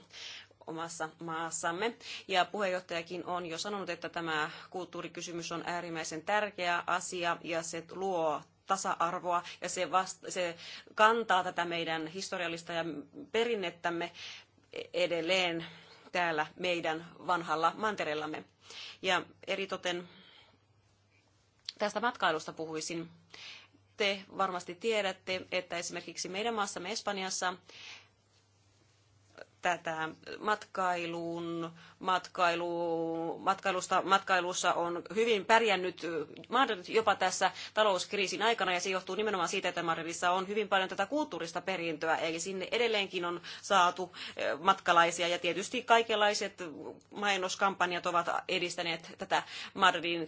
omassa maassamme. Ja puheenjohtajakin on jo sanonut, että tämä kulttuurikysymys on äärimmäisen tärkeä asia ja se luo tasa-arvoa ja se, vasta, se kantaa tätä meidän historiallista ja perinnettämme edelleen täällä meidän vanhalla mantereellamme. Ja eritoten tästä matkailusta puhuisin. Te varmasti tiedätte, että esimerkiksi meidän maassamme Espanjassa tätä matkailun, matkailu, matkailusta, matkailussa on hyvin pärjännyt jopa tässä talouskriisin aikana ja se johtuu nimenomaan siitä, että Madridissa on hyvin paljon tätä kulttuurista perintöä, eli sinne edelleenkin on saatu eh, matkalaisia ja tietysti kaikenlaiset mainoskampanjat ovat edistäneet tätä Madridin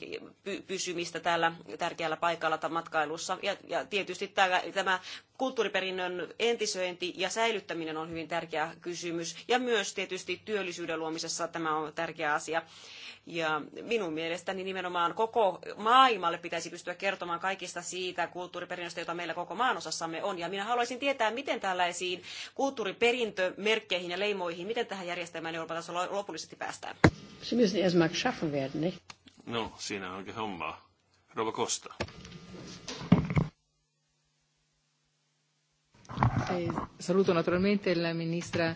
pysymistä täällä tärkeällä paikalla matkailussa ja, ja tietysti tämä, tämä kulttuuriperinnön entisöinti ja säilyttäminen on hyvin tärkeä kysymys. Ja myös tietysti työllisyyden luomisessa tämä on tärkeä asia. Ja minun mielestäni nimenomaan koko maailmalle pitäisi pystyä kertomaan kaikista siitä kulttuuriperinnöstä, jota meillä koko maanosassamme on. Ja minä haluaisin tietää, miten tällaisiin kulttuuriperintömerkkeihin ja leimoihin, miten tähän järjestelmään Euroopan tasolla lopullisesti päästään. No, siinä on hommaa. Rova Kosta. Eh, saluto naturalmente la ministra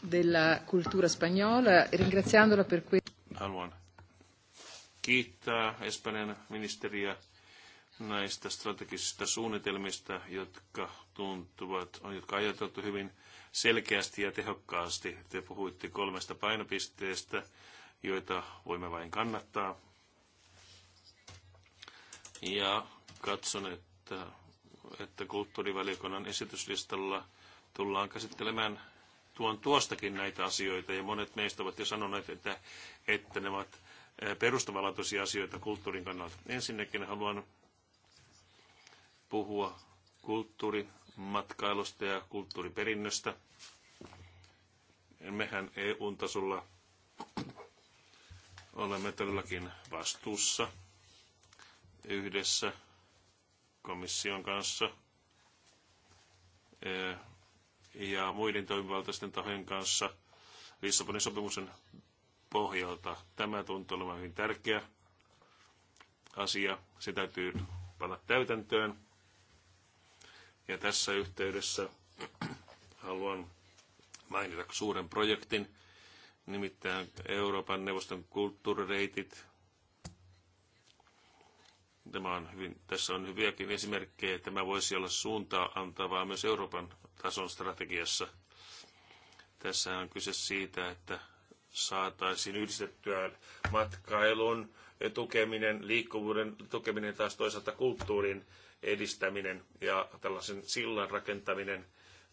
della cultura spagnola, ringraziandola per questo. Haluan kiittää Espanjan ministeriä näistä strategisista suunnitelmista, jotka tuntuvat, jotka on ajateltu hyvin selkeästi ja tehokkaasti. Te puhuitte kolmesta painopisteestä, joita voimme vain kannattaa. Ja katson, että että kulttuurivaliokunnan esityslistalla tullaan käsittelemään tuon tuostakin näitä asioita, ja monet meistä ovat jo sanoneet, että, että ne ovat eh, perustavanlaatuisia asioita kulttuurin kannalta. Ensinnäkin haluan puhua kulttuurimatkailusta ja kulttuuriperinnöstä. Mehän EU-tasolla olemme todellakin vastuussa yhdessä komission kanssa eh, ja muiden toimivaltaisten tahojen kanssa Lissabonin sopimuksen pohjalta. Tämä tuntuu olevan hyvin tärkeä asia. Se täytyy panna täytäntöön. Ja tässä yhteydessä haluan mainita suuren projektin, nimittäin Euroopan neuvoston kulttuurireitit Tämä on hyvin, tässä on hyviäkin esimerkkejä. Tämä voisi olla suuntaa antavaa myös Euroopan tason strategiassa. Tässä on kyse siitä, että saataisiin yhdistettyä matkailun tukeminen, liikkuvuuden tukeminen, taas toisaalta kulttuurin edistäminen ja tällaisen sillan rakentaminen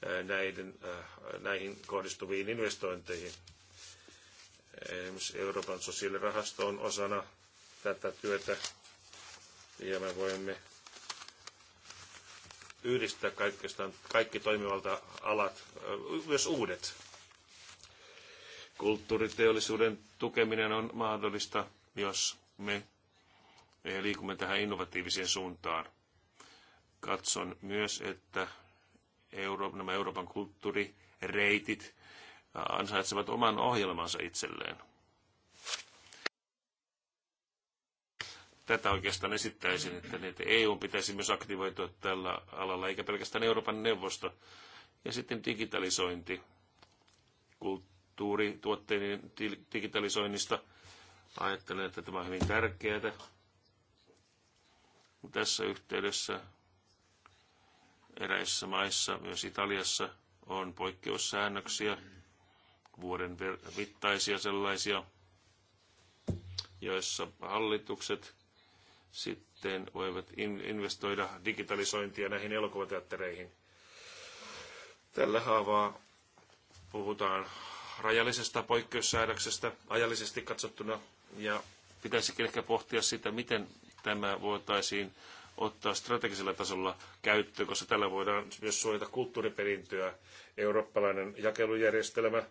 äh, näiden, äh, näihin kohdistuviin investointeihin. Esimerkiksi Euroopan sosiaalirahasto on osana tätä työtä ja me voimme yhdistää kaikki toimivalta-alat, myös uudet. Kulttuuriteollisuuden tukeminen on mahdollista, jos me liikumme tähän innovatiiviseen suuntaan. Katson myös, että Euro- nämä Euroopan kulttuurireitit ansaitsevat oman ohjelmansa itselleen. Tätä oikeastaan esittäisin, että, EU e pitäisi myös aktivoitua tällä alalla, eikä pelkästään Euroopan neuvosto. Ja sitten digitalisointi, kulttuurituotteiden digitalisoinnista. Ajattelen, että tämä on hyvin tärkeää tässä yhteydessä eräissä maissa, myös Italiassa, on poikkeussäännöksiä, vuoden mittaisia sellaisia, joissa hallitukset sitten voivat investoida digitalisointia näihin elokuvateattereihin. Tällä haavaa puhutaan rajallisesta poikkeussäädöksestä ajallisesti katsottuna ja pitäisikin ehkä pohtia sitä, miten tämä voitaisiin ottaa strategisella tasolla käyttöön, koska tällä voidaan myös suojata kulttuuriperintöä, eurooppalainen jakelujärjestelmä,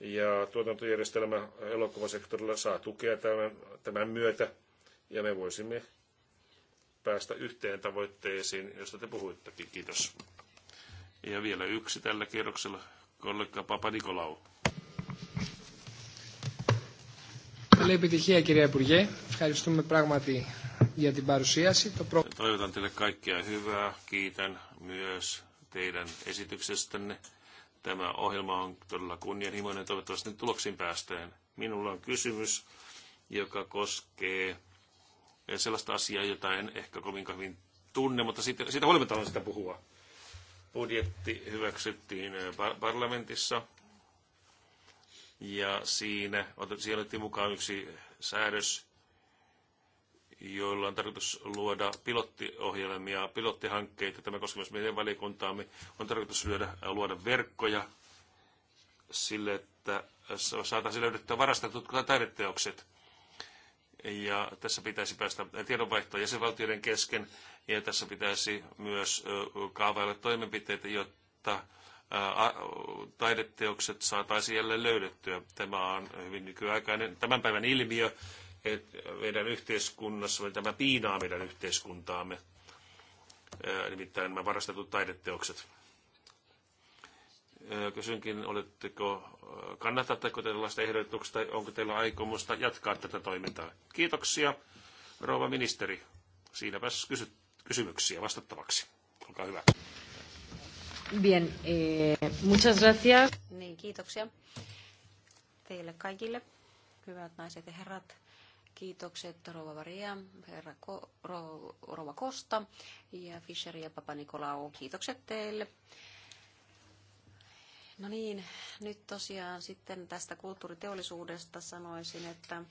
ja tuotantojärjestelmä elokuvasektorilla saa tukea tämän, tämän myötä ja me voisimme päästä yhteen tavoitteisiin, josta te puhuittekin. Kiitos. Ja vielä yksi tällä kierroksella, kollega Papa Nikolau. Καλή επιτυχία κυρία Υπουργέ. Ευχαριστούμε πράγματι για την παρουσίαση. Το προ... Toivotan teille kaikkea hyvää. Kiitän myös teidän esityksestänne. Tämä ohjelma on todella kunnianhimoinen. Toivottavasti tuloksiin päästään. Minulla on kysymys, joka koskee sellaista asiaa, jota en ehkä kovin hyvin tunne, mutta siitä, siitä huolimatta on sitä puhua. Budjetti hyväksyttiin parlamentissa ja siinä, siinä otettiin mukaan yksi säädös, joilla on tarkoitus luoda pilottiohjelmia, pilottihankkeita. Tämä koskee myös meidän valiokuntaamme. On tarkoitus lyödä, luoda verkkoja sille, että saataisiin löydettyä varastetut taideteokset – ja tässä pitäisi päästä tiedonvaihtoon jäsenvaltioiden kesken, ja tässä pitäisi myös kaavailla toimenpiteitä, jotta taideteokset saataisiin jälleen löydettyä. Tämä on hyvin nykyaikainen tämän päivän ilmiö, että meidän yhteiskunnassa, tämä piinaa meidän yhteiskuntaamme, nimittäin nämä varastetut taideteokset. Kysynkin, oletteko, kannatatteko tällaista ehdotuksesta, onko teillä aikomusta jatkaa tätä toimintaa? Kiitoksia, rouva ministeri. Siinäpäs kysy- kysymyksiä vastattavaksi. Olkaa hyvä. Bien, eh, muchas gracias. Niin, kiitoksia teille kaikille, hyvät naiset ja herrat. Kiitokset Rova Varia, herra Ko, Ro, Rova Kosta ja Fischer ja Papa Nikolau. Kiitokset teille No niin, nyt tosiaan sitten tästä kulttuuriteollisuudesta sanoisin, että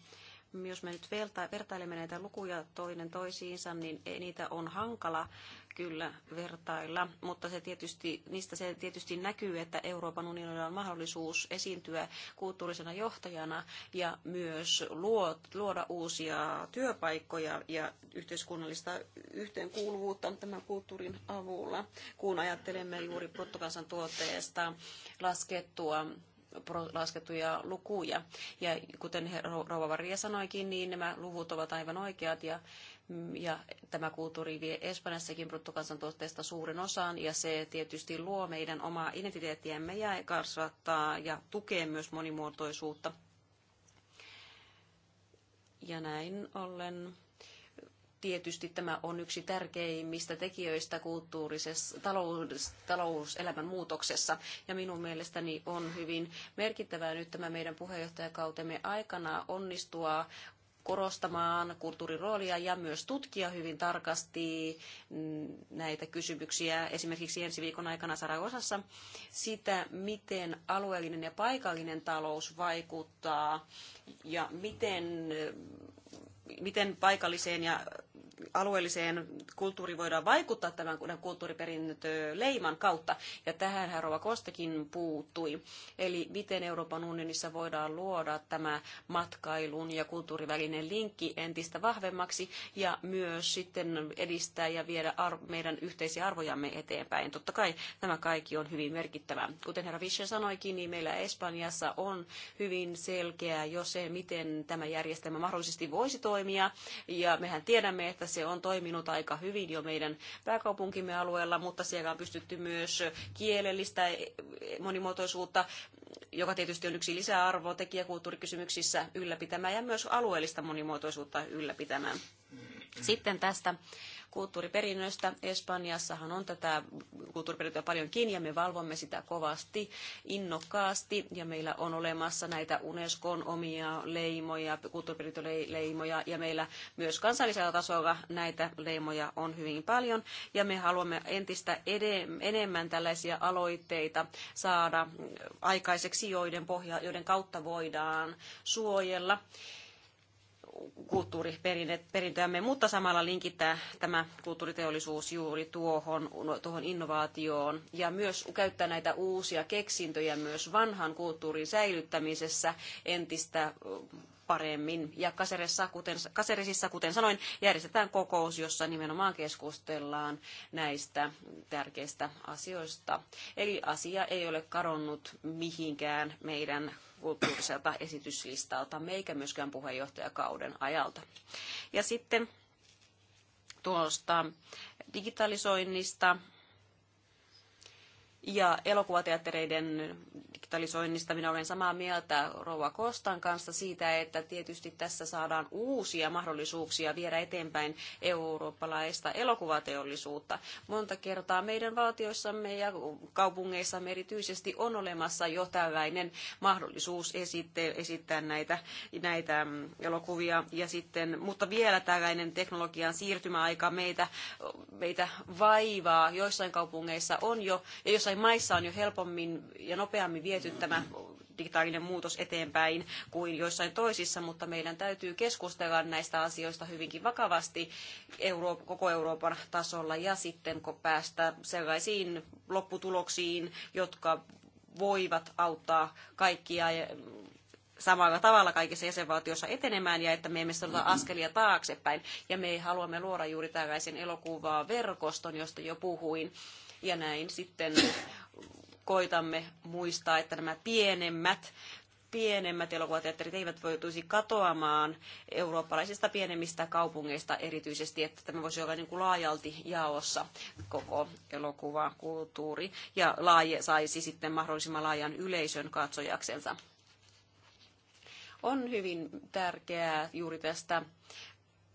jos me nyt vertailemme näitä lukuja toinen toisiinsa, niin e- niitä on hankala kyllä vertailla, mutta se tietysti, niistä se tietysti näkyy, että Euroopan unionilla on mahdollisuus esiintyä kulttuurisena johtajana ja myös luoda uusia työpaikkoja ja yhteiskunnallista yhteenkuuluvuutta tämän kulttuurin avulla, kun ajattelemme juuri bruttokansantuotteesta laskettua laskettuja lukuja. Ja kuten Rouva Varia sanoikin, niin nämä luvut ovat aivan oikeat ja ja tämä kulttuuri vie Espanjassakin bruttokansantuotteesta suuren osan, ja se tietysti luo meidän omaa identiteettiämme ja kasvattaa ja tukee myös monimuotoisuutta. Ja näin ollen tietysti tämä on yksi tärkeimmistä tekijöistä kulttuurisessa talous, talouselämän muutoksessa. Ja minun mielestäni on hyvin merkittävää nyt tämä meidän puheenjohtajakautemme aikana onnistua korostamaan kulttuurin roolia ja myös tutkia hyvin tarkasti näitä kysymyksiä esimerkiksi ensi viikon aikana Saragosassa sitä, miten alueellinen ja paikallinen talous vaikuttaa ja miten miten paikalliseen ja alueelliseen kulttuuriin voidaan vaikuttaa tämän kulttuuriperintöleiman kautta. Ja tähän Rova Kostekin puuttui. Eli miten Euroopan unionissa voidaan luoda tämä matkailun ja kulttuurivälinen linkki entistä vahvemmaksi ja myös sitten edistää ja viedä meidän yhteisiä arvojamme eteenpäin. Totta kai tämä kaikki on hyvin merkittävää. Kuten herra Fischer sanoikin, niin meillä Espanjassa on hyvin selkeää jo se, miten tämä järjestelmä mahdollisesti voisi toimia. Ja mehän tiedämme, että se on toiminut aika hyvin jo meidän pääkaupunkimme alueella, mutta siellä on pystytty myös kielellistä monimuotoisuutta, joka tietysti on yksi lisäarvo tekijäkulttuurikysymyksissä ylläpitämään ja myös alueellista monimuotoisuutta ylläpitämään. Mm. Sitten tästä kulttuuriperinnöstä. Espanjassahan on tätä kulttuuriperintöä paljon kiinni ja me valvomme sitä kovasti, innokkaasti ja meillä on olemassa näitä Unescon omia leimoja, kulttuuriperintöleimoja ja meillä myös kansallisella tasolla näitä leimoja on hyvin paljon ja me haluamme entistä enemmän tällaisia aloitteita saada aikaiseksi, joiden, pohja, joiden kautta voidaan suojella kulttuuriperintöämme, mutta samalla linkittää tämä kulttuuriteollisuus juuri tuohon, tuohon innovaatioon ja myös käyttää näitä uusia keksintöjä myös vanhan kulttuurin säilyttämisessä entistä paremmin. Ja Kaseresissa, kuten, Kaseresissa, kuten sanoin, järjestetään kokous, jossa nimenomaan keskustellaan näistä tärkeistä asioista. Eli asia ei ole kadonnut mihinkään meidän kulttuuriselta esityslistalta, eikä myöskään puheenjohtajakauden ajalta. Ja sitten tuosta digitalisoinnista ja elokuvateattereiden digitalisoinnista minä olen samaa mieltä Rouva Kostan kanssa siitä, että tietysti tässä saadaan uusia mahdollisuuksia viedä eteenpäin eurooppalaista elokuvateollisuutta. Monta kertaa meidän valtioissamme ja kaupungeissamme erityisesti on olemassa jo tällainen mahdollisuus esitte, esittää näitä, näitä elokuvia. Ja sitten, mutta vielä tällainen teknologian siirtymäaika meitä, meitä vaivaa. Joissain kaupungeissa on jo, ja joissain maissa on jo helpommin ja nopeammin viety tämä digitaalinen muutos eteenpäin kuin joissain toisissa, mutta meidän täytyy keskustella näistä asioista hyvinkin vakavasti koko Euroopan tasolla ja sitten päästä sellaisiin lopputuloksiin, jotka voivat auttaa kaikkia samalla tavalla kaikissa jäsenvaltioissa etenemään ja että me emme sanota askelia taaksepäin. Ja me haluamme luoda juuri tällaisen elokuvaverkoston, josta jo puhuin. Ja näin sitten koitamme muistaa, että nämä pienemmät pienemmät elokuvateatterit eivät voituisi katoamaan eurooppalaisista pienemmistä kaupungeista erityisesti, että tämä voisi olla niin kuin laajalti jaossa koko elokuvakulttuuri ja laaje saisi sitten mahdollisimman laajan yleisön katsojaksensa. On hyvin tärkeää juuri tästä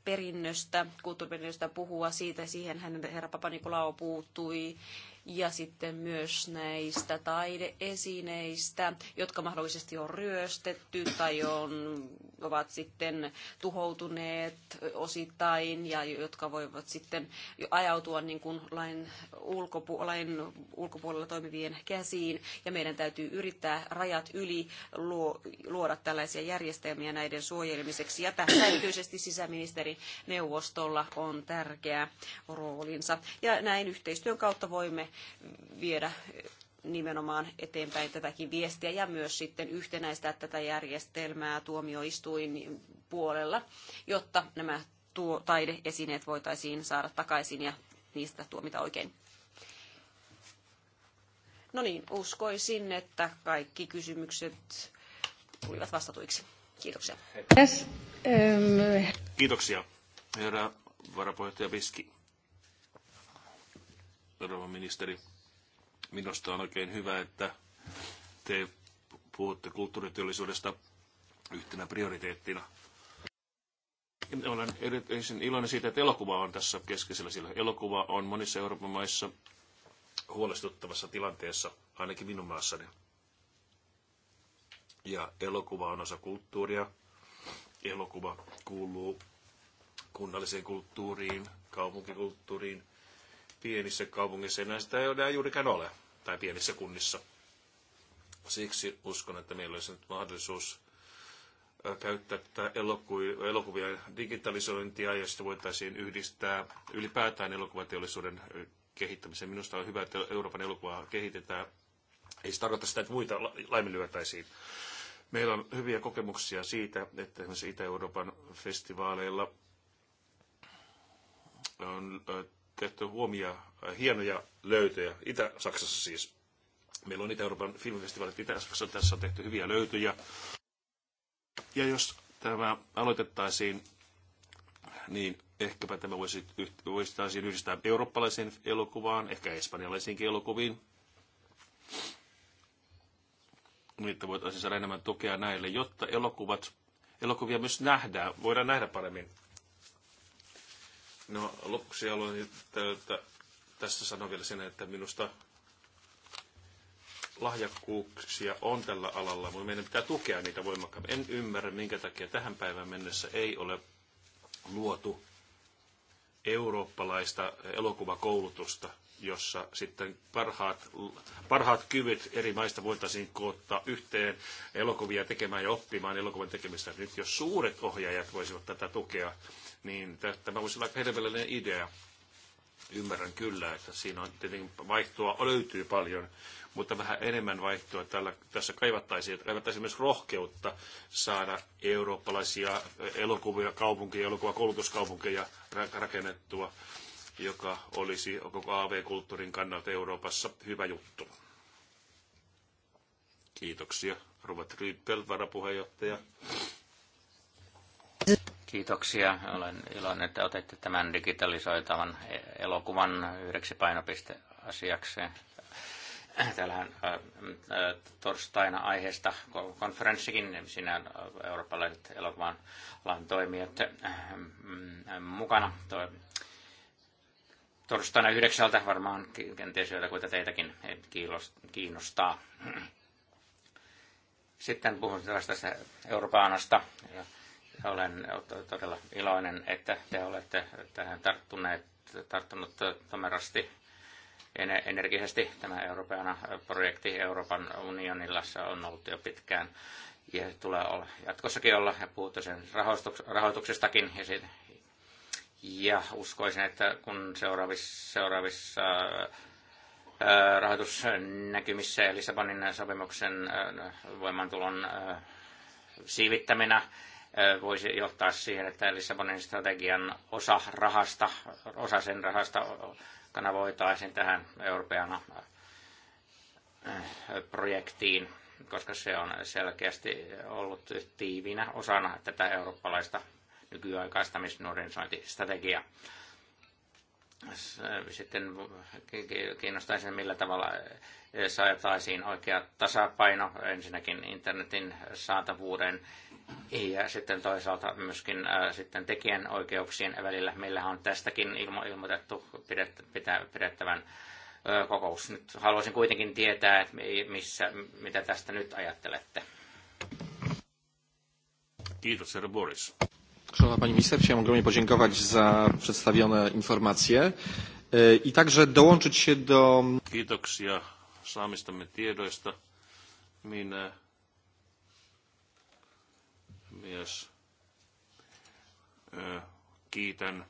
perinnöstä, kulttuuriperinnöstä puhua siitä. Siihen hänen herra Papa Nikolao puuttui ja sitten myös näistä taideesineistä, jotka mahdollisesti on ryöstetty tai on, ovat sitten tuhoutuneet osittain ja jotka voivat sitten ajautua niin kuin lain, ulkopu, lain ulkopuolella toimivien käsiin. Ja meidän täytyy yrittää rajat yli luoda tällaisia järjestelmiä näiden suojelemiseksi. Ja tässä erityisesti sisäministerineuvostolla on tärkeä roolinsa. Ja näin yhteistyön kautta voimme viedä nimenomaan eteenpäin tätäkin viestiä ja myös sitten yhtenäistää tätä järjestelmää tuomioistuin puolella, jotta nämä tuo, taideesineet voitaisiin saada takaisin ja niistä tuomita oikein. No niin, uskoisin, että kaikki kysymykset tulivat vastatuiksi. Kiitoksia. Um, Kiitoksia, herra varapuheenjohtaja Viski rouva ministeri. Minusta on oikein hyvä, että te puhutte kulttuuriteollisuudesta yhtenä prioriteettina. Olen erityisen iloinen siitä, että elokuva on tässä keskeisellä, sillä elokuva on monissa Euroopan maissa huolestuttavassa tilanteessa, ainakin minun maassani. Ja elokuva on osa kulttuuria. Elokuva kuuluu kunnalliseen kulttuuriin, kaupunkikulttuuriin – pienissä kaupungeissa enää sitä ei enää juurikään ole, tai pienissä kunnissa. Siksi uskon, että meillä olisi nyt mahdollisuus käyttää tätä elokuvia digitalisointia ja sitten voitaisiin yhdistää ylipäätään elokuvateollisuuden kehittämiseen. Minusta on hyvä, että Euroopan elokuvaa kehitetään. Ei se tarkoita sitä, että muita laiminlyötäisiin. Meillä on hyviä kokemuksia siitä, että esimerkiksi Itä-Euroopan festivaaleilla on tehty huomia äh, hienoja löytöjä, Itä-Saksassa siis. Meillä on Itä-Euroopan filmifestivaalit Itä-Saksassa, tässä on tehty hyviä löytöjä. Ja jos tämä aloitettaisiin, niin ehkäpä tämä voisi, voisi yhdistää eurooppalaiseen elokuvaan, ehkä espanjalaisiinkin elokuviin. Niin, että voitaisiin saada enemmän tukea näille, jotta elokuvat, elokuvia myös nähdään, voidaan nähdä paremmin No lopuksi haluan että tässä sanoa vielä sen, että minusta lahjakkuuksia on tällä alalla, mutta meidän pitää tukea niitä voimakkaammin. En ymmärrä, minkä takia tähän päivään mennessä ei ole luotu eurooppalaista elokuvakoulutusta – jossa sitten parhaat, parhaat kyvyt eri maista voitaisiin koottaa yhteen elokuvia tekemään ja oppimaan elokuvan tekemistä. Nyt jos suuret ohjaajat voisivat tätä tukea, niin tämä voisi olla aika helvellinen idea. Ymmärrän kyllä, että siinä on tietenkin vaihtoa löytyy paljon, mutta vähän enemmän vaihtoa tällä, tässä kaivattaisiin. Kaivattaisiin myös rohkeutta saada eurooppalaisia elokuvia, kaupunkeja, elokuva koulutuskaupunkeja rakennettua joka olisi koko AV-kulttuurin kannalta Euroopassa hyvä juttu. Kiitoksia. Robert Ryppel, varapuheenjohtaja. Kiitoksia. Olen iloinen, että otitte tämän digitalisoitavan elokuvan yhdeksi painopisteasiaksi. Täällähän äh, äh, torstaina aiheesta konferenssikin, siinä äh, eurooppalaiset elokuvan alan toimijat mm, mukana. Toi, torstaina yhdeksältä varmaan kenties joitakuita teitäkin kiinnostaa. Sitten puhun tästä Euroopanasta. Olen todella iloinen, että te olette tähän tarttuneet, tarttunut tomerasti energisesti. Tämä Euroopan projekti Euroopan unionilla se on ollut jo pitkään ja tulee olla, jatkossakin olla ja puhuttu sen rahoituksestakin ja siitä, ja uskoisin, että kun seuraavissa, seuraavissa rahoitusnäkymissä ja Lissabonin sopimuksen voimantulon siivittäminä voisi johtaa siihen, että Lissabonin strategian osa rahasta, osa sen rahasta kanavoitaisiin tähän Euroopan projektiin, koska se on selkeästi ollut tiivinä osana tätä eurooppalaista nykyaikaistamisnuorisointistrategia. Sitten kiinnostaisin, millä tavalla saataisiin oikea tasapaino ensinnäkin internetin saatavuuden ja sitten toisaalta myöskin sitten tekijän oikeuksien välillä. Meillä on tästäkin ilmo, ilmoitettu pitää, pidettävän kokous. Nyt haluaisin kuitenkin tietää, että missä, mitä tästä nyt ajattelette. Kiitos, herra Boris. Szanowna Pani Minister, chciałem ogromnie podziękować za przedstawione informacje e, i także dołączyć się do... Kiitoksia saamistamme tiedoista. Minä myös e, kiitän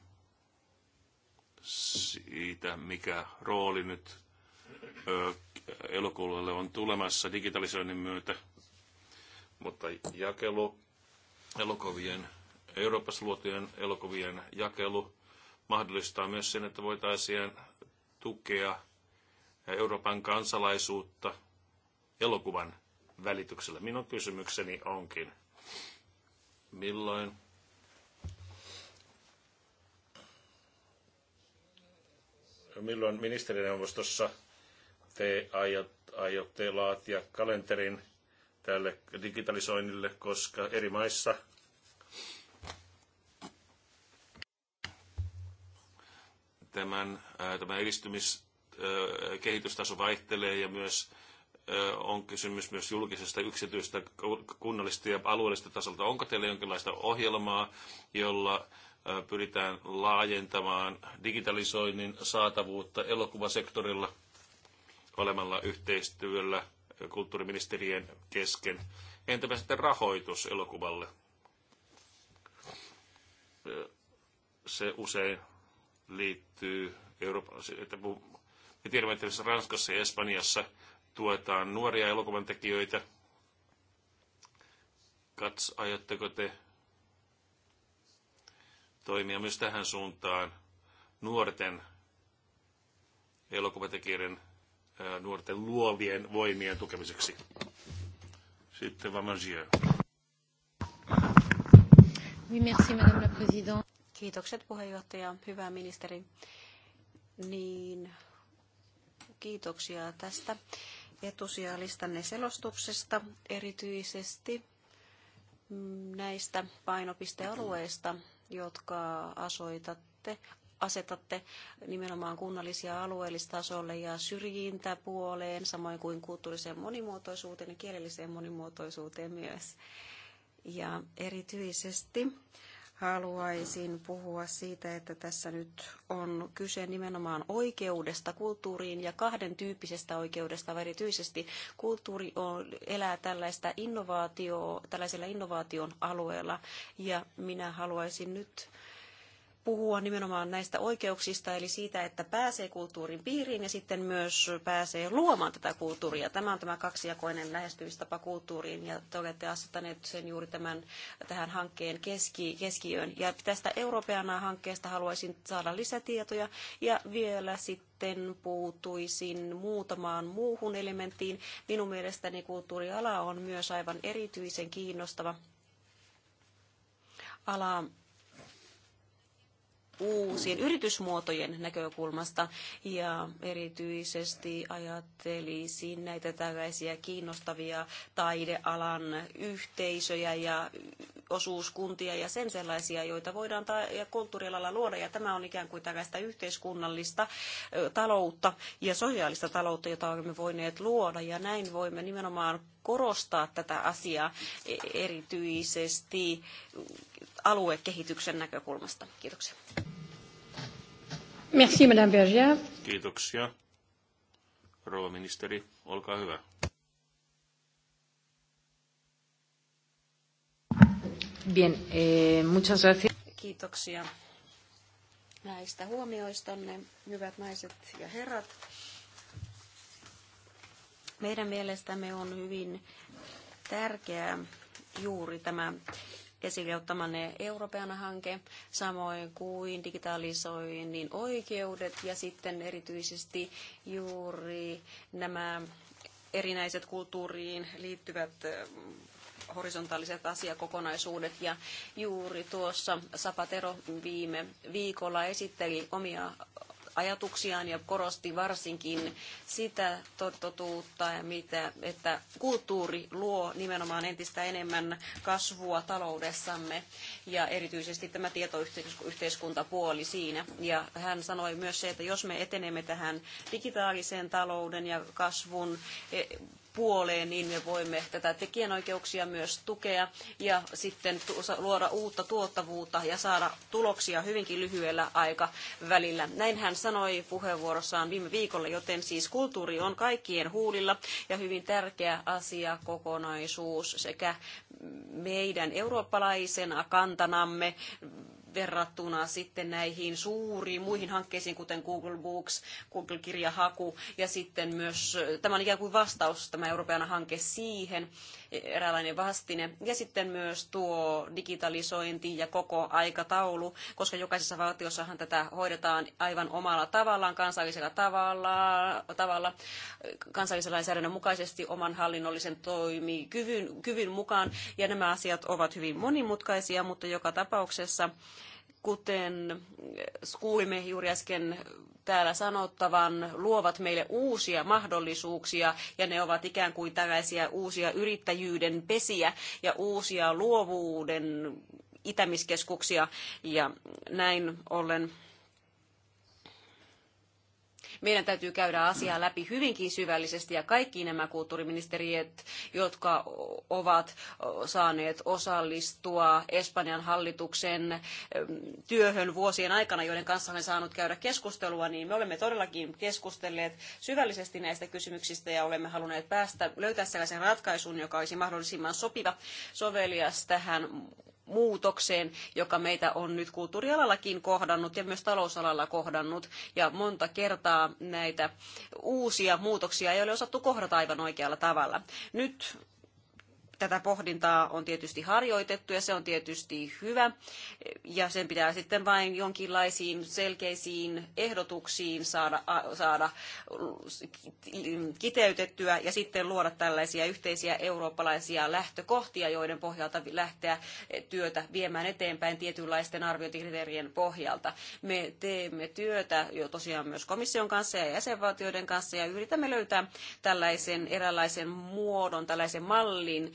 siitä, mikä rooli nyt e, elokuulle on tulemassa digitalisoinnin myötä, mutta jakelu elokuvien Euroopassa luotujen elokuvien jakelu mahdollistaa myös sen, että voitaisiin tukea Euroopan kansalaisuutta elokuvan välityksellä. Minun kysymykseni onkin, milloin milloin ministerineuvostossa te aiotte laatia kalenterin tälle digitalisoinnille, koska eri maissa – tämän, tämä edistymiskehitystaso vaihtelee ja myös on kysymys myös julkisesta, yksityistä, kunnallista ja alueellista tasolta. Onko teillä jonkinlaista ohjelmaa, jolla pyritään laajentamaan digitalisoinnin saatavuutta elokuvasektorilla olemalla yhteistyöllä kulttuuriministerien kesken? Entäpä sitten rahoitus elokuvalle? Se usein liittyy Euroopan, että me tiedämme, että Ranskassa ja Espanjassa tuetaan nuoria elokuvan tekijöitä. Kats, aiotteko te toimia myös tähän suuntaan nuorten elokuvatekijöiden, nuorten luovien voimien tukemiseksi? Sitten Vamangieux. Oui, merci, Madame la Présidente. Kiitokset puheenjohtaja, hyvä ministeri. Niin, kiitoksia tästä etusijalistanne selostuksesta, erityisesti näistä painopistealueista, jotka asoitatte, asetatte nimenomaan kunnallisia alueellistasolle ja syrjintäpuoleen, samoin kuin kulttuuriseen monimuotoisuuteen ja kielelliseen monimuotoisuuteen myös. Ja erityisesti haluaisin puhua siitä, että tässä nyt on kyse nimenomaan oikeudesta kulttuuriin ja kahden tyyppisestä oikeudesta, erityisesti kulttuuri on, elää tällaista innovaatio, tällaisella innovaation alueella ja minä haluaisin nyt puhua nimenomaan näistä oikeuksista, eli siitä, että pääsee kulttuurin piiriin ja sitten myös pääsee luomaan tätä kulttuuria. Tämä on tämä kaksijakoinen lähestymistapa kulttuuriin, ja te olette asettaneet sen juuri tämän, tähän hankkeen keski, keskiöön. Ja tästä Europeana hankkeesta haluaisin saada lisätietoja, ja vielä sitten puutuisin muutamaan muuhun elementtiin. Minun mielestäni kulttuuriala on myös aivan erityisen kiinnostava ala uusien yritysmuotojen näkökulmasta ja erityisesti ajattelisin näitä tällaisia kiinnostavia taidealan yhteisöjä ja osuuskuntia ja sen sellaisia, joita voidaan ta- ja kulttuurialalla luoda ja tämä on ikään kuin tällaista yhteiskunnallista taloutta ja sosiaalista taloutta, jota olemme voineet luoda ja näin voimme nimenomaan korostaa tätä asiaa e- erityisesti aluekehityksen näkökulmasta. Kiitoksia. Merci, Madame Berger. Kiitoksia. Rouva ministeri, olkaa hyvä. Bien, eh, muchas gracias. Kiitoksia näistä huomioistanne, hyvät naiset ja herrat. Meidän mielestämme on hyvin tärkeää juuri tämä esille ottamanne Euroopan hanke samoin kuin digitalisoinnin oikeudet ja sitten erityisesti juuri nämä erinäiset kulttuuriin liittyvät horisontaaliset asiakokonaisuudet. Ja juuri tuossa Sapatero viime viikolla esitteli omia ajatuksiaan ja korosti varsinkin sitä totuutta, mitä, että kulttuuri luo nimenomaan entistä enemmän kasvua taloudessamme ja erityisesti tämä tietoyhteiskuntapuoli siinä. Ja hän sanoi myös se, että jos me etenemme tähän digitaalisen talouden ja kasvun e- puoleen, niin me voimme tätä tekijänoikeuksia myös tukea ja sitten luoda uutta tuottavuutta ja saada tuloksia hyvinkin lyhyellä aikavälillä. Näin hän sanoi puheenvuorossaan viime viikolla, joten siis kulttuuri on kaikkien huulilla ja hyvin tärkeä asia kokonaisuus sekä meidän eurooppalaisena kantanamme verrattuna sitten näihin suuriin muihin hankkeisiin, kuten Google Books, Google-kirjahaku ja sitten myös, eh, tämä on ikään kuin vastaus, tämä Euroopan hanke siihen, eh, eräänlainen vastine. Ja sitten myös tuo digitalisointi ja koko aikataulu, koska jokaisessa valtiossahan tätä hoidetaan aivan omalla tavallaan, kansallisella tavalla, tavalla eh, kansallisen lainsäädännön mukaisesti oman hallinnollisen toimikyvyn kyvyn mukaan. Ja nämä asiat ovat hyvin monimutkaisia, mutta joka tapauksessa kuten kuulimme juuri äsken täällä sanottavan, luovat meille uusia mahdollisuuksia ja ne ovat ikään kuin tällaisia uusia yrittäjyyden pesiä ja uusia luovuuden itämiskeskuksia ja näin ollen meidän täytyy käydä asiaa läpi hyvinkin syvällisesti ja kaikki nämä kulttuuriministeriöt, jotka ovat saaneet osallistua Espanjan hallituksen ähm, työhön vuosien aikana, joiden kanssa olen saanut käydä keskustelua, niin me olemme todellakin keskustelleet syvällisesti näistä kysymyksistä ja olemme halunneet päästä, löytää sellaisen ratkaisun, joka olisi mahdollisimman sopiva sovelias tähän muutokseen, joka meitä on nyt kulttuurialallakin kohdannut ja myös talousalalla kohdannut. Ja monta kertaa näitä uusia muutoksia ei ole osattu kohdata aivan oikealla tavalla. Nyt tätä pohdintaa on tietysti harjoitettu ja se on tietysti hyvä ja sen pitää sitten vain jonkinlaisiin selkeisiin ehdotuksiin saada, saada kiteytettyä ja sitten luoda tällaisia yhteisiä eurooppalaisia lähtökohtia, joiden pohjalta lähteä työtä viemään eteenpäin tietynlaisten arviointikriteerien pohjalta. Me teemme työtä jo tosiaan myös komission kanssa ja jäsenvaltioiden kanssa ja yritämme löytää tällaisen eräänlaisen muodon, tällaisen mallin,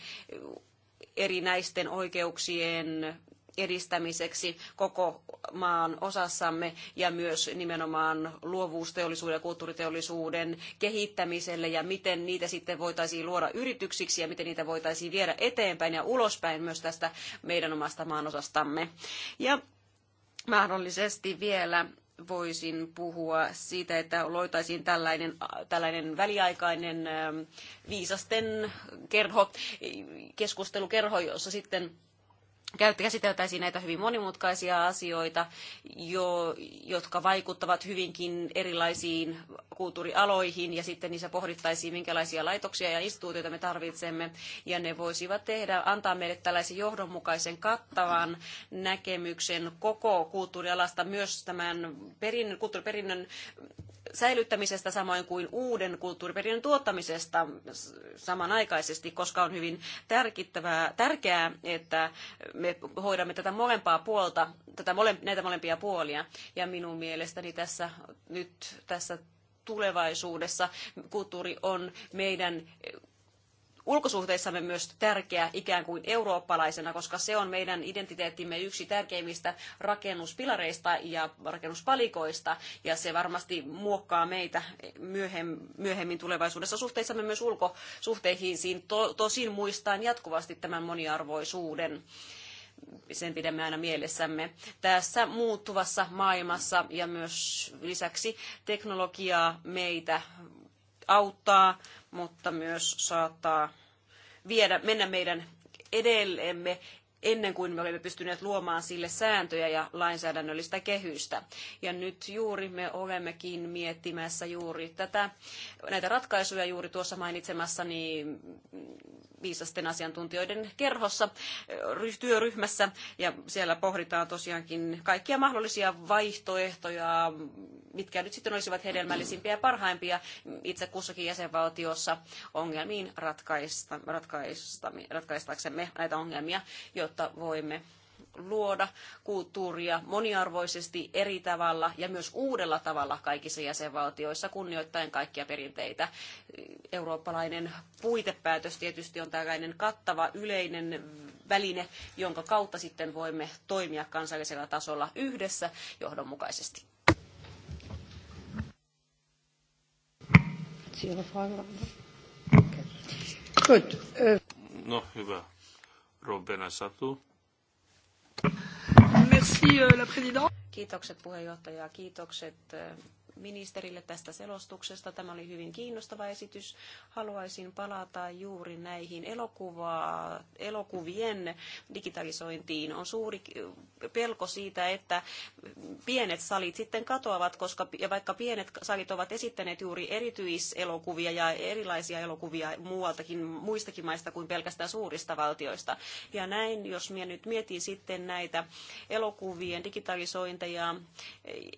erinäisten oikeuksien edistämiseksi koko maan osassamme ja myös nimenomaan luovuusteollisuuden ja kulttuuriteollisuuden kehittämiselle ja miten niitä sitten voitaisiin luoda yrityksiksi ja miten niitä voitaisiin viedä eteenpäin ja ulospäin myös tästä meidän omasta maanosastamme. Ja mahdollisesti vielä voisin puhua siitä, että loitaisiin tällainen, tällainen väliaikainen ähm, viisasten kerho, keskustelukerho, jossa sitten käsiteltäisiin näitä hyvin monimutkaisia asioita, jo, jotka vaikuttavat hyvinkin erilaisiin kulttuurialoihin, ja sitten niissä pohdittaisiin, minkälaisia laitoksia ja instituutioita me tarvitsemme, ja ne voisivat tehdä, antaa meille tällaisen johdonmukaisen kattavan näkemyksen koko kulttuurialasta, myös tämän perin, kulttuuriperinnön säilyttämisestä samoin kuin uuden kulttuuriperinnön tuottamisesta samanaikaisesti, koska on hyvin tärkeää, että me hoidamme tätä molempaa puolta, tätä mole, näitä molempia puolia. Ja minun mielestäni tässä nyt tässä tulevaisuudessa kulttuuri on meidän ulkosuhteissamme myös tärkeä ikään kuin eurooppalaisena, koska se on meidän identiteettimme yksi tärkeimmistä rakennuspilareista ja rakennuspalikoista, ja se varmasti muokkaa meitä myöhemmin tulevaisuudessa suhteissamme myös ulkosuhteisiin, tosin muistaen jatkuvasti tämän moniarvoisuuden sen pidämme aina mielessämme. Tässä muuttuvassa maailmassa ja myös lisäksi teknologiaa meitä auttaa, mutta myös saattaa viedä, mennä meidän edellemme ennen kuin me olemme pystyneet luomaan sille sääntöjä ja lainsäädännöllistä kehystä. Ja nyt juuri me olemmekin miettimässä juuri tätä, näitä ratkaisuja juuri tuossa mainitsemassani niin viisasten asiantuntijoiden kerhossa, työryhmässä, ja siellä pohditaan tosiaankin kaikkia mahdollisia vaihtoehtoja, mitkä nyt sitten olisivat hedelmällisimpiä ja parhaimpia itse kussakin jäsenvaltiossa ongelmiin ratkaista, ratkaista, ratkaistaksemme näitä ongelmia, jotta voimme luoda kulttuuria moniarvoisesti eri tavalla ja myös uudella tavalla kaikissa jäsenvaltioissa kunnioittaen kaikkia perinteitä. Eurooppalainen puitepäätös tietysti on tällainen kattava yleinen väline, jonka kautta sitten voimme toimia kansallisella tasolla yhdessä johdonmukaisesti. No hyvä. Robena Satu. Merci, euh, la présidente. Kiitokset puheenjohtaja, kiitokset ministerille tästä selostuksesta. Tämä oli hyvin kiinnostava esitys. Haluaisin palata juuri näihin elokuva, elokuvien digitalisointiin. On suuri pelko siitä, että pienet salit sitten katoavat, koska ja vaikka pienet salit ovat esittäneet juuri erityiselokuvia ja erilaisia elokuvia muualtakin, muistakin maista kuin pelkästään suurista valtioista. Ja näin, jos minä nyt mietin sitten näitä elokuvien digitalisointeja,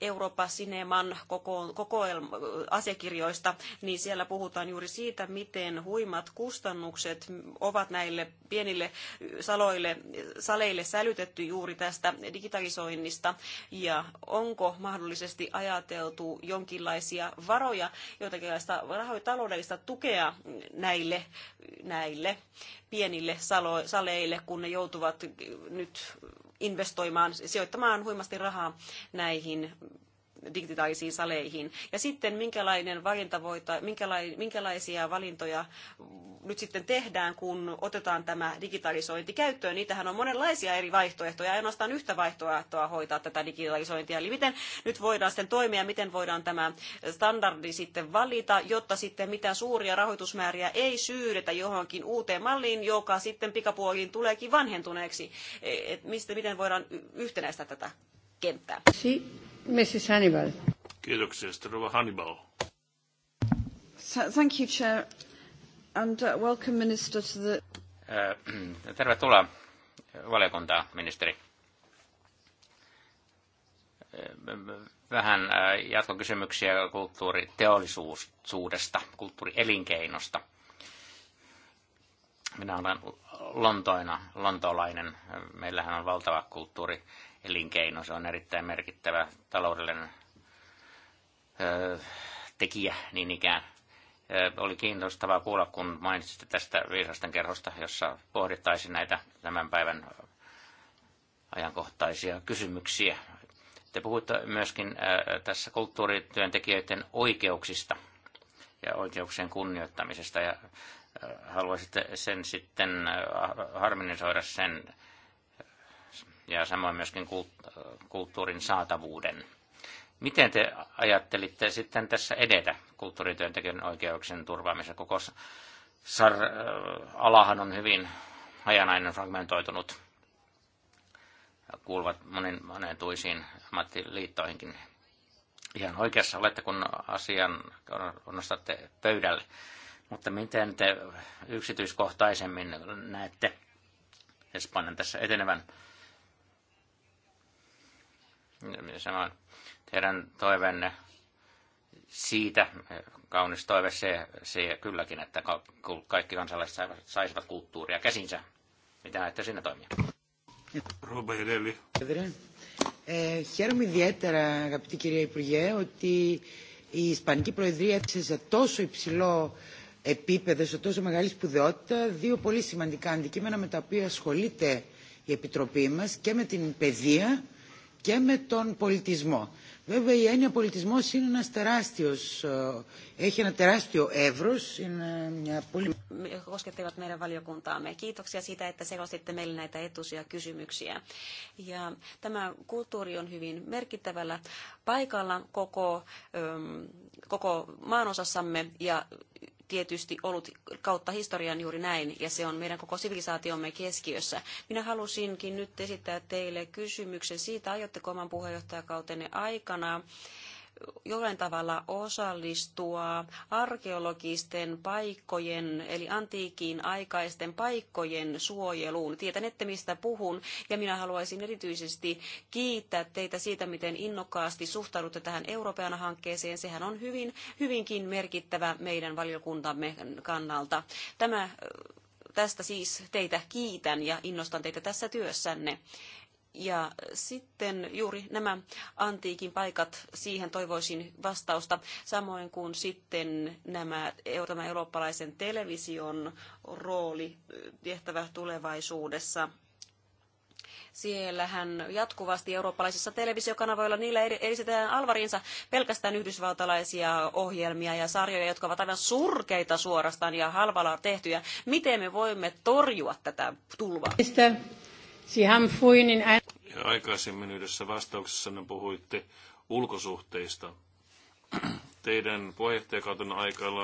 Eurooppa sineman koko kokoelma, asiakirjoista, niin siellä puhutaan juuri siitä, miten huimat kustannukset ovat näille pienille saloille, saleille sälytetty juuri tästä digitalisoinnista ja onko mahdollisesti ajateltu jonkinlaisia varoja, jotakinlaista rahoitaloudellista tukea näille, näille pienille salo, saleille, kun ne joutuvat nyt investoimaan, sijoittamaan huimasti rahaa näihin digitaalisiin saleihin. Ja sitten minkälainen valinta voita, minkälaisia valintoja nyt sitten tehdään, kun otetaan tämä digitalisointi käyttöön. Niitähän on monenlaisia eri vaihtoehtoja, ei ainoastaan yhtä vaihtoehtoa hoitaa tätä digitalisointia. Eli miten nyt voidaan sitten toimia, miten voidaan tämä standardi sitten valita, jotta sitten mitään suuria rahoitusmääriä ei syydetä johonkin uuteen malliin, joka sitten pikapuoliin tuleekin vanhentuneeksi. E, et mistä, miten voidaan yhtenäistää tätä kenttää? Si. Mrs. Hannibal. Kiitoksia, Rova Hannibal. Thank you, Chair, and uh, welcome, Minister, to the... Äh, tervetuloa valiokuntaan, ministeri. Äh, vähän äh, jatkokysymyksiä kulttuuriteollisuudesta, kulttuurielinkeinosta. Minä olen lontoina, lontoolainen. Meillähän on valtava kulttuuri elinkeino. Se on erittäin merkittävä taloudellinen ö, tekijä niin ikään. Ö, oli kiinnostavaa kuulla, kun mainitsitte tästä viisasten kerhosta, jossa pohdittaisiin näitä tämän päivän ajankohtaisia kysymyksiä. Te puhutte myöskin ö, tässä kulttuurityöntekijöiden oikeuksista ja oikeuksien kunnioittamisesta ja haluaisitte sen sitten harmonisoida sen ja samoin myöskin kulttuurin saatavuuden. Miten te ajattelitte sitten tässä edetä kulttuurityöntekijän oikeuksien turvaamisessa? Koko sar- äh, alahan on hyvin hajanainen, fragmentoitunut, kuuluvat monen monen tuisiin ammattiliittoihinkin. Ihan oikeassa olette, kun asian nostatte pöydälle. Mutta miten te yksityiskohtaisemmin näette Espanjan tässä etenevän? samoin teidän toiveenne siitä, kaunis toive se, se kylläkin, että kaikki kansalaiset saisivat kulttuuria käsinsä. Mitä näette sinne toimia? Rouva Edeli. Ε, χαίρομαι ιδιαίτερα αγαπητή κυρία Υπουργέ ότι η Ισπανική Προεδρία έπεισε σε τόσο υψηλό επίπεδο, σε τόσο μεγάλη σπουδαιότητα δύο πολύ σημαντικά αντικείμενα με τα οποία ασχολείται η Επιτροπή μας και με την παιδεία και με τον πολιτισμό. Βέβαια η έννοια πολιτισμός είναι ένας τεράστιος, έχει ένα τεράστιο εύρος, είναι μια πολύ... Koskettivat meidän valiokuntaamme. Kiitoksia siitä, että selostitte meille näitä etuisia kysymyksiä. Ja tämä kulttuuri on hyvin merkittävällä paikalla koko, koko maanosassamme ja tietysti ollut kautta historian juuri näin, ja se on meidän koko sivilisaatiomme keskiössä. Minä halusinkin nyt esittää teille kysymyksen siitä, aiotteko oman puheenjohtajakautenne aikana jollain tavalla osallistua arkeologisten paikkojen, eli antiikin aikaisten paikkojen suojeluun. Tiedän, että mistä puhun, ja minä haluaisin erityisesti kiittää teitä siitä, miten innokkaasti suhtaudutte tähän Euroopan hankkeeseen. Sehän on hyvin, hyvinkin merkittävä meidän valiokuntamme kannalta. Tämä tästä siis teitä kiitän ja innostan teitä tässä työssänne. Ja sitten juuri nämä antiikin paikat, siihen toivoisin vastausta, samoin kuin sitten nämä, tämä eurooppalaisen television rooli tehtävä tulevaisuudessa siellähän jatkuvasti eurooppalaisissa televisiokanavoilla niillä edistetään alvarinsa pelkästään yhdysvaltalaisia ohjelmia ja sarjoja, jotka ovat aivan surkeita suorastaan ja halvalla tehtyjä. Miten me voimme torjua tätä tulvaa? Sie haben vorhin in ein... Aikaisemmin yhdessä vastauksessanne puhuitte ulkosuhteista. Teidän puheenjohtajakauden aikana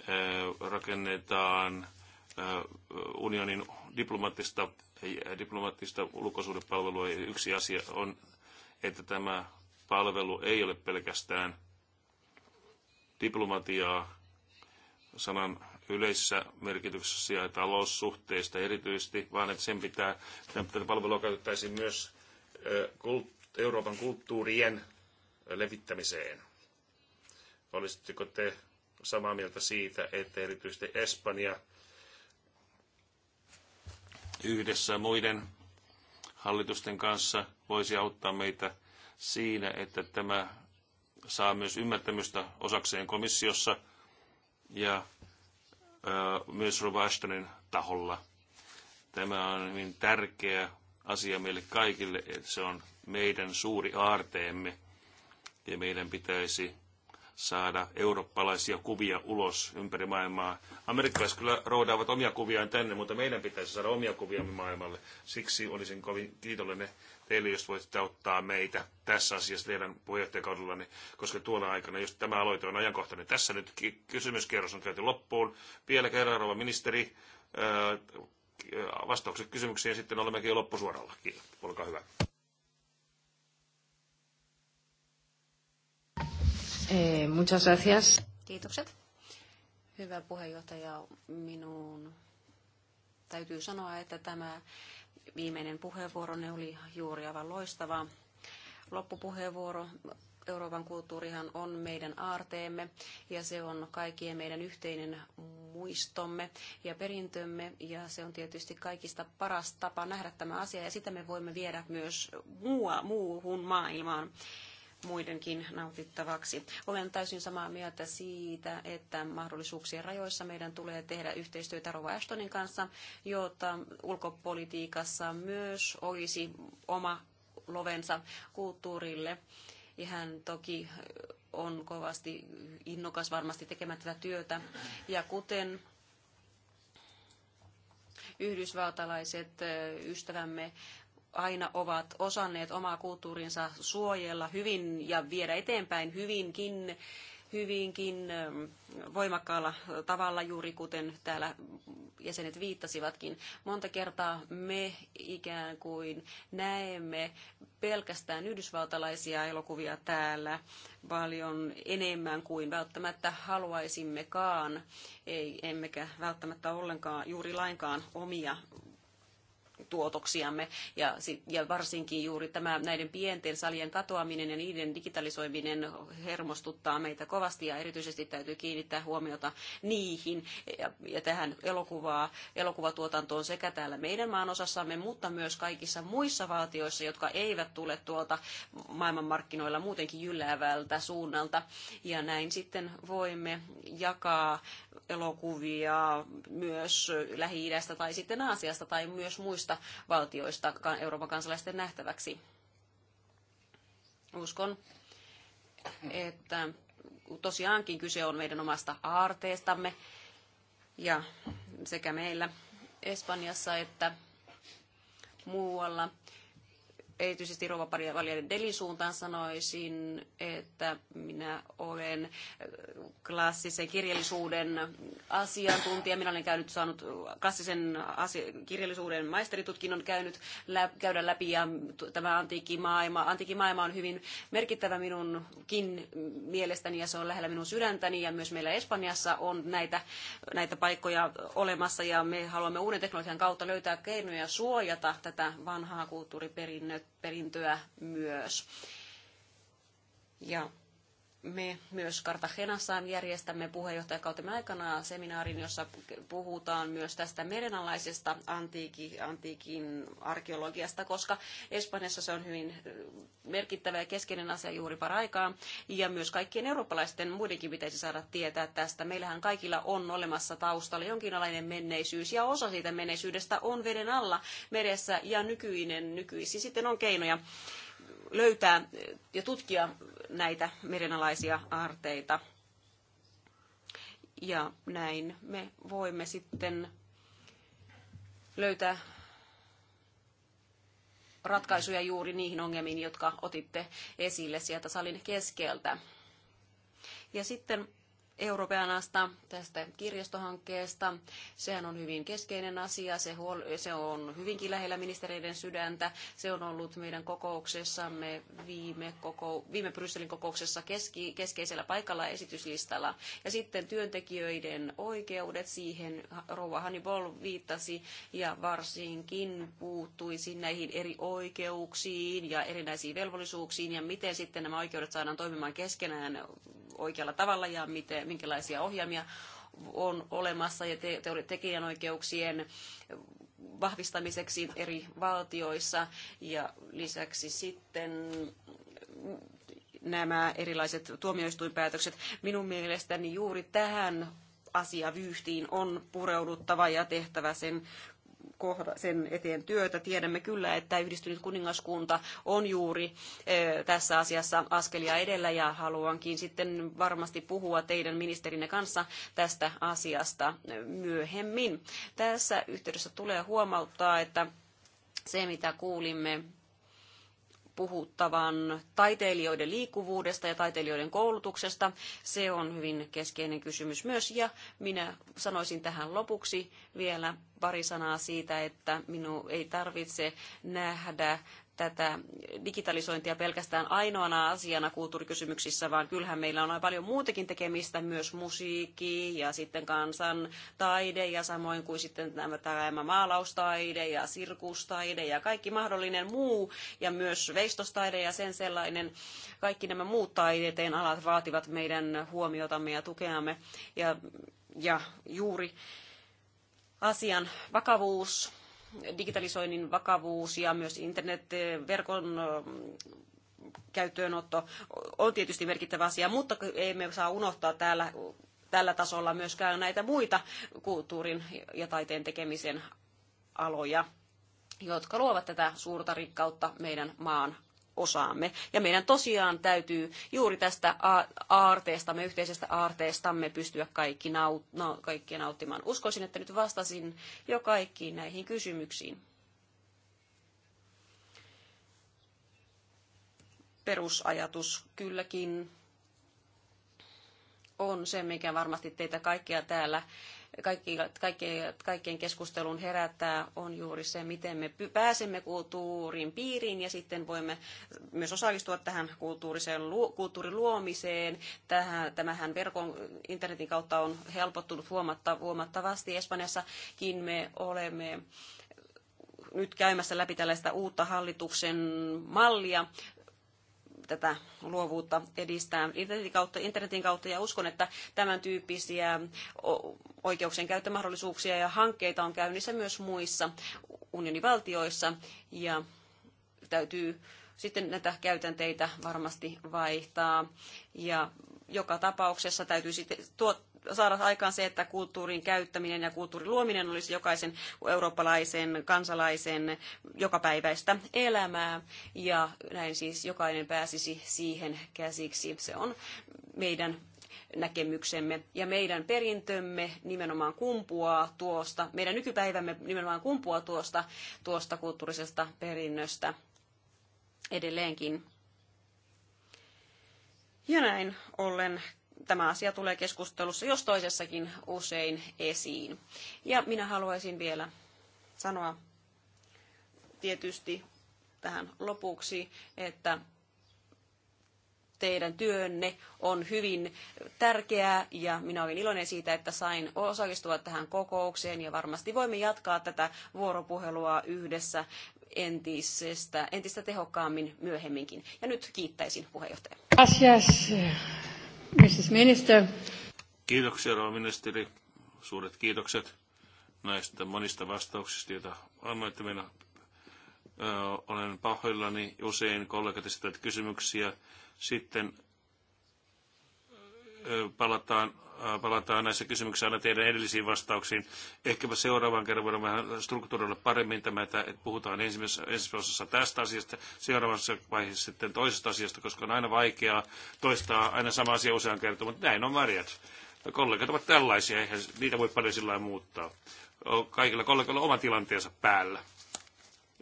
eh, rakennetaan eh, unionin diplomaattista, eh, diplomaattista ulkosuhdepalvelua. Yksi asia on, että tämä palvelu ei ole pelkästään diplomatiaa sanan yleisessä merkityksessä ja taloussuhteista erityisesti, vaan että sen pitää, tätä palvelua käytettäisiin myös Euroopan kulttuurien levittämiseen. Olisitteko te samaa mieltä siitä, että erityisesti Espanja yhdessä muiden hallitusten kanssa voisi auttaa meitä siinä, että tämä saa myös ymmärtämystä osakseen komissiossa ja myös Rova Ashtonin taholla. Tämä on hyvin tärkeä asia meille kaikille, että se on meidän suuri aarteemme ja meidän pitäisi saada eurooppalaisia kuvia ulos ympäri maailmaa. Amerikkalaiset kyllä roudaavat omia kuviaan tänne, mutta meidän pitäisi saada omia kuviamme maailmalle. Siksi olisin kovin kiitollinen teille, jos voisitte auttaa meitä tässä asiassa teidän puheenjohtajakaudellanne, niin koska tuona aikana, jos tämä aloite on ajankohtainen. Tässä nyt kysymyskierros on käyty loppuun. Vielä kerran, rouva ministeri, äh, vastaukset kysymyksiin ja sitten olemmekin jo loppusuoralla. Kiitos. Olkaa hyvä. Eh, muchas gracias. Kiitokset. Hyvä puheenjohtaja, minun täytyy sanoa, että tämä Viimeinen puheenvuoronne oli juuri aivan loistava loppupuheenvuoro. Euroopan kulttuurihan on meidän aarteemme ja se on kaikkien meidän yhteinen muistomme ja perintömme ja se on tietysti kaikista paras tapa nähdä tämä asia ja sitä me voimme viedä myös muua, muuhun maailmaan muidenkin nautittavaksi. Olen täysin samaa mieltä siitä, että mahdollisuuksien rajoissa meidän tulee tehdä yhteistyötä Rova Ashtonin kanssa, jotta ulkopolitiikassa myös olisi oma lovensa kulttuurille. Ja hän toki on kovasti innokas varmasti tekemään tätä työtä. Ja kuten yhdysvaltalaiset ystävämme aina ovat osanneet omaa kulttuurinsa suojella hyvin ja viedä eteenpäin hyvinkin, hyvinkin ähm, voimakkaalla tavalla, juuri kuten täällä jäsenet viittasivatkin. Monta kertaa me ikään kuin näemme pelkästään yhdysvaltalaisia elokuvia täällä paljon enemmän kuin välttämättä haluaisimmekaan, ei, emmekä välttämättä ollenkaan juuri lainkaan omia tuotoksiamme. Ja, ja varsinkin juuri tämä näiden pienten salien katoaminen ja niiden digitalisoiminen hermostuttaa meitä kovasti ja erityisesti täytyy kiinnittää huomiota niihin ja, ja tähän elokuvaa, elokuvatuotantoon sekä täällä meidän maanosassamme, mutta myös kaikissa muissa valtioissa, jotka eivät tule tuolta maailmanmarkkinoilla muutenkin jylläävältä suunnalta. Ja näin sitten voimme jakaa elokuvia myös Lähi-idästä tai sitten Aasiasta tai myös muista valtioista Euroopan kansalaisten nähtäväksi. Uskon, että tosiaankin kyse on meidän omasta aarteestamme ja sekä meillä Espanjassa että muualla erityisesti Rova Valjaiden Delin suuntaan sanoisin, että minä olen äh, klassisen kirjallisuuden asiantuntija. Minä olen käynyt, saanut klassisen asia- kirjallisuuden maisteritutkinnon käynyt lä- käydä läpi ja tämä Antiikki maailma on hyvin merkittävä minunkin mielestäni ja se on lähellä minun sydäntäni ja myös meillä Espanjassa on näitä, näitä paikkoja olemassa ja me haluamme uuden teknologian kautta löytää keinoja suojata tätä vanhaa kulttuuriperinnöt perintöä myös. Ja me myös Kartagenassaan järjestämme puheenjohtajakautemme aikana seminaarin, jossa puhutaan myös tästä merenalaisesta antiiki, antiikin arkeologiasta, koska Espanjassa se on hyvin merkittävä ja keskeinen asia juuri paraikaa. Ja myös kaikkien eurooppalaisten muidenkin pitäisi saada tietää tästä. Meillähän kaikilla on olemassa taustalla jonkinlainen menneisyys ja osa siitä menneisyydestä on veden alla meressä ja nykyinen nykyisi sitten on keinoja löytää ja tutkia näitä merenalaisia arteita. Ja näin me voimme sitten löytää ratkaisuja juuri niihin ongelmiin, jotka otitte esille sieltä salin keskeltä. Ja sitten Europeanasta, tästä kirjastohankkeesta. Sehän on hyvin keskeinen asia, se, huol- se on hyvinkin lähellä ministeriöiden sydäntä. Se on ollut meidän kokouksessamme viime, koko- viime Brysselin kokouksessa keski- keskeisellä paikalla esityslistalla. Ja sitten työntekijöiden oikeudet, siihen rouva Hannibal viittasi ja varsinkin puuttuisi näihin eri oikeuksiin ja erinäisiin velvollisuuksiin ja miten sitten nämä oikeudet saadaan toimimaan keskenään oikealla tavalla ja miten, minkälaisia ohjelmia on olemassa ja te, tekijänoikeuksien vahvistamiseksi eri valtioissa. Ja lisäksi sitten nämä erilaiset tuomioistuinpäätökset. Minun mielestäni juuri tähän asiavyyhtiin on pureuduttava ja tehtävä sen kohda, sen eteen työtä. Tiedämme kyllä, että yhdistynyt kuningaskunta on juuri eh, tässä asiassa askelia edellä ja haluankin sitten varmasti puhua teidän ministerinne kanssa tästä asiasta eh, myöhemmin. Tässä yhteydessä tulee huomauttaa, että se mitä kuulimme puhuttavan taiteilijoiden liikkuvuudesta ja taiteilijoiden koulutuksesta. Se on hyvin keskeinen kysymys myös. Ja minä sanoisin tähän lopuksi vielä pari sanaa siitä, että minun ei tarvitse nähdä tätä digitalisointia pelkästään ainoana asiana kulttuurikysymyksissä, vaan kyllähän meillä on paljon muutakin tekemistä, myös musiikki ja sitten kansan taide ja samoin kuin sitten tämä maalaustaide ja sirkustaide ja kaikki mahdollinen muu ja myös veistostaide ja sen sellainen. Kaikki nämä muut taideteen alat vaativat meidän huomiotamme ja tukeamme ja, ja juuri asian vakavuus digitalisoinnin vakavuus ja myös internetverkon käyttöönotto on tietysti merkittävä asia, mutta emme saa unohtaa täällä, tällä tasolla myöskään näitä muita kulttuurin ja taiteen tekemisen aloja, jotka luovat tätä suurta rikkautta meidän maan osaamme. Ja meidän tosiaan täytyy juuri tästä aarteestamme, yhteisestä aarteestamme pystyä kaikki naut, no, kaikkia nauttimaan. Uskoisin, että nyt vastasin jo kaikkiin näihin kysymyksiin. Perusajatus kylläkin on se, mikä varmasti teitä kaikkia täällä kaikki, kaikkien, kaikkien keskustelun herättää, on juuri se, miten me pääsemme kulttuurin piiriin ja sitten voimme myös osallistua tähän kulttuuriseen, kulttuurin luomiseen. Tähän, tämähän verkon internetin kautta on helpottunut huomattavasti. Espanjassakin me olemme nyt käymässä läpi tällaista uutta hallituksen mallia tätä luovuutta edistää internetin kautta, internetin kautta ja uskon, että tämän tyyppisiä oikeuksien käyttömahdollisuuksia ja hankkeita on käynnissä myös muissa unionivaltioissa ja täytyy sitten näitä käytänteitä varmasti vaihtaa ja joka tapauksessa täytyy sitten tuottaa saada aikaan se, että kulttuurin käyttäminen ja kulttuurin luominen olisi jokaisen eurooppalaisen kansalaisen jokapäiväistä elämää. Ja näin siis jokainen pääsisi siihen käsiksi. Se on meidän näkemyksemme ja meidän perintömme nimenomaan kumpuaa tuosta, meidän nykypäivämme nimenomaan kumpuaa tuosta, tuosta kulttuurisesta perinnöstä edelleenkin. Ja näin ollen tämä asia tulee keskustelussa, jos toisessakin usein esiin. Ja minä haluaisin vielä sanoa tietysti tähän lopuksi, että teidän työnne on hyvin tärkeää ja minä olin iloinen siitä, että sain osallistua tähän kokoukseen ja varmasti voimme jatkaa tätä vuoropuhelua yhdessä entisestä, entistä tehokkaammin myöhemminkin. Ja nyt kiittäisin puheenjohtaja. Gracias, Mrs. Minister. Kiitoksia, rouva ministeri. Suuret kiitokset näistä monista vastauksista, joita annoitte minä. olen pahoillani, usein kollegat esittävät kysymyksiä. Sitten palataan Äh, palataan näissä kysymyksissä aina teidän edellisiin vastauksiin. Ehkäpä seuraavaan kerran voidaan vähän strukturoida paremmin tämä, että puhutaan ensimmäisessä osassa tästä asiasta, seuraavassa vaiheessa sitten toisesta asiasta, koska on aina vaikeaa toistaa aina sama asia usean kertaa, mutta näin on marjat. Kollegat ovat tällaisia, eihän niitä voi paljon sillä muuttaa. Kaikilla kollegoilla on oma tilanteensa päällä.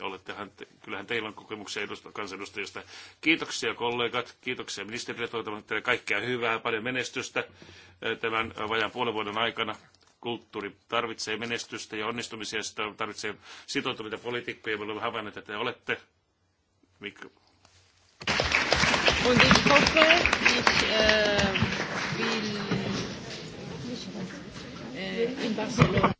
Olettehan, te, kyllähän teillä on kokemuksia edustaa, kansanedustajista. Kiitoksia kollegat, kiitoksia ministerille, toivotan teille kaikkea hyvää, paljon menestystä eh, tämän vajaan puolen vuoden aikana kulttuuri tarvitsee menestystä ja onnistumisia, sitä tarvitsee sitoutuneita poliitikkoja, me olemme havainneet, että te olette. Mikko. Und ich hoffe, ich äh, will äh, in Barcelona.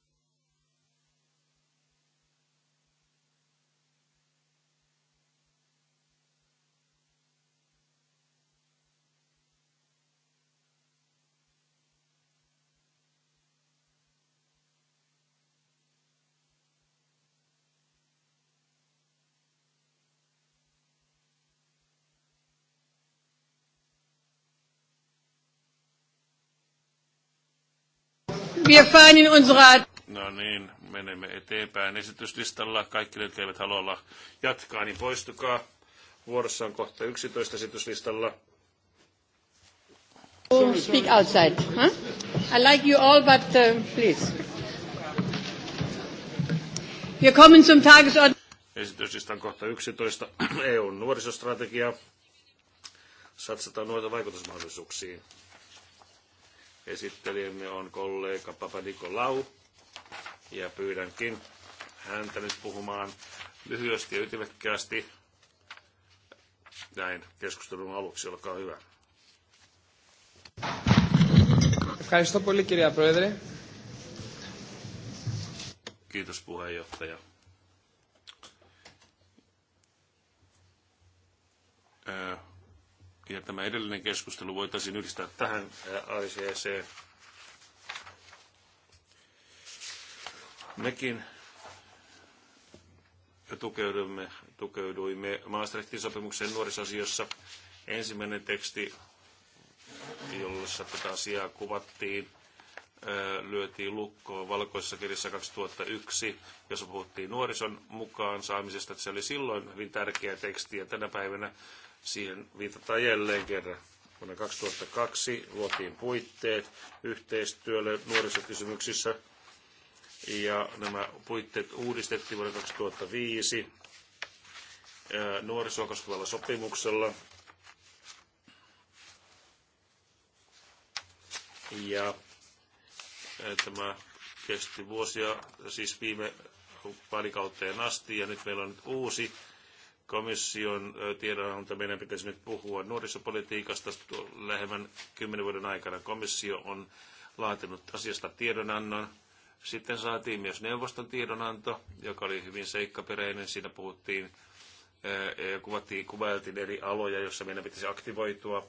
Wir fahren in Art. No niin, menemme eteenpäin esityslistalla. Kaikki, jotka eivät halua olla jatkaa, niin poistukaa. Vuorossa on kohta 11 esityslistalla. Oh, speak outside. Huh? I like you all, but uh, please. Wir kommen zum Tagesordnung. Esityslistan kohta 11. eu nuorisostrategia. Satsataan noita vaikutusmahdollisuuksiin. Esittelijämme on kollega Papa Nikolau ja pyydänkin häntä nyt puhumaan lyhyesti ja ytimekkäästi näin keskustelun aluksi. Olkaa hyvä. Ευχαριστώ πολύ κυρία Πρόεδρε. Kiitos puheenjohtaja. Öö, ja tämä edellinen keskustelu voitaisiin yhdistää tähän aiheeseen. Mekin tukeuduimme, tukeuduimme Maastrichtin sopimukseen nuorisasiassa. Ensimmäinen teksti, jossa tätä asiaa kuvattiin, lyötiin lukkoon valkoisessa kirjassa 2001, jossa puhuttiin nuorison mukaan saamisesta. Se oli silloin hyvin tärkeä teksti ja tänä päivänä Siihen viitataan jälleen kerran. Vuonna 2002 luotiin puitteet yhteistyölle nuorisokysymyksissä ja nämä puitteet uudistettiin vuonna 2005 nuorisoa koskevalla sopimuksella. Ja tämä kesti vuosia, siis viime vaalikauteen asti, ja nyt meillä on nyt uusi komission tiedonanto meidän pitäisi nyt puhua nuorisopolitiikasta lähemmän kymmenen vuoden aikana. Komissio on laatinut asiasta tiedonannon. Sitten saatiin myös neuvoston tiedonanto, joka oli hyvin seikkaperäinen. Siinä puhuttiin ja kuvattiin, kuvailtiin eri aloja, joissa meidän pitäisi aktivoitua,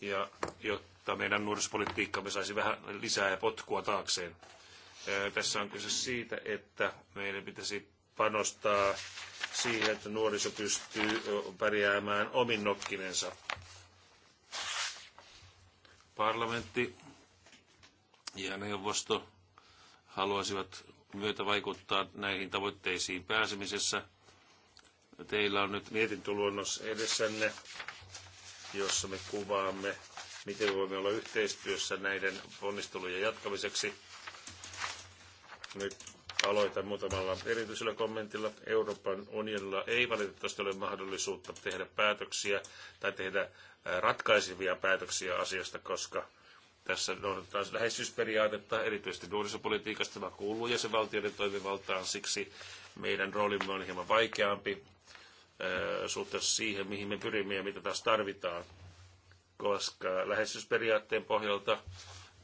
ja, jotta meidän nuorisopolitiikkamme saisi vähän lisää ja potkua taakseen. Tässä on kyse siitä, että meidän pitäisi panostaa siihen, että nuoriso pystyy pärjäämään omin nokkinensa. Parlamentti ja neuvosto haluaisivat myötä vaikuttaa näihin tavoitteisiin pääsemisessä. Teillä on nyt mietintöluonnos edessänne, jossa me kuvaamme, miten voimme olla yhteistyössä näiden ponnistelujen jatkamiseksi. Nyt Aloitan muutamalla erityisellä kommentilla. Euroopan unionilla ei valitettavasti ole mahdollisuutta tehdä päätöksiä tai tehdä ratkaisevia päätöksiä asiasta, koska tässä noudatetaan läheisyysperiaatetta, erityisesti nuorisopolitiikasta, tämä kuuluu jäsenvaltioiden toimivaltaan, siksi meidän roolimme on hieman vaikeampi suhteessa siihen, mihin me pyrimme ja mitä taas tarvitaan, koska läheisyysperiaatteen pohjalta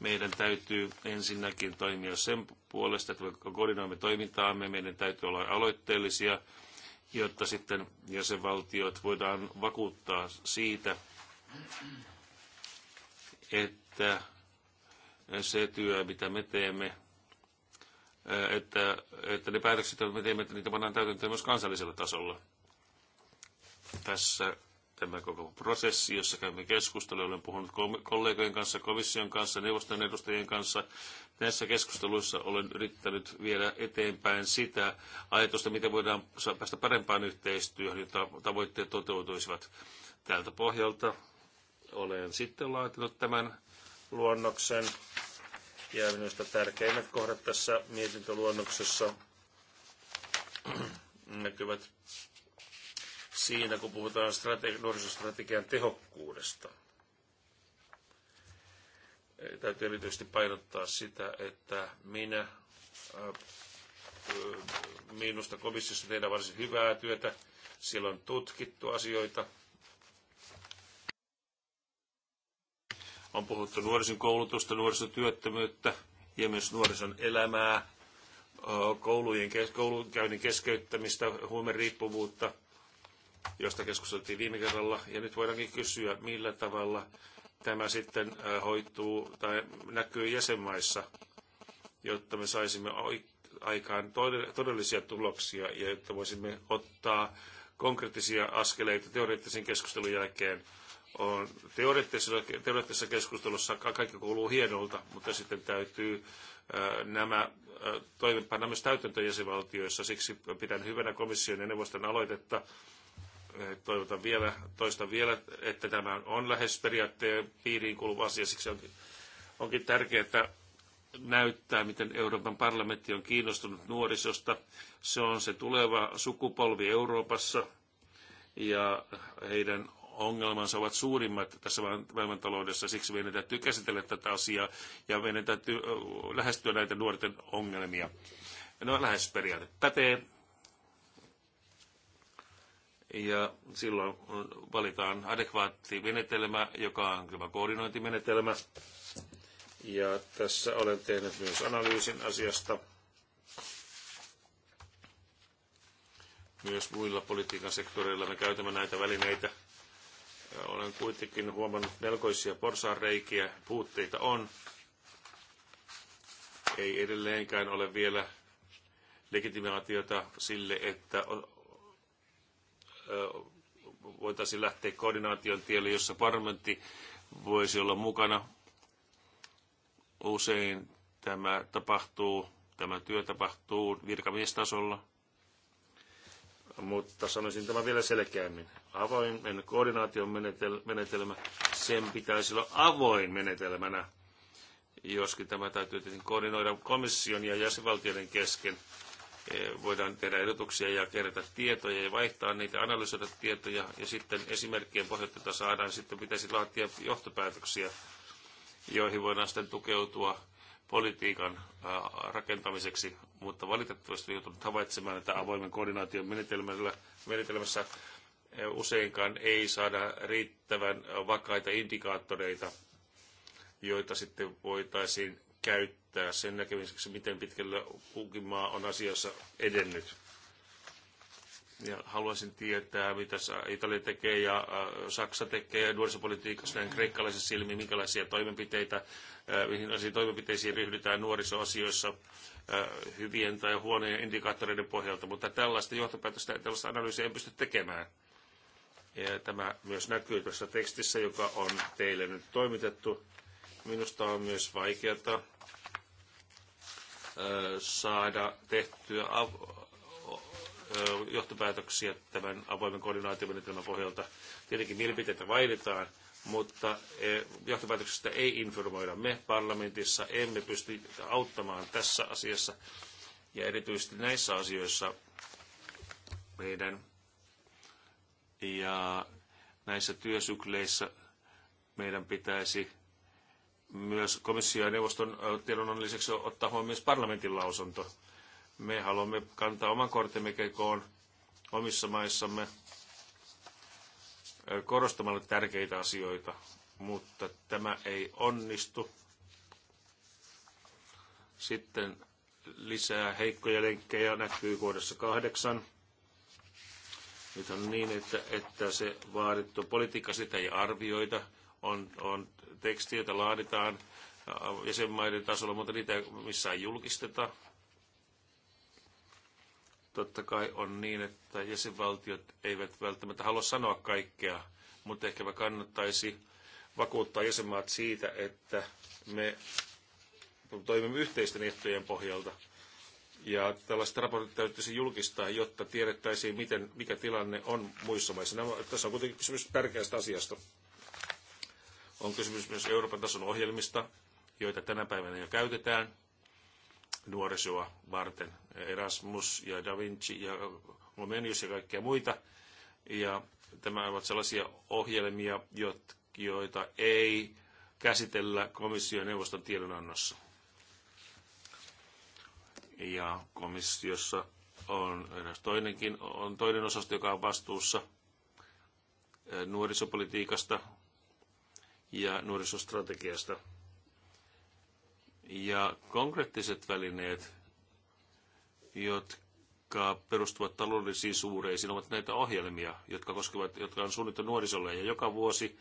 meidän täytyy ensinnäkin toimia sen puolesta, että kun koordinoimme toimintaamme, meidän täytyy olla aloitteellisia, jotta sitten jäsenvaltiot voidaan vakuuttaa siitä, että se työ, mitä me teemme, että, että ne päätökset, joita me teemme, että niitä pannaan täytäntöön myös kansallisella tasolla. Tässä tämä koko prosessi, jossa käymme keskustelua. Olen puhunut kollegojen kanssa, komission kanssa, neuvoston edustajien kanssa. Näissä keskusteluissa olen yrittänyt viedä eteenpäin sitä ajatusta, miten voidaan päästä parempaan yhteistyöhön, jotta tavoitteet toteutuisivat. Tältä pohjalta olen sitten laatinut tämän luonnoksen. Ja minusta tärkeimmät kohdat tässä mietintöluonnoksessa näkyvät siinä, kun puhutaan strate- nuorisostrategian tehokkuudesta. Täytyy erityisesti painottaa sitä, että minä, minusta komissiossa tehdään varsin hyvää työtä. Siellä on tutkittu asioita. On puhuttu nuorison koulutusta, nuorisotyöttömyyttä ja myös nuorison elämää, koulujen, koulunkäynnin keskeyttämistä, huumeriippuvuutta – josta keskusteltiin viime kerralla. Ja nyt voidaankin kysyä, millä tavalla tämä sitten äh, hoituu tai näkyy jäsenmaissa, jotta me saisimme aikaan todellisia tuloksia ja jotta voisimme ottaa konkreettisia askeleita teoreettisen keskustelun jälkeen. On teoreettisessa, teoreettisessa keskustelussa kaikki kuuluu hienolta, mutta sitten täytyy äh, nämä äh, toimenpanna myös täytäntöjäsenvaltioissa. jäsenvaltioissa. Siksi pidän hyvänä komission ja neuvoston aloitetta Äh, toivotan vielä, toista vielä, että tämä on lähes periaatteen piiriin kuuluva asia. Siksi onkin, onkin tärkeää, että näyttää, miten Euroopan parlamentti on kiinnostunut nuorisosta. Se on se tuleva sukupolvi Euroopassa ja heidän ongelmansa ovat suurimmat tässä maailmantaloudessa. Siksi meidän täytyy käsitellä tätä asiaa ja meidän täytyy lähestyä näitä nuorten ongelmia. No lähes periaate pätee ja silloin äh, valitaan adekvaatti menetelmä, joka on kyllä koordinointimenetelmä. Ja tässä olen tehnyt myös analyysin asiasta myös muilla politiikan sektoreilla me käytämme näitä välineitä. Olen kuitenkin huomannut melkoisia porsaanreikiä, puutteita on. Ei edelleenkään ole vielä legitimaatiota sille, että voitaisiin lähteä koordinaation tielle, jossa parlamentti voisi olla mukana. Usein tämä tapahtuu, tämä työ tapahtuu virkamiestasolla, mutta sanoisin tämä vielä selkeämmin. Avoin koordinaation menetelmä, sen pitäisi olla avoin menetelmänä, joskin tämä täytyy tietenkin koordinoida komission ja jäsenvaltioiden kesken Eh, voidaan tehdä ehdotuksia ja kerätä tietoja ja vaihtaa niitä, analysoida tietoja ja sitten esimerkkien pohjalta saadaan, sitten pitäisi laatia johtopäätöksiä, joihin voidaan sitten tukeutua politiikan rakentamiseksi, mutta valitettavasti joutunut havaitsemaan, että avoimen koordinaation menetelmällä, menetelmässä useinkaan ei saada riittävän vakaita indikaattoreita, joita sitten voitaisiin käyttää käyttää sen näkemiseksi, miten pitkällä kukin maa on asiassa edennyt. Ja haluaisin tietää, mitä Italia tekee ja äh, Saksa tekee nuorisopolitiikassa näin kreikkalaisen silmiin, minkälaisia toimenpiteitä, äh, mihin toimenpiteisiin ryhdytään nuorisoasioissa äh, hyvien tai huonojen indikaattoreiden pohjalta, mutta tällaista johtopäätöstä, tällaista analyysiä en pysty tekemään. Ja tämä myös näkyy tuossa tekstissä, joka on teille nyt toimitettu. Minusta on myös vaikeata saada tehtyä johtopäätöksiä tämän avoimen koordinaatiomenetelmän pohjalta. Tietenkin mielipiteitä vaihdetaan, mutta e, johtopäätöksestä ei informoida. Me parlamentissa emme pysty auttamaan tässä asiassa ja erityisesti näissä asioissa meidän ja näissä työsykleissä meidän pitäisi myös komission ja neuvoston tiedonannon lisäksi ottaa huomioon myös parlamentin lausunto. Me haluamme kantaa oman kortemme kekoon omissa maissamme korostamalla tärkeitä asioita, mutta tämä ei onnistu. Sitten lisää heikkoja lenkkejä näkyy kohdassa kahdeksan. Nyt on niin, että, että se vaadittu politiikka, sitä ei arvioita, on, on tekstiä, joita laaditaan jäsenmaiden tasolla, mutta niitä ei missään julkisteta. Totta kai on niin, että jäsenvaltiot eivät välttämättä halua sanoa kaikkea, mutta ehkäpä kannattaisi vakuuttaa jäsenmaat siitä, että me toimimme yhteisten ehtojen pohjalta. Ja tällaiset raportit täytyisi julkistaa, jotta tiedettäisiin, miten, mikä tilanne on muissa maissa. Nämä, tässä on kuitenkin kysymys tärkeästä asiasta. On kysymys myös Euroopan tason ohjelmista, joita tänä päivänä jo käytetään nuorisoa varten. Erasmus ja Da Vinci ja Lomenius ja kaikkia muita. Ja tämä ovat sellaisia ohjelmia, joita ei käsitellä komission neuvoston tiedonannossa. Ja komissiossa on eräs toinenkin, on toinen osasto, joka on vastuussa eh, nuorisopolitiikasta, ja nuorisostrategiasta. Ja konkreettiset välineet, jotka perustuvat taloudellisiin suureisiin, ovat näitä ohjelmia, jotka, koskevat, jotka on suunnittu nuorisolle. Ja joka vuosi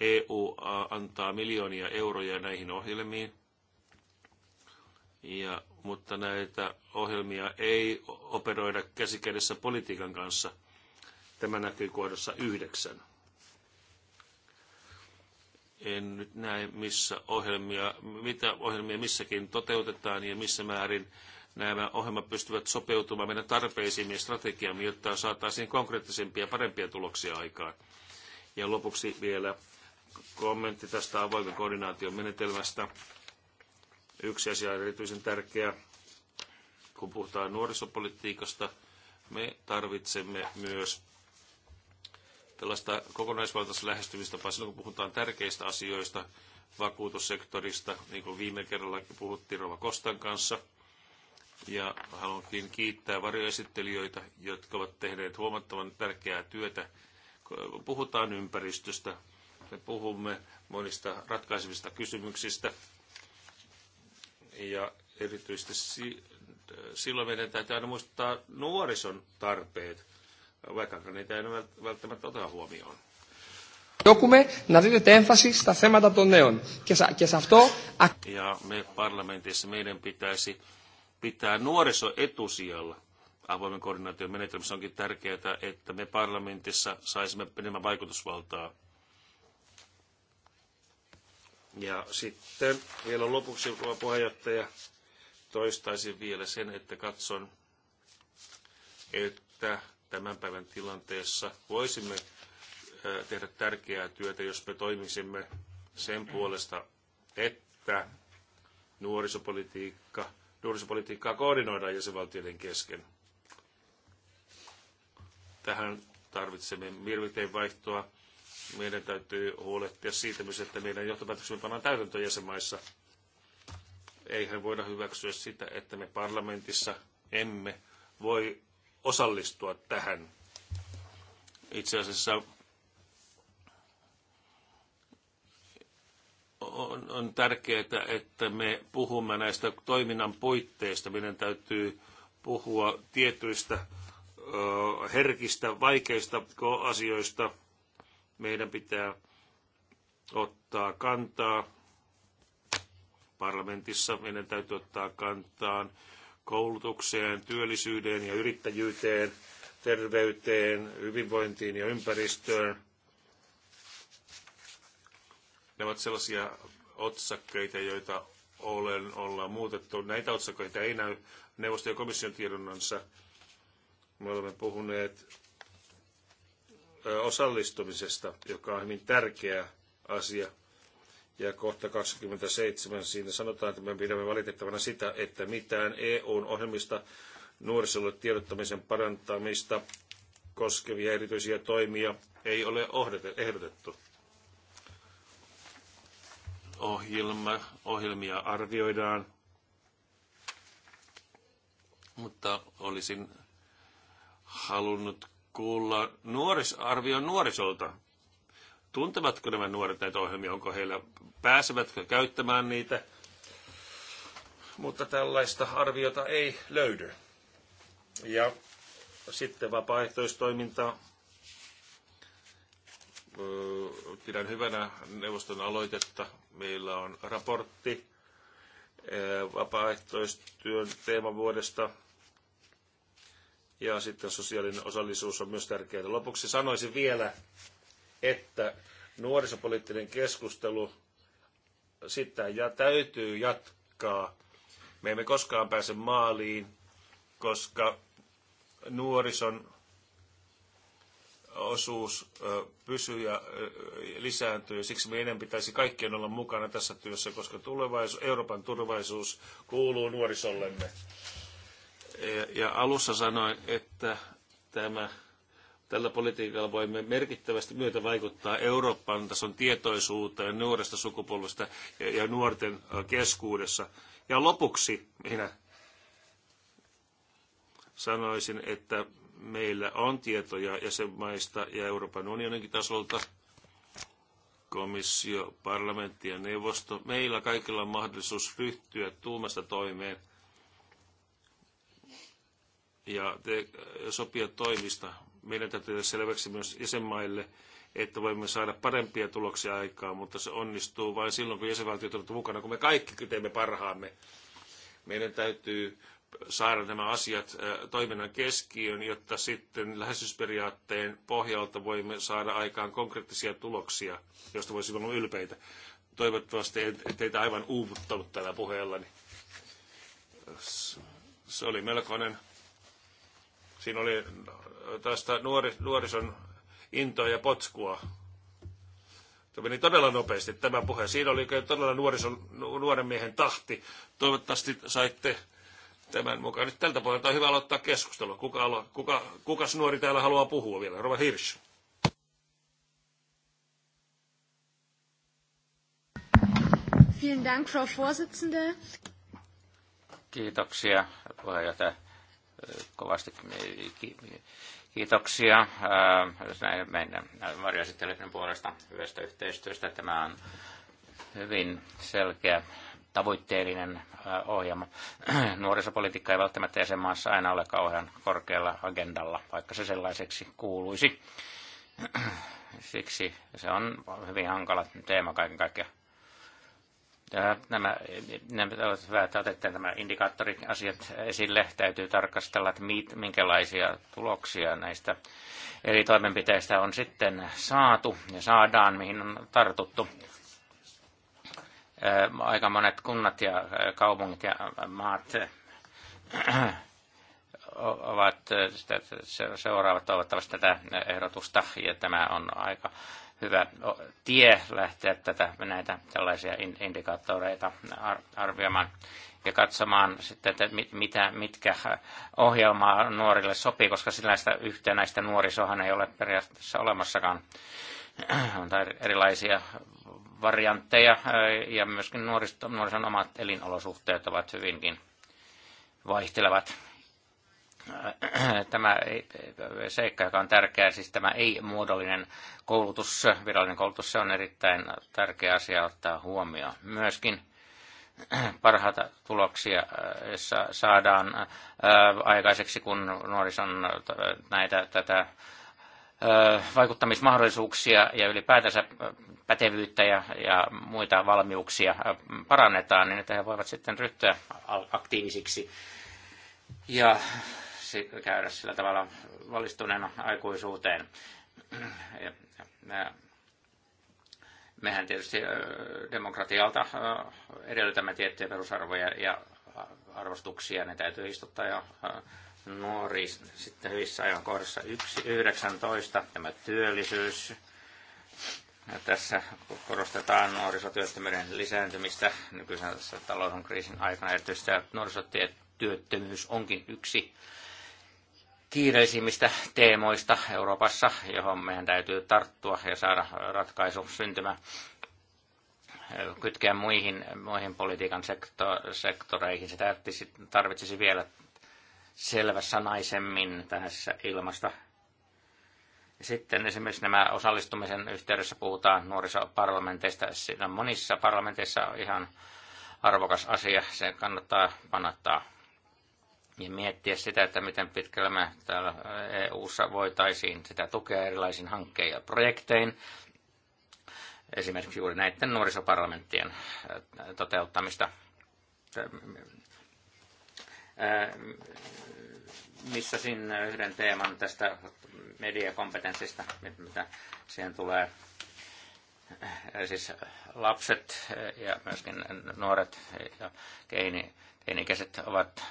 EU antaa miljoonia euroja näihin ohjelmiin. Ja, mutta näitä ohjelmia ei operoida käsikädessä politiikan kanssa. Tämä näkyy kohdassa yhdeksän en nyt näe, missä ohjelmia, mitä ohjelmia missäkin toteutetaan ja missä määrin nämä ohjelmat pystyvät sopeutumaan meidän tarpeisiin ja strategiamme, jotta saataisiin konkreettisempia ja parempia tuloksia aikaan. Ja lopuksi vielä kommentti tästä avoimen koordinaation menetelmästä. Yksi asia on erityisen tärkeä, kun puhutaan nuorisopolitiikasta. Me tarvitsemme myös tällaista kokonaisvaltaista lähestymistapaa silloin, kun puhutaan tärkeistä asioista vakuutussektorista, niin kuin viime kerrallakin puhuttiin Rova Kostan kanssa. Ja haluankin kiittää varjoesittelijöitä, jotka ovat tehneet huomattavan tärkeää työtä. Puhutaan ympäristöstä, me puhumme monista ratkaisevista kysymyksistä. Ja erityisesti silloin meidän täytyy aina muistaa nuorison tarpeet vaikka niitä ei välttämättä ota huomioon. Διώκουμε να δίδεται έμφαση στα tonneon. των νέων. Ja me parlamentissa meidän pitäisi pitää nuoriso etusijalla. Avoimen koordinaation menetelmissä onkin tärkeää, että me parlamentissa saisimme enemmän vaikutusvaltaa. Ja sitten vielä lopuksi, puheenjohtaja, toistaisin vielä sen, että katson, että tämän päivän tilanteessa voisimme tehdä tärkeää työtä, jos me toimisimme sen puolesta, että nuorisopolitiikka, nuorisopolitiikkaa koordinoidaan jäsenvaltioiden kesken. Tähän tarvitsemme mielipiteen vaihtoa. Meidän täytyy huolehtia siitä myös, että meidän johtopäätöksemme pannaan täytäntöön jäsenmaissa. Eihän voida hyväksyä sitä, että me parlamentissa emme voi osallistua tähän. Itse asiassa on, on tärkeää, että me puhumme näistä toiminnan puitteista. Meidän täytyy puhua tietyistä ö, herkistä, vaikeista asioista. Meidän pitää ottaa kantaa parlamentissa. Meidän täytyy ottaa kantaan koulutukseen, työllisyyteen ja yrittäjyyteen, terveyteen, hyvinvointiin ja ympäristöön. Ne ovat sellaisia otsakkeita, joita olen, olla muutettu. Näitä otsakkeita ei näy neuvosto- ja komission tiedonnansa. Me olemme puhuneet osallistumisesta, joka on hyvin tärkeä asia ja kohta 27 siinä sanotaan, että me pidämme valitettavana sitä, että mitään EUn ohjelmista nuorisolle tiedottamisen parantamista koskevia erityisiä toimia ei ole ehdotettu. Ohjelma, ohjelmia arvioidaan, mutta olisin halunnut kuulla nuoris, nuorisolta tuntevatko nämä nuoret näitä ohjelmia, onko heillä, pääsevätkö käyttämään niitä, mutta tällaista arviota ei löydy. Ja sitten vapaaehtoistoiminta. Pidän hyvänä neuvoston aloitetta. Meillä on raportti vapaaehtoistyön teemavuodesta. Ja sitten sosiaalinen osallisuus on myös tärkeää. Lopuksi sanoisin vielä, että nuorisopoliittinen keskustelu, sitä ja täytyy jatkaa. Me emme koskaan pääse maaliin, koska nuorison osuus pysyy ja lisääntyy. Siksi meidän pitäisi kaikkien olla mukana tässä työssä, koska tulevaisuus, Euroopan turvallisuus kuuluu nuorisollemme. Ja alussa sanoin, että tämä Tällä politiikalla voimme merkittävästi myötä vaikuttaa Euroopan tason tietoisuuteen nuoresta sukupolvesta ja nuorten keskuudessa. Ja lopuksi minä sanoisin, että meillä on tietoja jäsenmaista ja Euroopan unioninkin tasolta, komissio, parlamentti ja neuvosto. Meillä kaikilla on mahdollisuus ryhtyä tuumasta toimeen ja te, sopia toimista meidän täytyy tehdä selväksi myös jäsenmaille, että voimme saada parempia tuloksia aikaa, mutta se onnistuu vain silloin, kun jäsenvaltiot ovat mukana, kun me kaikki teemme parhaamme. Meidän täytyy saada nämä asiat toiminnan keskiöön, jotta sitten läheisyysperiaatteen pohjalta voimme saada aikaan konkreettisia tuloksia, joista voisi olla ylpeitä. Toivottavasti en teitä aivan uuvuttanut tällä puheellani. Se oli melkoinen Siinä oli tästä nuori, nuorison intoa ja potskua. Se meni todella nopeasti tämä puhe. Siinä oli todella nuorison, nuoren miehen tahti. Toivottavasti saitte tämän mukaan. Nyt tältä pohjalta on hyvä aloittaa keskustelua. Kuka, kuka, kukas nuori täällä haluaa puhua vielä? Rova Hirsch. Vielen Dank, Frau Vorsitzende. Kiitoksia, puheenjohtaja kovasti kiitoksia näin meidän varjoesittelyiden puolesta hyvästä yhteistyöstä. Tämä on hyvin selkeä tavoitteellinen ohjelma. Nuorisopolitiikka ei välttämättä jäsenmaassa aina ole kauhean korkealla agendalla, vaikka se sellaiseksi kuuluisi. Siksi se on hyvin hankala teema kaiken kaikkiaan. Nämä, nämä ovat hyvä, että otette nämä indikaattoriasiat esille. Täytyy tarkastella, että minkälaisia tuloksia näistä eri toimenpiteistä on sitten saatu ja saadaan, mihin on tartuttu. Aika monet kunnat ja kaupungit ja maat ovat, seuraavat toivottavasti tätä ehdotusta, ja tämä on aika hyvä tie lähteä tätä, näitä tällaisia indikaattoreita arvioimaan ja katsomaan sitten, että mitä, mitkä ohjelmaa nuorille sopii, koska sellaista yhtenäistä nuorisohan ei ole periaatteessa olemassakaan. On erilaisia variantteja ja myöskin nuorison omat elinolosuhteet ovat hyvinkin vaihtelevat tämä seikka, joka on tärkeä, siis tämä ei-muodollinen koulutus, virallinen koulutus, se on erittäin tärkeä asia ottaa huomioon. Myöskin parhaita tuloksia äh, saadaan äh, aikaiseksi, kun nuorison näitä tätä äh, vaikuttamismahdollisuuksia ja ylipäätänsä pätevyyttä ja, ja muita valmiuksia parannetaan, niin että he voivat sitten ryhtyä aktiivisiksi ja käydä sillä tavalla valistuneena aikuisuuteen. Mehän tietysti demokratialta edellytämme tiettyjä perusarvoja ja arvostuksia, ne täytyy istuttaa jo nuori sitten hyvissä ajankohdissa 1.19, tämä työllisyys. Ja tässä korostetaan nuorisotyöttömyyden lisääntymistä nykyisen talouden kriisin aikana. Erityisesti nuorisotyöttömyys onkin yksi kiireisimmistä teemoista Euroopassa, johon meidän täytyy tarttua ja saada ratkaisu syntymään kytkeä muihin, muihin politiikan sekto, sektoreihin. Se tarvitsisi, tarvitsisi vielä naisemmin tässä ilmasta. Sitten esimerkiksi nämä osallistumisen yhteydessä puhutaan nuorisoparlamenteista. Siinä monissa parlamenteissa ihan arvokas asia. Se kannattaa panottaa ja miettiä sitä, että miten pitkällä me täällä EU-ssa voitaisiin sitä tukea erilaisin hankkeihin ja projektein. Esimerkiksi juuri näiden nuorisoparlamenttien toteuttamista. Missä sinne yhden teeman tästä mediakompetenssista, mitä siihen tulee siis lapset ja myöskin nuoret ja keini keinikäiset ovat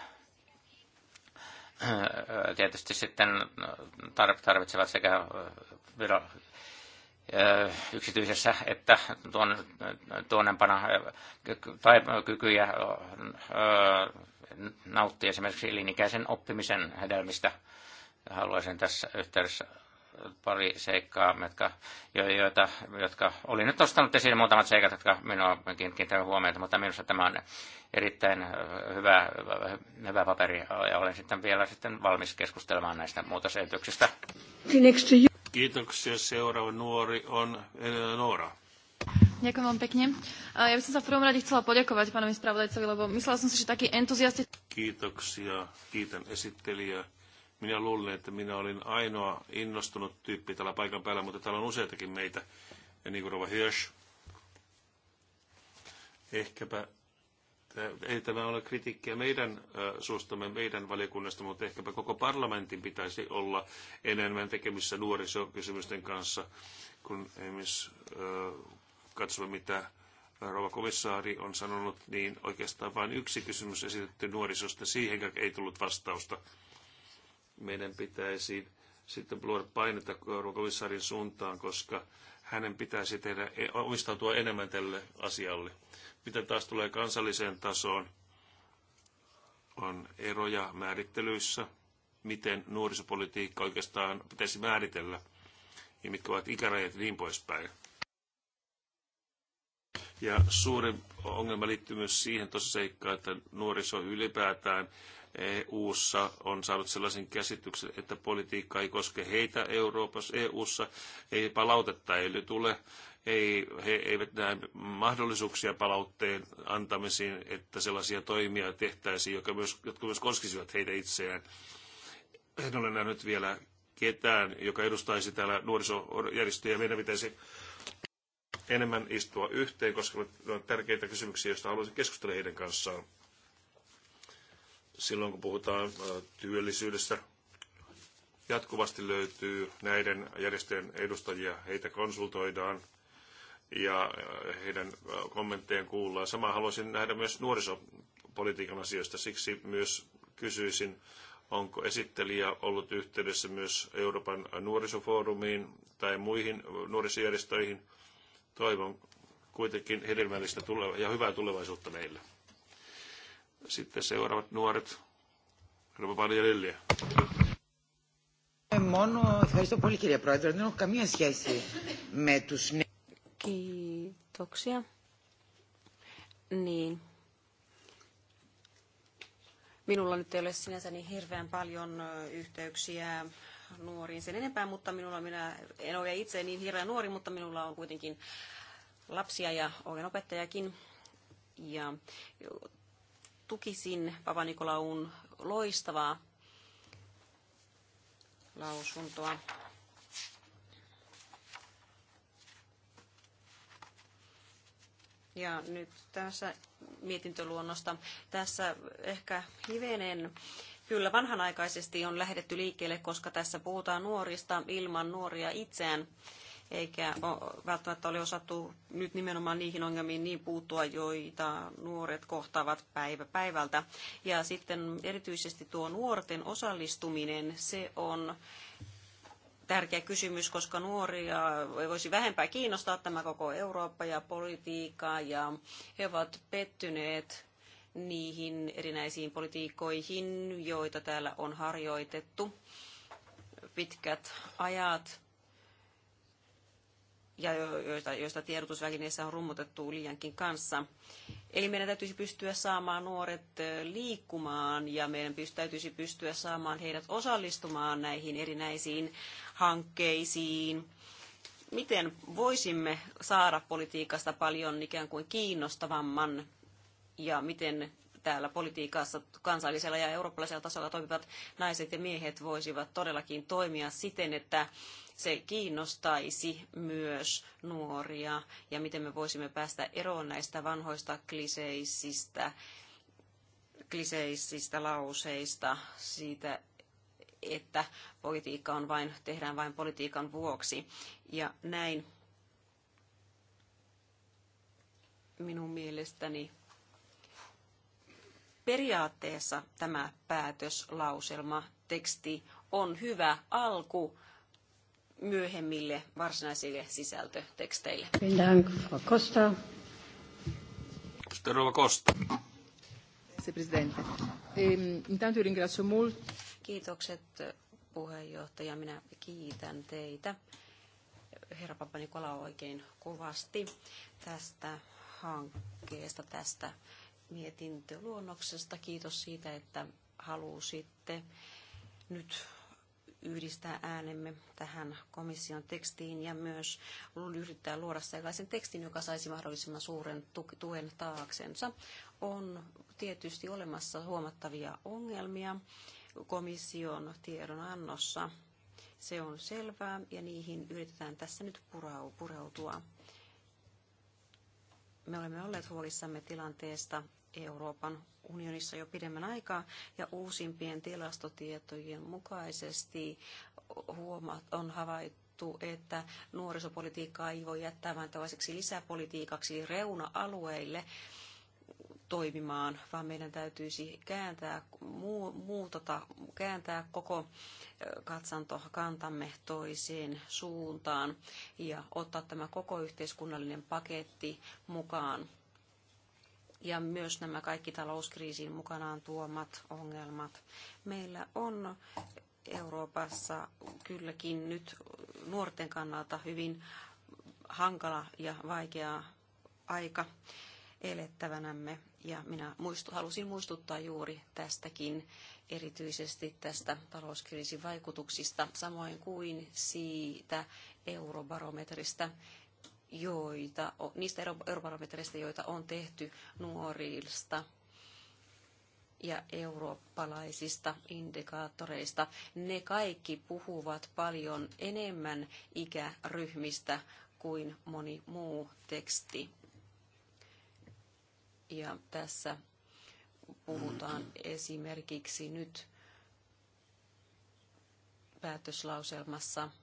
Äh, tietysti sitten äh, tarvitsevat sekä äh, yksityisessä että tuon, tuonnempana tai kykyjä nauttia esimerkiksi elinikäisen oppimisen hedelmistä. Haluaisin tässä yhteydessä pari seikkaa, jotka, joita, jotka olin nyt nostanut esiin muutamat seikat, jotka minua kiinnittänyt huomiota, mutta minusta tämä on erittäin äh, hyvä, äh, hyvä paperi ja olen sitten vielä sitten valmis keskustelemaan näistä muutosehdotuksista. Kiitoksia. Seuraava nuori on äh, Noora. Ďakujem vám pekne. Ja by som sa v prvom rade chcela poďakovať pánovi spravodajcovi, lebo myslela som si, že taký entuziastický... Kiitoksia. Kiitän esittelijää minä luulen, että minä olin ainoa innostunut tyyppi täällä paikan päällä, mutta täällä on useitakin meitä, ja niin kuin Rova Hirsch. Ehkäpä ei tämä ole kritiikkiä meidän suustamme, meidän valiokunnasta, mutta ehkäpä koko parlamentin pitäisi olla enemmän tekemissä nuorisokysymysten kanssa, kun esimerkiksi katsomme, mitä rova komissaari on sanonut, niin oikeastaan vain yksi kysymys esitetty nuorisosta, siihen ei tullut vastausta meidän pitäisi sitten luoda painetta komissarin suuntaan, koska hänen pitäisi tehdä, e, omistautua enemmän tälle asialle. Mitä taas tulee kansalliseen tasoon, on eroja määrittelyissä, miten nuorisopolitiikka oikeastaan pitäisi määritellä ja mitkä ovat ikärajat niin poispäin. Ja suurin ongelma liittyy myös siihen tosiseikkaan, että nuoriso ylipäätään EU:ssa on saanut sellaisen käsityksen, että politiikka ei koske heitä Euroopassa, EU:ssa, ei palautetta ei tule, ei, he eivät näe mahdollisuuksia palautteen antamisiin, että sellaisia toimia tehtäisiin, jotka myös, jotka myös koskisivat heitä itseään. En ole nähnyt vielä ketään, joka edustaisi täällä nuorisojärjestöjä. Meidän pitäisi enemmän istua yhteen, koska ne ovat tärkeitä kysymyksiä, joista haluaisin keskustella heidän kanssaan silloin kun puhutaan työllisyydestä, jatkuvasti löytyy näiden järjestöjen edustajia, heitä konsultoidaan ja heidän kommenttejaan kuullaan. Sama haluaisin nähdä myös nuorisopolitiikan asioista, siksi myös kysyisin, onko esittelijä ollut yhteydessä myös Euroopan nuorisofoorumiin tai muihin nuorisojärjestöihin. Toivon kuitenkin hedelmällistä ja hyvää tulevaisuutta meille. Sitten seuraavat nuoret. Rouva Panjalillia. Μόνο, ευχαριστώ πολύ κύριε Πρόεδρε, δεν έχω καμία σχέση με τους Kiitoksia. Niin. Minulla nyt ei ole sinänsä niin hirveän paljon yhteyksiä nuoriin sen enempää, mutta minulla minä en ole itse niin hirveän nuori, mutta minulla on kuitenkin lapsia ja olen opettajakin. Ja tukisin Papa Nikolaun loistavaa lausuntoa. Ja nyt tässä mietintöluonnosta tässä ehkä hivenen kyllä vanhanaikaisesti on lähdetty liikkeelle, koska tässä puhutaan nuorista ilman nuoria itseään eikä välttämättä ole osattu nyt nimenomaan niihin ongelmiin niin puuttua, joita nuoret kohtaavat päivä päivältä. Ja sitten erityisesti tuo nuorten osallistuminen, se on tärkeä kysymys, koska nuoria voisi vähempää kiinnostaa tämä koko Eurooppa ja politiikka, ja he ovat pettyneet niihin erinäisiin politiikoihin, joita täällä on harjoitettu pitkät ajat ja joista, joista tiedotusvälineissä on rummutettu liiankin kanssa. Eli meidän täytyisi pystyä saamaan nuoret liikkumaan ja meidän täytyisi pystyä saamaan heidät osallistumaan näihin erinäisiin hankkeisiin. Miten voisimme saada politiikasta paljon ikään kuin kiinnostavamman ja miten täällä politiikassa kansallisella ja eurooppalaisella tasolla toimivat naiset ja miehet voisivat todellakin toimia siten, että se kiinnostaisi myös nuoria ja miten me voisimme päästä eroon näistä vanhoista kliseisistä, kliseisistä lauseista siitä, että politiikka on vain, tehdään vain politiikan vuoksi. Ja näin minun mielestäni periaatteessa tämä päätöslauselma teksti on hyvä alku myöhemmille varsinaisille sisältöteksteille. Ehm, Kiitokset puheenjohtaja. Minä kiitän teitä, herra Kola oikein kovasti tästä hankkeesta, tästä mietintöluonnoksesta. Kiitos siitä, että halusitte nyt yhdistää äänemme tähän komission tekstiin ja myös yrittää luoda sellaisen tekstin, joka saisi mahdollisimman suuren tuen taaksensa. On tietysti olemassa huomattavia ongelmia komission tiedonannossa. Se on selvää ja niihin yritetään tässä nyt purautua. Me olemme olleet huolissamme tilanteesta Euroopan unionissa jo pidemmän aikaa ja uusimpien tilastotietojen mukaisesti huomat, on havaittu, että nuorisopolitiikkaa ei voi jättää vain tällaiseksi lisäpolitiikaksi reuna-alueille toimimaan, vaan meidän täytyisi kääntää, muutata, kääntää koko katsanto kantamme toiseen suuntaan ja ottaa tämä koko yhteiskunnallinen paketti mukaan ja myös nämä kaikki talouskriisin mukanaan tuomat ongelmat. Meillä on Euroopassa kylläkin nyt nuorten kannalta hyvin hankala ja vaikea aika elettävänämme. Ja minä muistu, halusin muistuttaa juuri tästäkin, erityisesti tästä talouskriisin vaikutuksista, samoin kuin siitä eurobarometrista, joita, niistä eurobarometreistä, joita on tehty nuorista ja eurooppalaisista indikaattoreista. Ne kaikki puhuvat paljon enemmän ikäryhmistä kuin moni muu teksti. Ja tässä puhutaan esimerkiksi nyt päätöslauselmassa –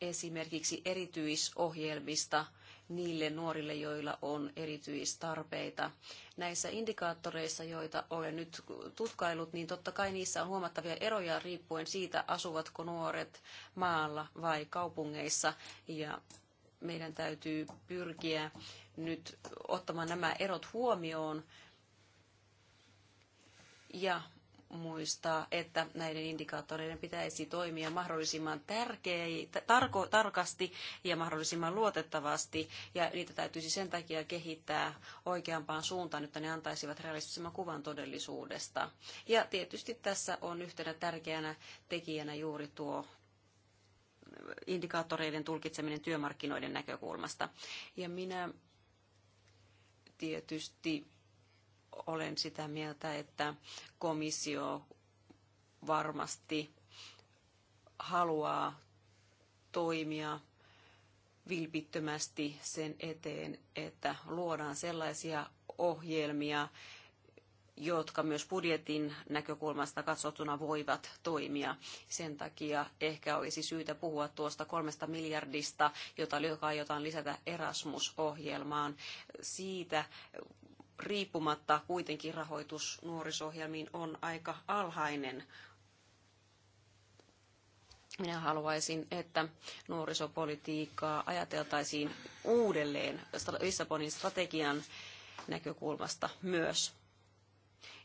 esimerkiksi erityisohjelmista niille nuorille, joilla on erityistarpeita. Näissä indikaattoreissa, joita olen nyt tutkailut, niin totta kai niissä on huomattavia eroja riippuen siitä, asuvatko nuoret maalla vai kaupungeissa. Ja meidän täytyy pyrkiä nyt ottamaan nämä erot huomioon ja muistaa, että näiden indikaattoreiden pitäisi toimia mahdollisimman tärkeä, tarko, tarkasti ja mahdollisimman luotettavasti, ja niitä täytyisi sen takia kehittää oikeampaan suuntaan, että ne antaisivat realistisemman kuvan todellisuudesta. Ja tietysti tässä on yhtenä tärkeänä tekijänä juuri tuo indikaattoreiden tulkitseminen työmarkkinoiden näkökulmasta. Ja minä tietysti olen sitä mieltä, että komissio varmasti haluaa toimia vilpittömästi sen eteen, että luodaan sellaisia ohjelmia, jotka myös budjetin näkökulmasta katsottuna voivat toimia. Sen takia ehkä olisi syytä puhua tuosta kolmesta miljardista, jota aiotaan lisätä Erasmus-ohjelmaan. Siitä riippumatta kuitenkin rahoitus nuorisohjelmiin on aika alhainen. Minä haluaisin, että nuorisopolitiikkaa ajateltaisiin uudelleen Lissabonin strategian näkökulmasta myös,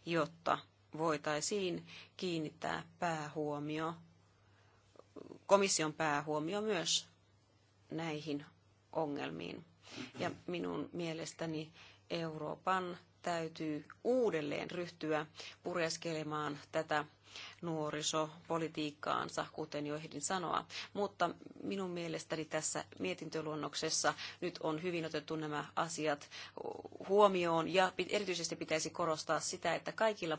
jotta voitaisiin kiinnittää päähuomio, komission päähuomio myös näihin ongelmiin. Ja minun mielestäni Euroopan täytyy uudelleen ryhtyä pureskelemaan tätä nuorisopolitiikkaansa, kuten jo ehdin sanoa. Mutta minun mielestäni tässä mietintöluonnoksessa nyt on hyvin otettu nämä asiat huomioon ja erityisesti pitäisi korostaa sitä, että kaikilla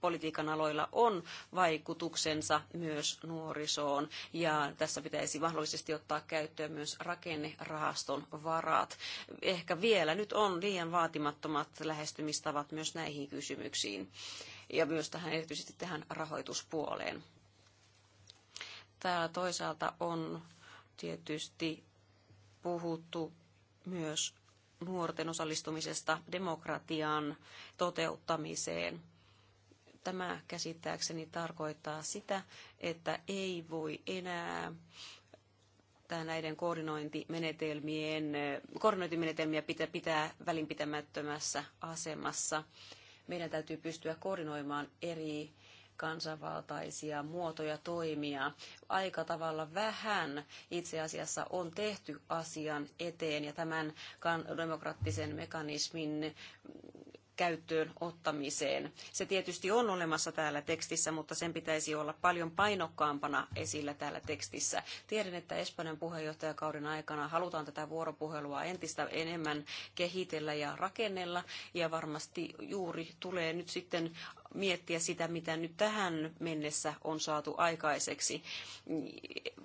politiikan aloilla on vaikutuksensa myös nuorisoon ja tässä pitäisi mahdollisesti ottaa käyttöön myös rakennerahaston varat. Ehkä vielä nyt on liian vaatimattomat lähestymistavat myös näihin kysymyksiin ja myös tähän erityisesti tähän rahoituspuoleen. Täällä toisaalta on tietysti puhuttu myös nuorten osallistumisesta demokratian toteuttamiseen. Tämä käsittääkseni tarkoittaa sitä, että ei voi enää näiden koordinointimenetelmien, koordinointimenetelmiä pitää, pitää välinpitämättömässä asemassa meidän täytyy pystyä koordinoimaan eri kansanvaltaisia muotoja toimia. Aika tavalla vähän itse asiassa on tehty asian eteen ja tämän demokraattisen mekanismin käyttöön ottamiseen. Se tietysti on olemassa täällä tekstissä, mutta sen pitäisi olla paljon painokkaampana esillä täällä tekstissä. Tiedän, että Espanjan puheenjohtajakauden aikana halutaan tätä vuoropuhelua entistä enemmän kehitellä ja rakennella, ja varmasti juuri tulee nyt sitten miettiä sitä, mitä nyt tähän mennessä on saatu aikaiseksi.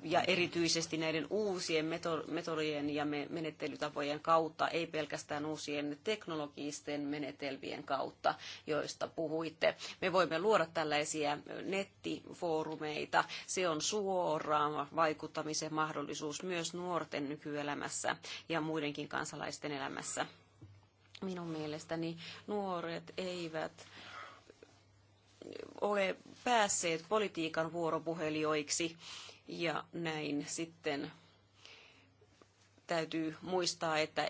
Ja erityisesti näiden uusien metodien ja menettelytapojen kautta, ei pelkästään uusien teknologisten menetelmien kautta, joista puhuitte. Me voimme luoda tällaisia nettifoorumeita. Se on suoraan vaikuttamisen mahdollisuus myös nuorten nykyelämässä ja muidenkin kansalaisten elämässä minun mielestäni nuoret eivät ole päässeet politiikan vuoropuhelijoiksi ja näin sitten täytyy muistaa, että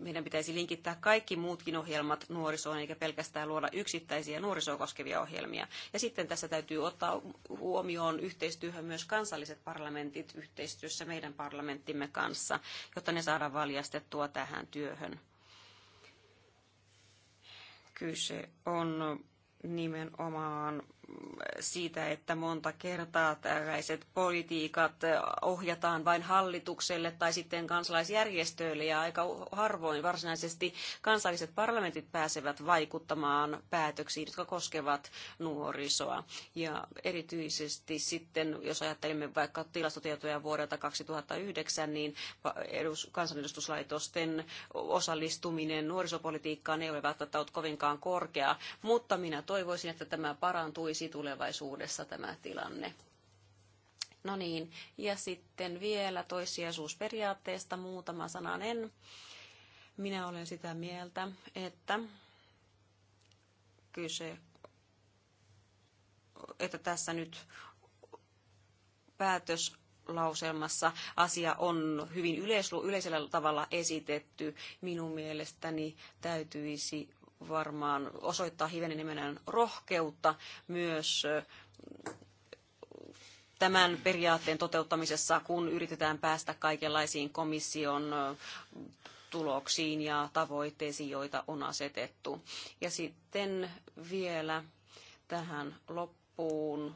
meidän pitäisi linkittää kaikki muutkin ohjelmat nuorisoon, eikä pelkästään luoda yksittäisiä nuorisoa koskevia ohjelmia. Ja sitten tässä täytyy ottaa huomioon yhteistyöhön myös kansalliset parlamentit yhteistyössä meidän parlamenttimme kanssa, jotta ne saadaan valjastettua tähän työhön. Kyse on nimenomaan siitä, että monta kertaa tällaiset politiikat ohjataan vain hallitukselle tai sitten kansalaisjärjestöille ja aika harvoin varsinaisesti kansalliset parlamentit pääsevät vaikuttamaan päätöksiin, jotka koskevat nuorisoa. Ja erityisesti sitten, jos ajattelemme vaikka tilastotietoja vuodelta 2009, niin kansanedustuslaitosten osallistuminen nuorisopolitiikkaan ei ole välttämättä ollut kovinkaan korkea, mutta minä toivoisin, että tämä parantuisi olisi tulevaisuudessa tämä tilanne. No niin, ja sitten vielä toissijaisuusperiaatteesta muutama sananen. Minä olen sitä mieltä, että kyse, että tässä nyt päätös lauselmassa asia on hyvin yleisellä tavalla esitetty. Minun mielestäni täytyisi varmaan osoittaa hivenen nimenen rohkeutta myös tämän periaatteen toteuttamisessa, kun yritetään päästä kaikenlaisiin komission tuloksiin ja tavoitteisiin, joita on asetettu. Ja sitten vielä tähän loppuun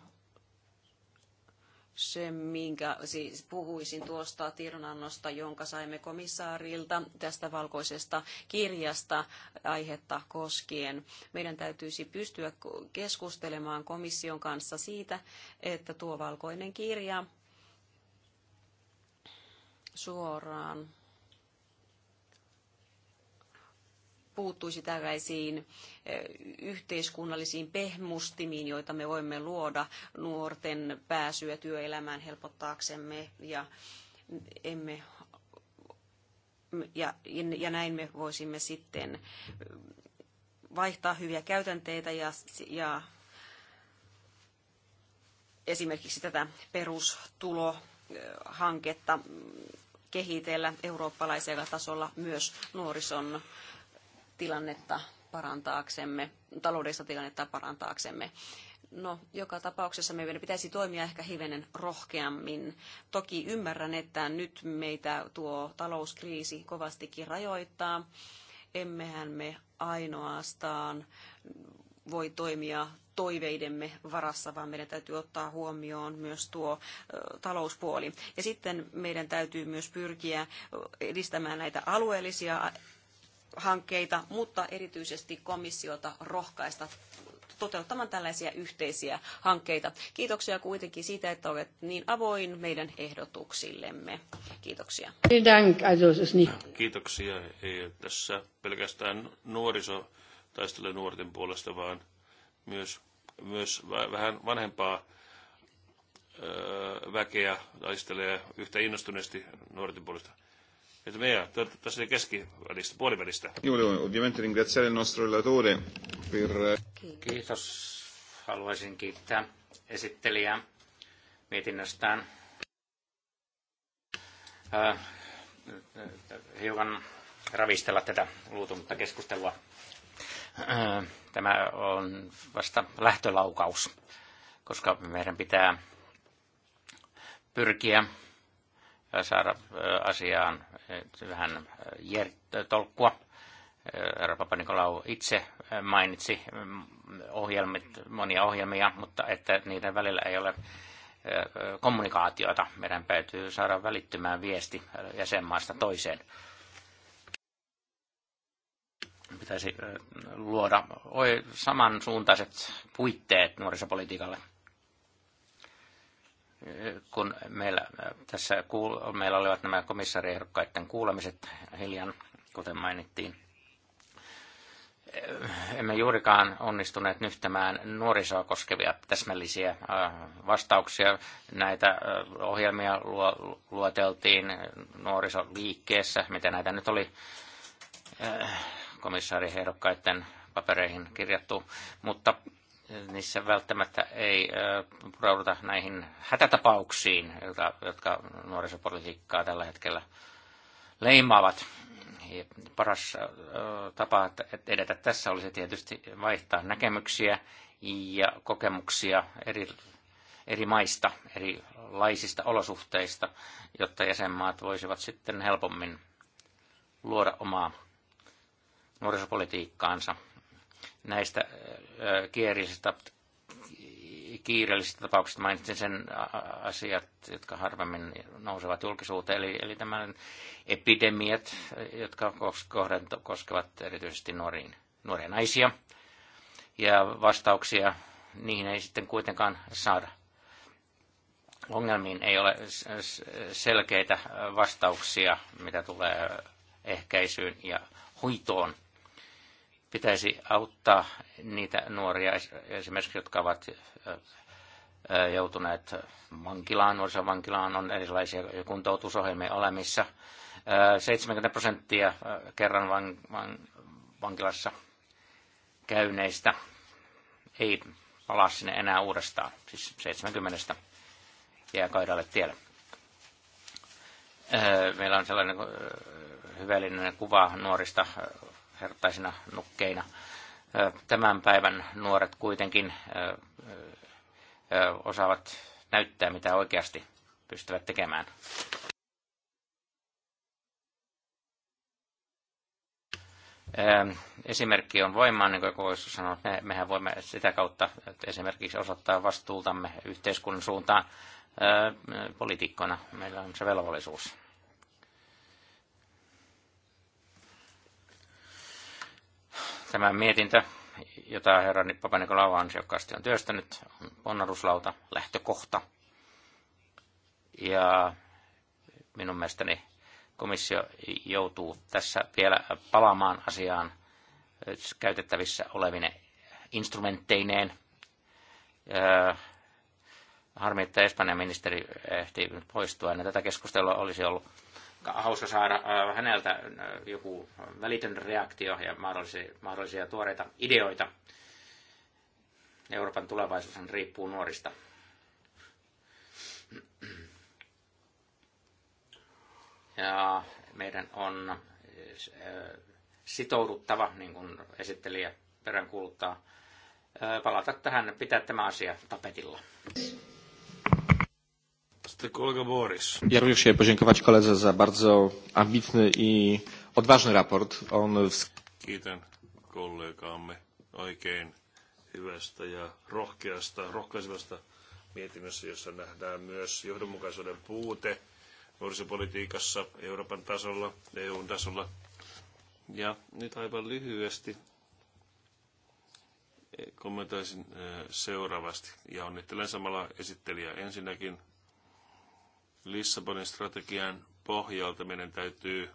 se, minkä siis puhuisin tuosta tiedonannosta, jonka saimme komissaarilta tästä valkoisesta kirjasta aihetta koskien. Meidän täytyisi pystyä keskustelemaan komission kanssa siitä, että tuo valkoinen kirja suoraan puuttuisi tällaisiin yhteiskunnallisiin pehmustimiin, joita me voimme luoda nuorten pääsyä työelämään helpottaaksemme ja emme ja, ja näin me voisimme sitten vaihtaa hyviä käytänteitä ja, ja esimerkiksi tätä perustulohanketta kehitellä eurooppalaisella tasolla myös nuorison tilannetta parantaaksemme, taloudellista tilannetta parantaaksemme. No, joka tapauksessa meidän pitäisi toimia ehkä hivenen rohkeammin. Toki ymmärrän, että nyt meitä tuo talouskriisi kovastikin rajoittaa. Emmehän me ainoastaan voi toimia toiveidemme varassa, vaan meidän täytyy ottaa huomioon myös tuo talouspuoli. Ja sitten meidän täytyy myös pyrkiä edistämään näitä alueellisia hankkeita, mutta erityisesti komissiota rohkaista toteuttamaan tällaisia yhteisiä hankkeita. Kiitoksia kuitenkin siitä, että olet niin avoin meidän ehdotuksillemme. Kiitoksia. Kiitoksia. Ei tässä pelkästään nuoriso taistelee nuorten puolesta, vaan myös, myös vähän vanhempaa väkeä taistelee yhtä innostuneesti nuorten puolesta keskivälistä, puolivälistä. Joo, ovviamente ringraziare il nostro relatore per... Kiitos. Haluaisin kiittää esittelijää mietinnöstään. hiukan ravistella tätä luutunutta keskustelua. tämä on vasta lähtölaukaus, koska meidän pitää pyrkiä saada asiaan vähän äh, jär- tolkkua. Äh, Nikolau itse äh, mainitsi mm, ohjelmit, monia ohjelmia, mutta että niiden välillä ei ole kommunikaatiota. Meidän täytyy saada välittymään viesti jäsenmaasta toiseen. Pitäisi luoda samansuuntaiset puitteet nuorisopolitiikalle – kun meillä tässä kuul- meillä olivat nämä komissaariehdokkaiden kuulemiset hiljan, kuten mainittiin, emme juurikaan onnistuneet nyhtämään nuorisoa koskevia täsmällisiä vastauksia. Näitä ohjelmia luoteltiin nuorisoliikkeessä, mitä näitä nyt oli komissaariehdokkaiden papereihin kirjattu, mutta niissä välttämättä ei purauduta näihin hätätapauksiin, jotka, jotka nuorisopolitiikkaa tällä hetkellä leimaavat. Ja paras tapa edetä tässä olisi tietysti vaihtaa näkemyksiä ja kokemuksia eri, eri maista, erilaisista olosuhteista, jotta jäsenmaat voisivat sitten helpommin luoda omaa nuorisopolitiikkaansa – näistä kierisistä, kiireellisistä tapauksista mainitsin sen asiat, jotka harvemmin nousevat julkisuuteen, eli, eli tämän epidemiat, jotka koskevat erityisesti nuoriin, nuoria naisia, ja vastauksia niihin ei sitten kuitenkaan saada. Ongelmiin ei ole selkeitä vastauksia, mitä tulee ehkäisyyn ja hoitoon pitäisi auttaa niitä nuoria esimerkiksi, jotka ovat joutuneet vankilaan, nuorisovankilaan, on erilaisia kuntoutusohjelmia olemissa. 70 prosenttia kerran van, van, vankilassa käyneistä ei palaa sinne enää uudestaan, siis 70 jää kaidalle tielle. Meillä on sellainen hyvällinen kuva nuorista hertaisina nukkeina. Tämän päivän nuoret kuitenkin osaavat näyttää, mitä oikeasti pystyvät tekemään. Esimerkki on voimaan, niin kuin voisi sanoa, että mehän voimme sitä kautta esimerkiksi osoittaa vastuultamme yhteiskunnan suuntaan poliitikkoina. Meillä on se velvollisuus. Tämä mietintö, jota herra Papanikolava ansiokkaasti on työstänyt, on ponnaruslauta, lähtökohta. Ja minun mielestäni komissio joutuu tässä vielä palaamaan asiaan käytettävissä olevine instrumentteineen. Harmi, että Espanjan ministeri ehti poistua. Ennen tätä keskustelua olisi ollut hauska saada äh, häneltä äh, joku välitön reaktio ja mahdollisia, mahdollisia tuoreita ideoita. Euroopan tulevaisuus riippuu nuorista. Ja meidän on äh, sitouduttava, niin kuin esittelijä kuuluttaa, palata tähän, pitää tämä asia tapetilla. Sitten kollega Boris. Ja również chciałem podziękować koledze za bardzo ambitny i odważny raport. On... Kiitän kollegaamme oikein hyvästä ja rohkeasta, rohkaisevasta mietinnössä, jossa nähdään myös johdonmukaisuuden puute nuorisopolitiikassa Euroopan tasolla, EUn tasolla. Ja nyt aivan lyhyesti kommentoisin seuraavasti ja onnittelen samalla esittelijä ensinnäkin Lissabonin strategian pohjalta meidän täytyy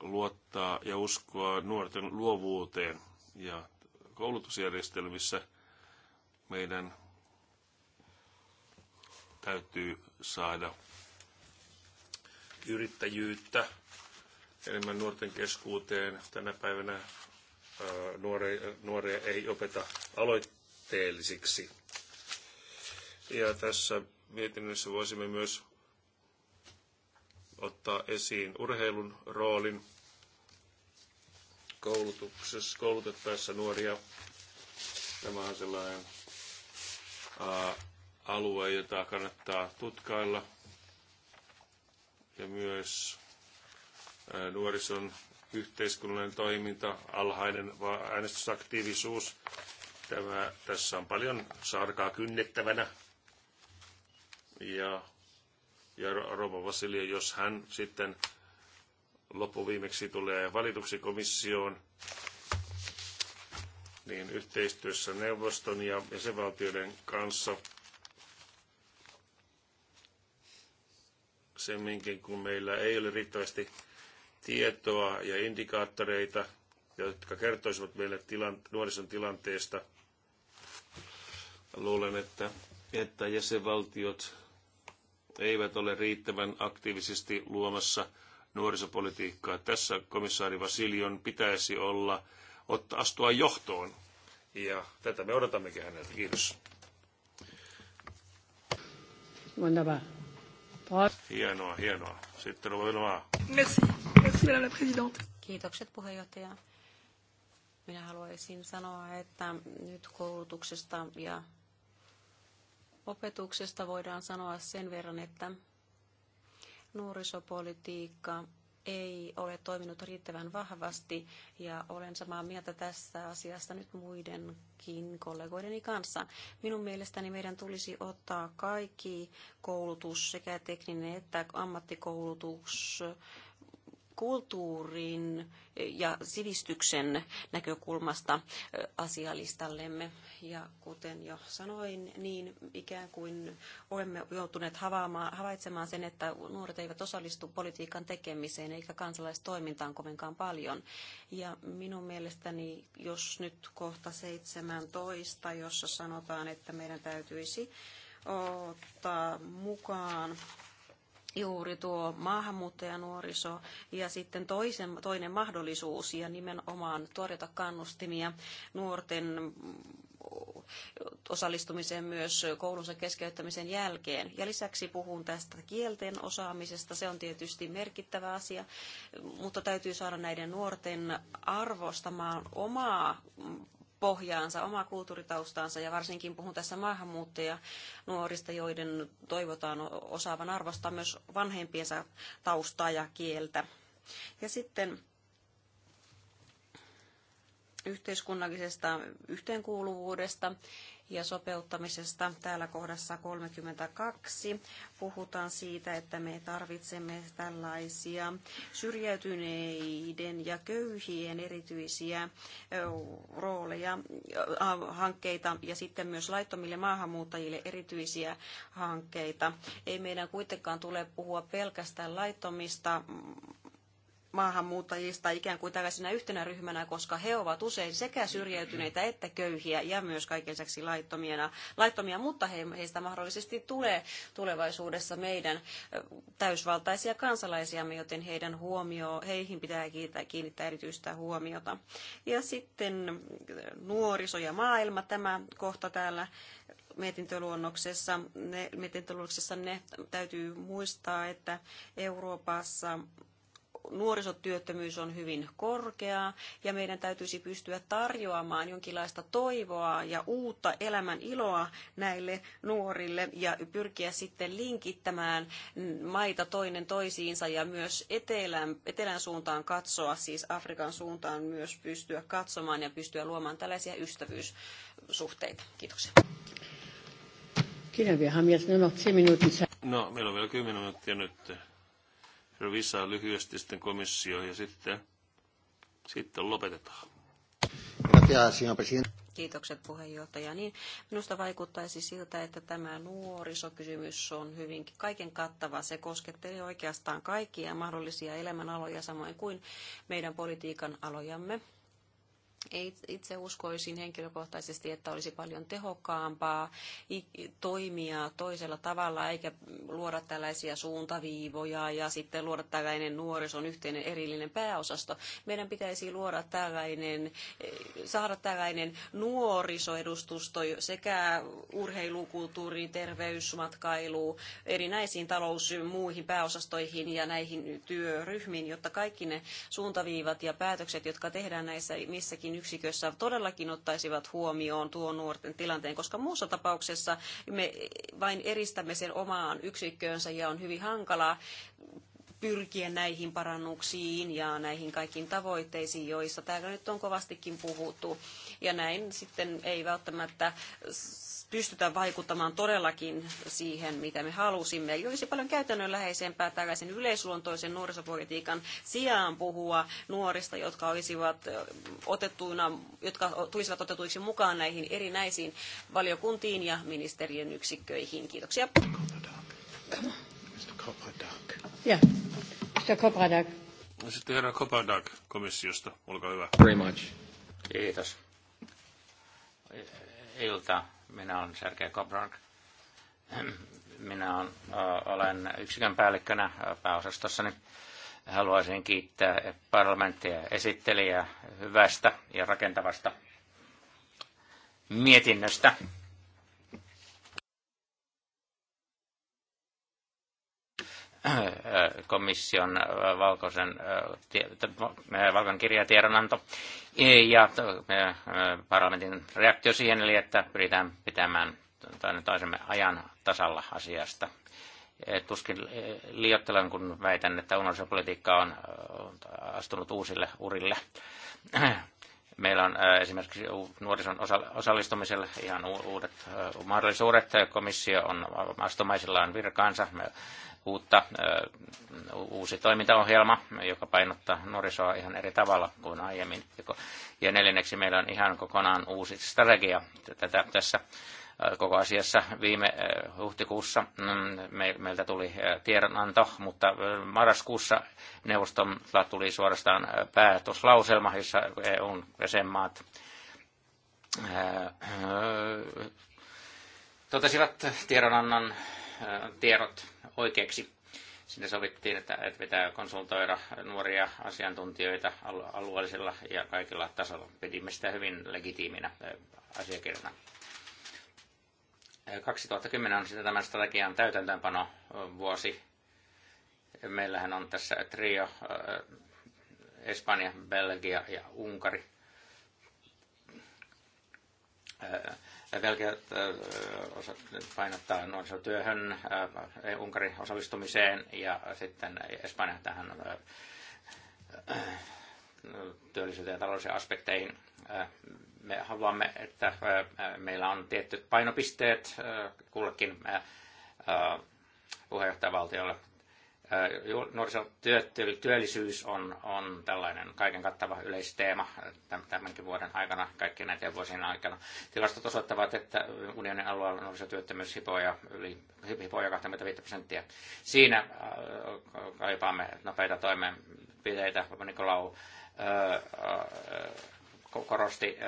luottaa ja uskoa nuorten luovuuteen. Ja koulutusjärjestelmissä meidän täytyy saada yrittäjyyttä enemmän nuorten keskuuteen. Tänä päivänä nuoria, nuoria ei opeta aloitteellisiksi. Ja tässä mietinnössä voisimme myös ottaa esiin urheilun roolin koulutuksessa, koulutettaessa nuoria. Tämä on sellainen ää, alue, jota kannattaa tutkailla. Ja myös ää, nuorison yhteiskunnallinen toiminta, alhainen äänestysaktiivisuus. Tämä, tässä on paljon sarkaa kynnettävänä ja, ja Rova Vasilio, jos hän sitten loppuviimeksi tulee valituksi komissioon, niin yhteistyössä neuvoston ja jäsenvaltioiden kanssa semminkin, kun meillä ei ole riittävästi tietoa ja indikaattoreita, jotka kertoisivat meille tilan, nuorison tilanteesta. Luulen, että, että jäsenvaltiot eivät ole riittävän aktiivisesti luomassa nuorisopolitiikkaa. Tässä komissaari Vasilion pitäisi olla, ottaa astua johtoon. Ja tätä me odotammekin häneltä. Kiitos. Wunderbar. Hienoa, hienoa. Sitten Loilomaa. Merci. Merci, Kiitokset puheenjohtaja. Minä haluaisin sanoa, että nyt koulutuksesta ja Opetuksesta voidaan sanoa sen verran, että nuorisopolitiikka ei ole toiminut riittävän vahvasti ja olen samaa mieltä tässä asiassa nyt muidenkin kollegoideni kanssa. Minun mielestäni meidän tulisi ottaa kaikki koulutus, sekä tekninen että ammattikoulutus, kulttuurin ja sivistyksen näkökulmasta asialistallemme. Ja kuten jo sanoin, niin ikään kuin olemme joutuneet havaitsemaan sen, että nuoret eivät osallistu politiikan tekemiseen eikä kansalaistoimintaan kovinkaan paljon. Ja minun mielestäni, jos nyt kohta 17, jossa sanotaan, että meidän täytyisi ottaa mukaan juuri tuo maahanmuuttajanuoriso ja sitten toisen, toinen mahdollisuus ja nimenomaan tuoreita kannustimia nuorten osallistumiseen myös koulunsa keskeyttämisen jälkeen. Ja lisäksi puhun tästä kielten osaamisesta. Se on tietysti merkittävä asia, mutta täytyy saada näiden nuorten arvostamaan omaa pohjaansa, omaa kulttuuritaustaansa ja varsinkin puhun tässä maahanmuuttaja nuorista, joiden toivotaan osaavan arvostaa myös vanhempiensa taustaa ja kieltä. Ja sitten yhteiskunnallisesta yhteenkuuluvuudesta ja sopeuttamisesta. Täällä kohdassa 32 puhutaan siitä, että me tarvitsemme tällaisia syrjäytyneiden ja köyhien erityisiä rooleja, hankkeita ja sitten myös laittomille maahanmuuttajille erityisiä hankkeita. Ei meidän kuitenkaan tule puhua pelkästään laittomista maahanmuuttajista ikään kuin tällaisena yhtenä ryhmänä, koska he ovat usein sekä syrjäytyneitä että köyhiä ja myös kaiken lisäksi laittomia, laittomia mutta he, heistä mahdollisesti tulee tulevaisuudessa meidän täysvaltaisia kansalaisiamme, joten heidän huomio, heihin pitää kiinnittää, kiinnittää erityistä huomiota. Ja sitten nuoriso ja maailma, tämä kohta täällä mietintöluonnoksessa, ne, mietintöluonnoksessa ne täytyy muistaa, että Euroopassa nuorisotyöttömyys on hyvin korkeaa ja meidän täytyisi pystyä tarjoamaan jonkinlaista toivoa ja uutta elämän iloa näille nuorille ja pyrkiä sitten linkittämään maita toinen toisiinsa ja myös etelän, etelän suuntaan katsoa, siis Afrikan suuntaan myös pystyä katsomaan ja pystyä luomaan tällaisia ystävyyssuhteita. Kiitoksia. Kiitoksia. No, meillä on vielä 10 minuuttia nyt Rivisa lyhyesti sitten komissio ja sitten, sitten lopetetaan. Kiitokset puheenjohtaja. Niin, minusta vaikuttaisi siltä, että tämä nuorisokysymys on hyvinkin kaiken kattava. Se koskettelee oikeastaan kaikkia mahdollisia elämänaloja samoin kuin meidän politiikan alojamme itse uskoisin henkilökohtaisesti, että olisi paljon tehokkaampaa toimia toisella tavalla, eikä luoda tällaisia suuntaviivoja ja sitten luoda tällainen nuorison yhteinen erillinen pääosasto. Meidän pitäisi luoda tällainen, saada tällainen nuorisoedustusto sekä urheilu, kulttuuri, terveys, matkailu, erinäisiin talous, muihin pääosastoihin ja näihin työryhmiin, jotta kaikki ne suuntaviivat ja päätökset, jotka tehdään näissä missäkin jossakin yksikössä todellakin ottaisivat huomioon tuon nuorten tilanteen, koska muussa tapauksessa me vain eristämme sen omaan yksikköönsä ja on hyvin hankalaa pyrkiä näihin parannuksiin ja näihin kaikkiin tavoitteisiin, joista täällä nyt on kovastikin puhuttu. Ja näin sitten ei välttämättä pystytä vaikuttamaan todellakin siihen, mitä me halusimme. Eli olisi paljon käytännönläheisempää tällaisen yleisluontoisen nuorisopolitiikan sijaan puhua nuorista, jotka olisivat otettuina, jotka tulisivat otetuiksi mukaan näihin erinäisiin valiokuntiin ja ministerien yksikköihin. Kiitoksia. No sitten herra Kopradak komissiosta, olkaa hyvä. Very much. Kiitos. E-, e-, ilta minä olen Sergei Kobrank. Minä on, olen yksikön päällikkönä pääosastossani. Haluaisin kiittää parlamenttia esittelijää hyvästä ja rakentavasta mietinnöstä. Äh, komission äh, valkoisen, äh, valkan kirjatiedonanto e, ja parlamentin reaktio siihen, eli että pyritään pitämään toinen toisemme ajan tasalla asiasta. E, tuskin e, liiottelen, kun väitän, että unohduspolitiikka on astunut uusille urille. Meillä on esimerkiksi nuorison osallistumiselle ihan uudet mahdollisuudet. Komissio on astumaisillaan virkaansa uutta, uusi toimintaohjelma, joka painottaa nuorisoa ihan eri tavalla kuin aiemmin. Ja neljänneksi meillä on ihan kokonaan uusi strategia tätä, tässä koko asiassa viime huhtikuussa mm, meiltä tuli tiedonanto, mutta marraskuussa neuvostolla tuli suorastaan päätöslauselma, jossa EUn jäsenmaat totesivat tiedonannon tiedot oikeaksi. Sinne sovittiin, että, että pitää konsultoida nuoria asiantuntijoita alueellisella ja kaikilla tasolla. Pidimme sitä hyvin legitiiminä äh, asiakirjana. 2010 äh, on sitten tämän strategian täytäntöönpano äh, vuosi. Meillähän on tässä trio Espanja, Belgia ja Unkari Belgiat painottaa nuorisotyöhön, Unkarin osallistumiseen ja sitten Espanja tähän työllisyyteen ja taloudellisiin aspekteihin. Me haluamme, että meillä on tietyt painopisteet kullekin puheenjohtajavaltiolle nuorisotyöllisyys on, on tällainen kaiken kattava yleisteema tämänkin vuoden aikana, kaikkien näiden vuosien aikana. Tilastot osoittavat, että unionin alueella nuorisotyöttömyys hipoja yli hipoja 25 prosenttia. Siinä kaipaamme nopeita toimenpiteitä. Nikolau korosti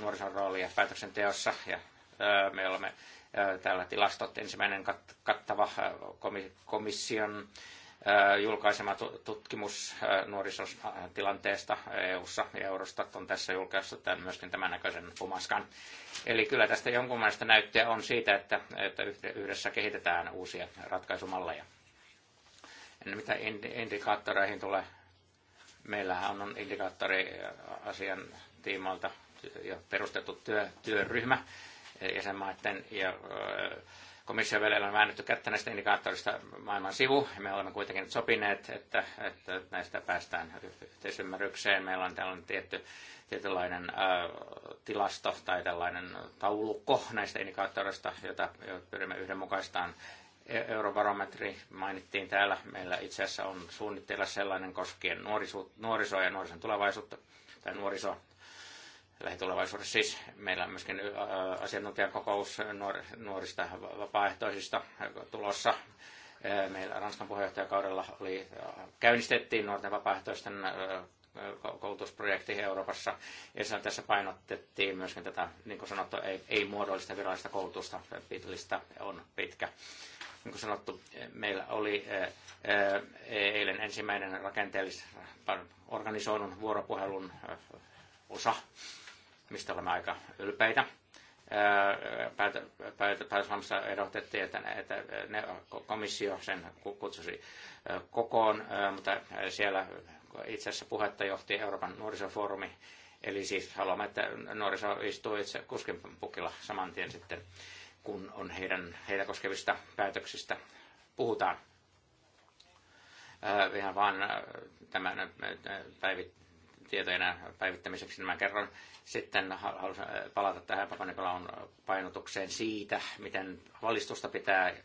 nuorison roolia päätöksenteossa ja me olemme tällä tilastot, ensimmäinen kattava komission julkaisema tutkimus nuorisotilanteesta EU-ssa ja Eurostat on tässä julkaissut tämän, myöskin tämän näköisen pumaskan. Eli kyllä tästä jonkunlaista näyttöä on siitä, että, että yhdessä kehitetään uusia ratkaisumalleja. En mitä indikaattoreihin tulee, meillähän on indikaattoriasian tiimoilta jo perustettu työ, työryhmä, jäsenmaiden ja komission välillä on väännetty kättä näistä indikaattorista maailman sivu. Me olemme kuitenkin sopineet, että, että näistä päästään yhteisymmärrykseen. Meillä on tällainen tietty, tietynlainen ä, tilasto tai tällainen taulukko näistä indikaattoreista, jota pyrimme yhdenmukaistaan. E-, eurobarometri mainittiin täällä. Meillä itse asiassa on suunnitteilla sellainen koskien nuorisoa ja nuorison tulevaisuutta tai nuorisoa lähitulevaisuudessa siis meillä on myöskin asiantuntijakokous nuorista vapaaehtoisista tulossa. Meillä Ranskan puheenjohtajakaudella oli, käynnistettiin nuorten vapaaehtoisten koulutusprojekti Euroopassa, ja tässä painotettiin myöskin tätä, niin kuin sanottu, ei, ei muodollista virallista koulutusta, lista on pitkä. Niin kuin sanottu, meillä oli eilen ensimmäinen rakenteellis organisoidun vuoropuhelun osa mistä olemme aika ylpeitä. Päätösvalmissa ehdotettiin, että, että ne, komissio sen kutsusi kokoon, mutta siellä itse asiassa puhetta johti Euroopan nuorisofoorumi. Eli siis haluamme, että nuoriso istuu itse kuskin pukilla saman tien sitten, kun on heidän, heitä koskevista päätöksistä puhutaan ihan vaan tämän päivit, tietojen päivittämiseksi niin mä kerron. Sitten halusin äh, palata tähän Papanipalan painotukseen siitä, miten valistusta pitää äh,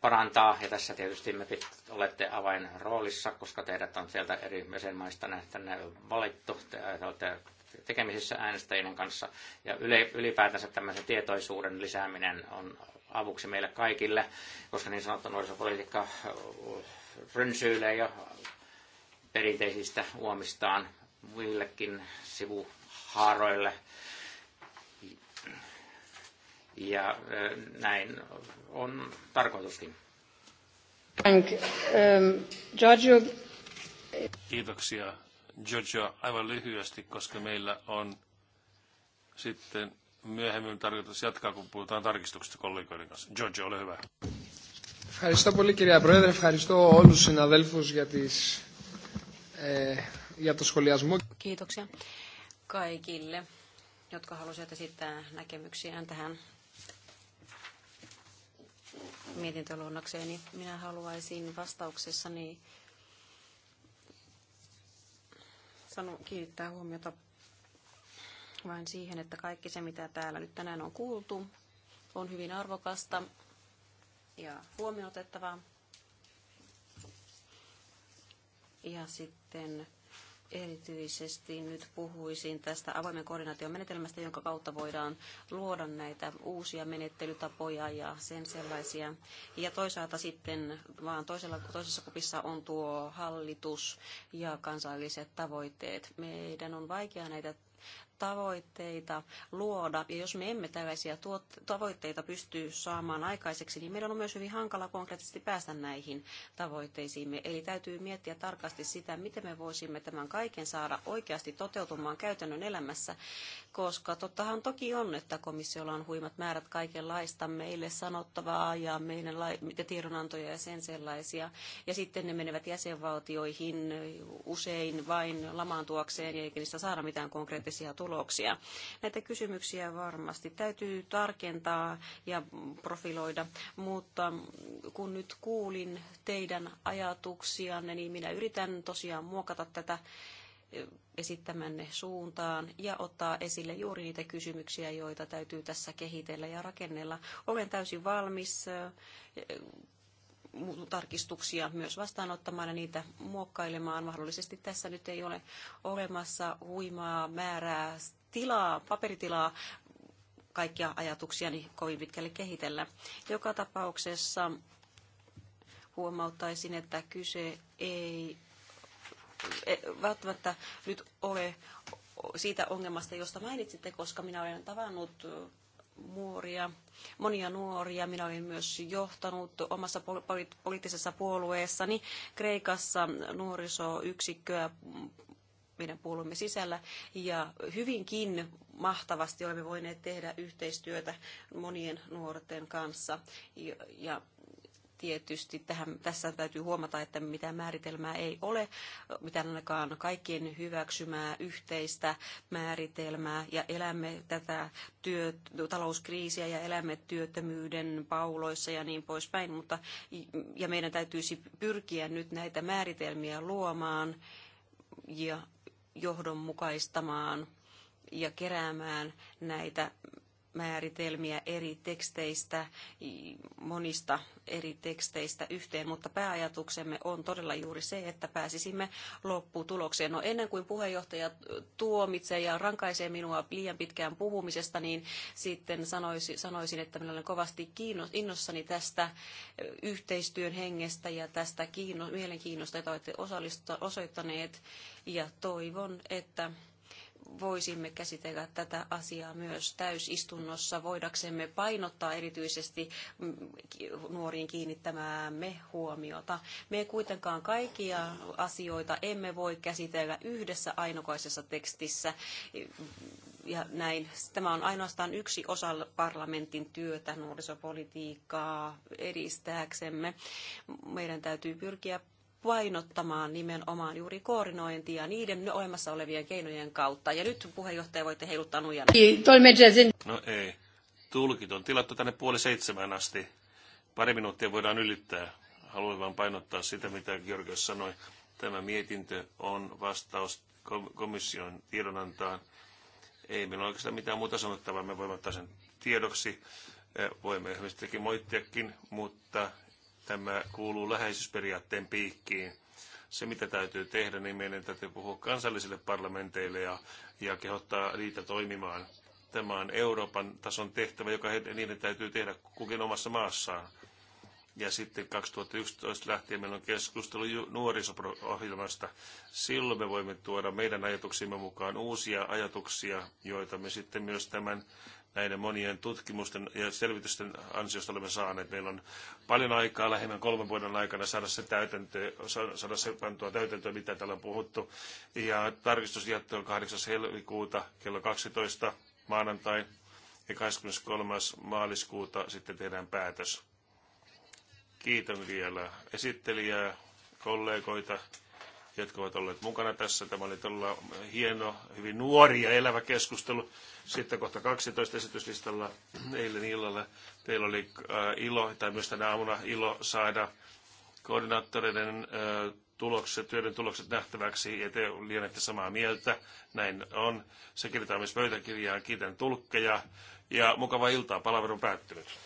parantaa. Ja tässä tietysti me pit, olette avainroolissa, koska teidät on sieltä eri jäsenmaista tänne valittu. Te, äh, te olette tekemisissä äänestäjien kanssa. Ja ylipäätänsä tämmöisen tietoisuuden lisääminen on avuksi meille kaikille, koska niin sanottu nuorisopolitiikka rynsyilee jo perinteisistä uomistaan muillekin sivuhaaroille. Ja näin on tarkoituskin. Thank, um, Giorgio. Kiitoksia Giorgio aivan lyhyesti, koska meillä on sitten myöhemmin tarkoitus jatkaa, kun puhutaan tarkistuksista kollegoiden kanssa. Giorgio, ole hyvä. Ευχαριστώ πολύ κυρία Πρόεδρε, ευχαριστώ όλους τους συναδέλφους για τις Eh, ja Kiitoksia kaikille, jotka halusivat esittää näkemyksiään tähän mietintöluonnokseeni. Niin minä haluaisin vastauksessani sano, kiinnittää huomiota vain siihen, että kaikki se, mitä täällä nyt tänään on kuultu, on hyvin arvokasta ja huomioitettavaa. Ja sitten erityisesti nyt puhuisin tästä avoimen koordinaatiomenetelmästä, jonka kautta voidaan luoda näitä uusia menettelytapoja ja sen sellaisia. Ja toisaalta sitten vaan toisella, toisessa kupissa on tuo hallitus ja kansalliset tavoitteet. Meidän on vaikea näitä tavoitteita luoda. Ja jos me emme tällaisia tavoitteita pysty saamaan aikaiseksi, niin meidän on myös hyvin hankala konkreettisesti päästä näihin tavoitteisiimme. Eli täytyy miettiä tarkasti sitä, miten me voisimme tämän kaiken saada oikeasti toteutumaan käytännön elämässä, koska tottahan toki on, että komissiolla on huimat määrät kaikenlaista meille sanottavaa ja meidän la- ja tiedonantoja ja sen sellaisia. Ja sitten ne menevät jäsenvaltioihin usein vain lamaantuakseen eikä niistä saada mitään konkreettisia tuotteita tuloksia. Näitä kysymyksiä varmasti täytyy tarkentaa ja profiloida, mutta kun nyt kuulin teidän ajatuksianne, niin minä yritän tosiaan muokata tätä esittämänne suuntaan ja ottaa esille juuri niitä kysymyksiä, joita täytyy tässä kehitellä ja rakennella. Olen täysin valmis tarkistuksia myös vastaanottamaan ja niitä muokkailemaan. Mahdollisesti tässä nyt ei ole olemassa huimaa määrää tilaa, paperitilaa kaikkia ajatuksiani kovin pitkälle kehitellä. Joka tapauksessa huomauttaisin, että kyse ei e, välttämättä nyt ole siitä ongelmasta, josta mainitsitte, koska minä olen tavannut muuria, monia nuoria. Minä olin myös johtanut omassa poliittisessa puolueessani Kreikassa nuorisoyksikköä meidän puolueemme sisällä ja hyvinkin mahtavasti olemme voineet tehdä yhteistyötä monien nuorten kanssa ja tietysti tähän, tässä täytyy huomata, että mitään määritelmää ei ole, mitään ainakaan kaikkien hyväksymää yhteistä määritelmää ja elämme tätä työ, talouskriisiä ja elämme työttömyyden pauloissa ja niin poispäin, mutta ja meidän täytyisi pyrkiä nyt näitä määritelmiä luomaan ja johdonmukaistamaan ja keräämään näitä määritelmiä eri teksteistä, monista eri teksteistä yhteen, mutta pääajatuksemme on todella juuri se, että pääsisimme lopputulokseen. No ennen kuin puheenjohtaja tuomitsee ja rankaisee minua liian pitkään puhumisesta, niin sitten sanoisi, sanoisin, että minä olen kovasti innossani tästä yhteistyön hengestä ja tästä kiinno, mielenkiinnosta, jota olette osoittaneet, ja toivon, että voisimme käsitellä tätä asiaa myös täysistunnossa, voidaksemme painottaa erityisesti mm, nuoriin kiinnittämäämme huomiota. Me kuitenkaan kaikkia asioita emme voi käsitellä yhdessä ainokaisessa tekstissä. Ja näin. Tämä on ainoastaan yksi osa parlamentin työtä nuorisopolitiikkaa edistääksemme. Meidän täytyy pyrkiä painottamaan nimenomaan juuri koordinointia niiden olemassa olevien keinojen kautta. Ja nyt puheenjohtaja voitte heiluttaa nuijana. No ei. Tulkit on tilattu tänne puoli seitsemän asti. Pari minuuttia voidaan ylittää. Haluan vain painottaa sitä, mitä Georgios sanoi. Tämä mietintö on vastaus komission tiedonantaan. Ei meillä ole oikeastaan mitään muuta sanottavaa. Me voimme ottaa sen tiedoksi eh, voimme esimerkiksi moittiakin, mutta Tämä kuuluu läheisyysperiaatteen piikkiin. Se, mitä täytyy tehdä, niin meidän täytyy puhua kansallisille parlamenteille ja, ja kehottaa niitä toimimaan. Tämä on Euroopan tason tehtävä, joka he, niiden täytyy tehdä kukin omassa maassaan. Ja sitten 2011 lähtien meillä on keskustelu nuorisoohjelmasta. Silloin me voimme tuoda meidän ajatuksimme mukaan uusia ajatuksia, joita me sitten myös tämän näiden monien tutkimusten ja selvitysten ansiosta olemme saaneet. Meillä on paljon aikaa lähimmän kolmen vuoden aikana saada se, täytäntö, saada se pantua täytäntöön, mitä täällä on puhuttu. Ja tarkistus on 8. helmikuuta kello 12 maanantai ja 23. maaliskuuta sitten tehdään päätös. Kiitän vielä esittelijää, kollegoita jotka ovat olleet mukana tässä. Tämä oli todella hieno, hyvin nuori ja elävä keskustelu. Sitten kohta 12 esityslistalla eilen illalla teillä oli äh, ilo, tai myös tänä aamuna ilo saada koordinaattoreiden äh, tulokset, työiden tulokset nähtäväksi, ja te lienette samaa mieltä. Näin on. Se kirjataan myös pöytäkirjaan. Kiitän tulkkeja ja mukavaa iltaa. Palaveru päättynyt.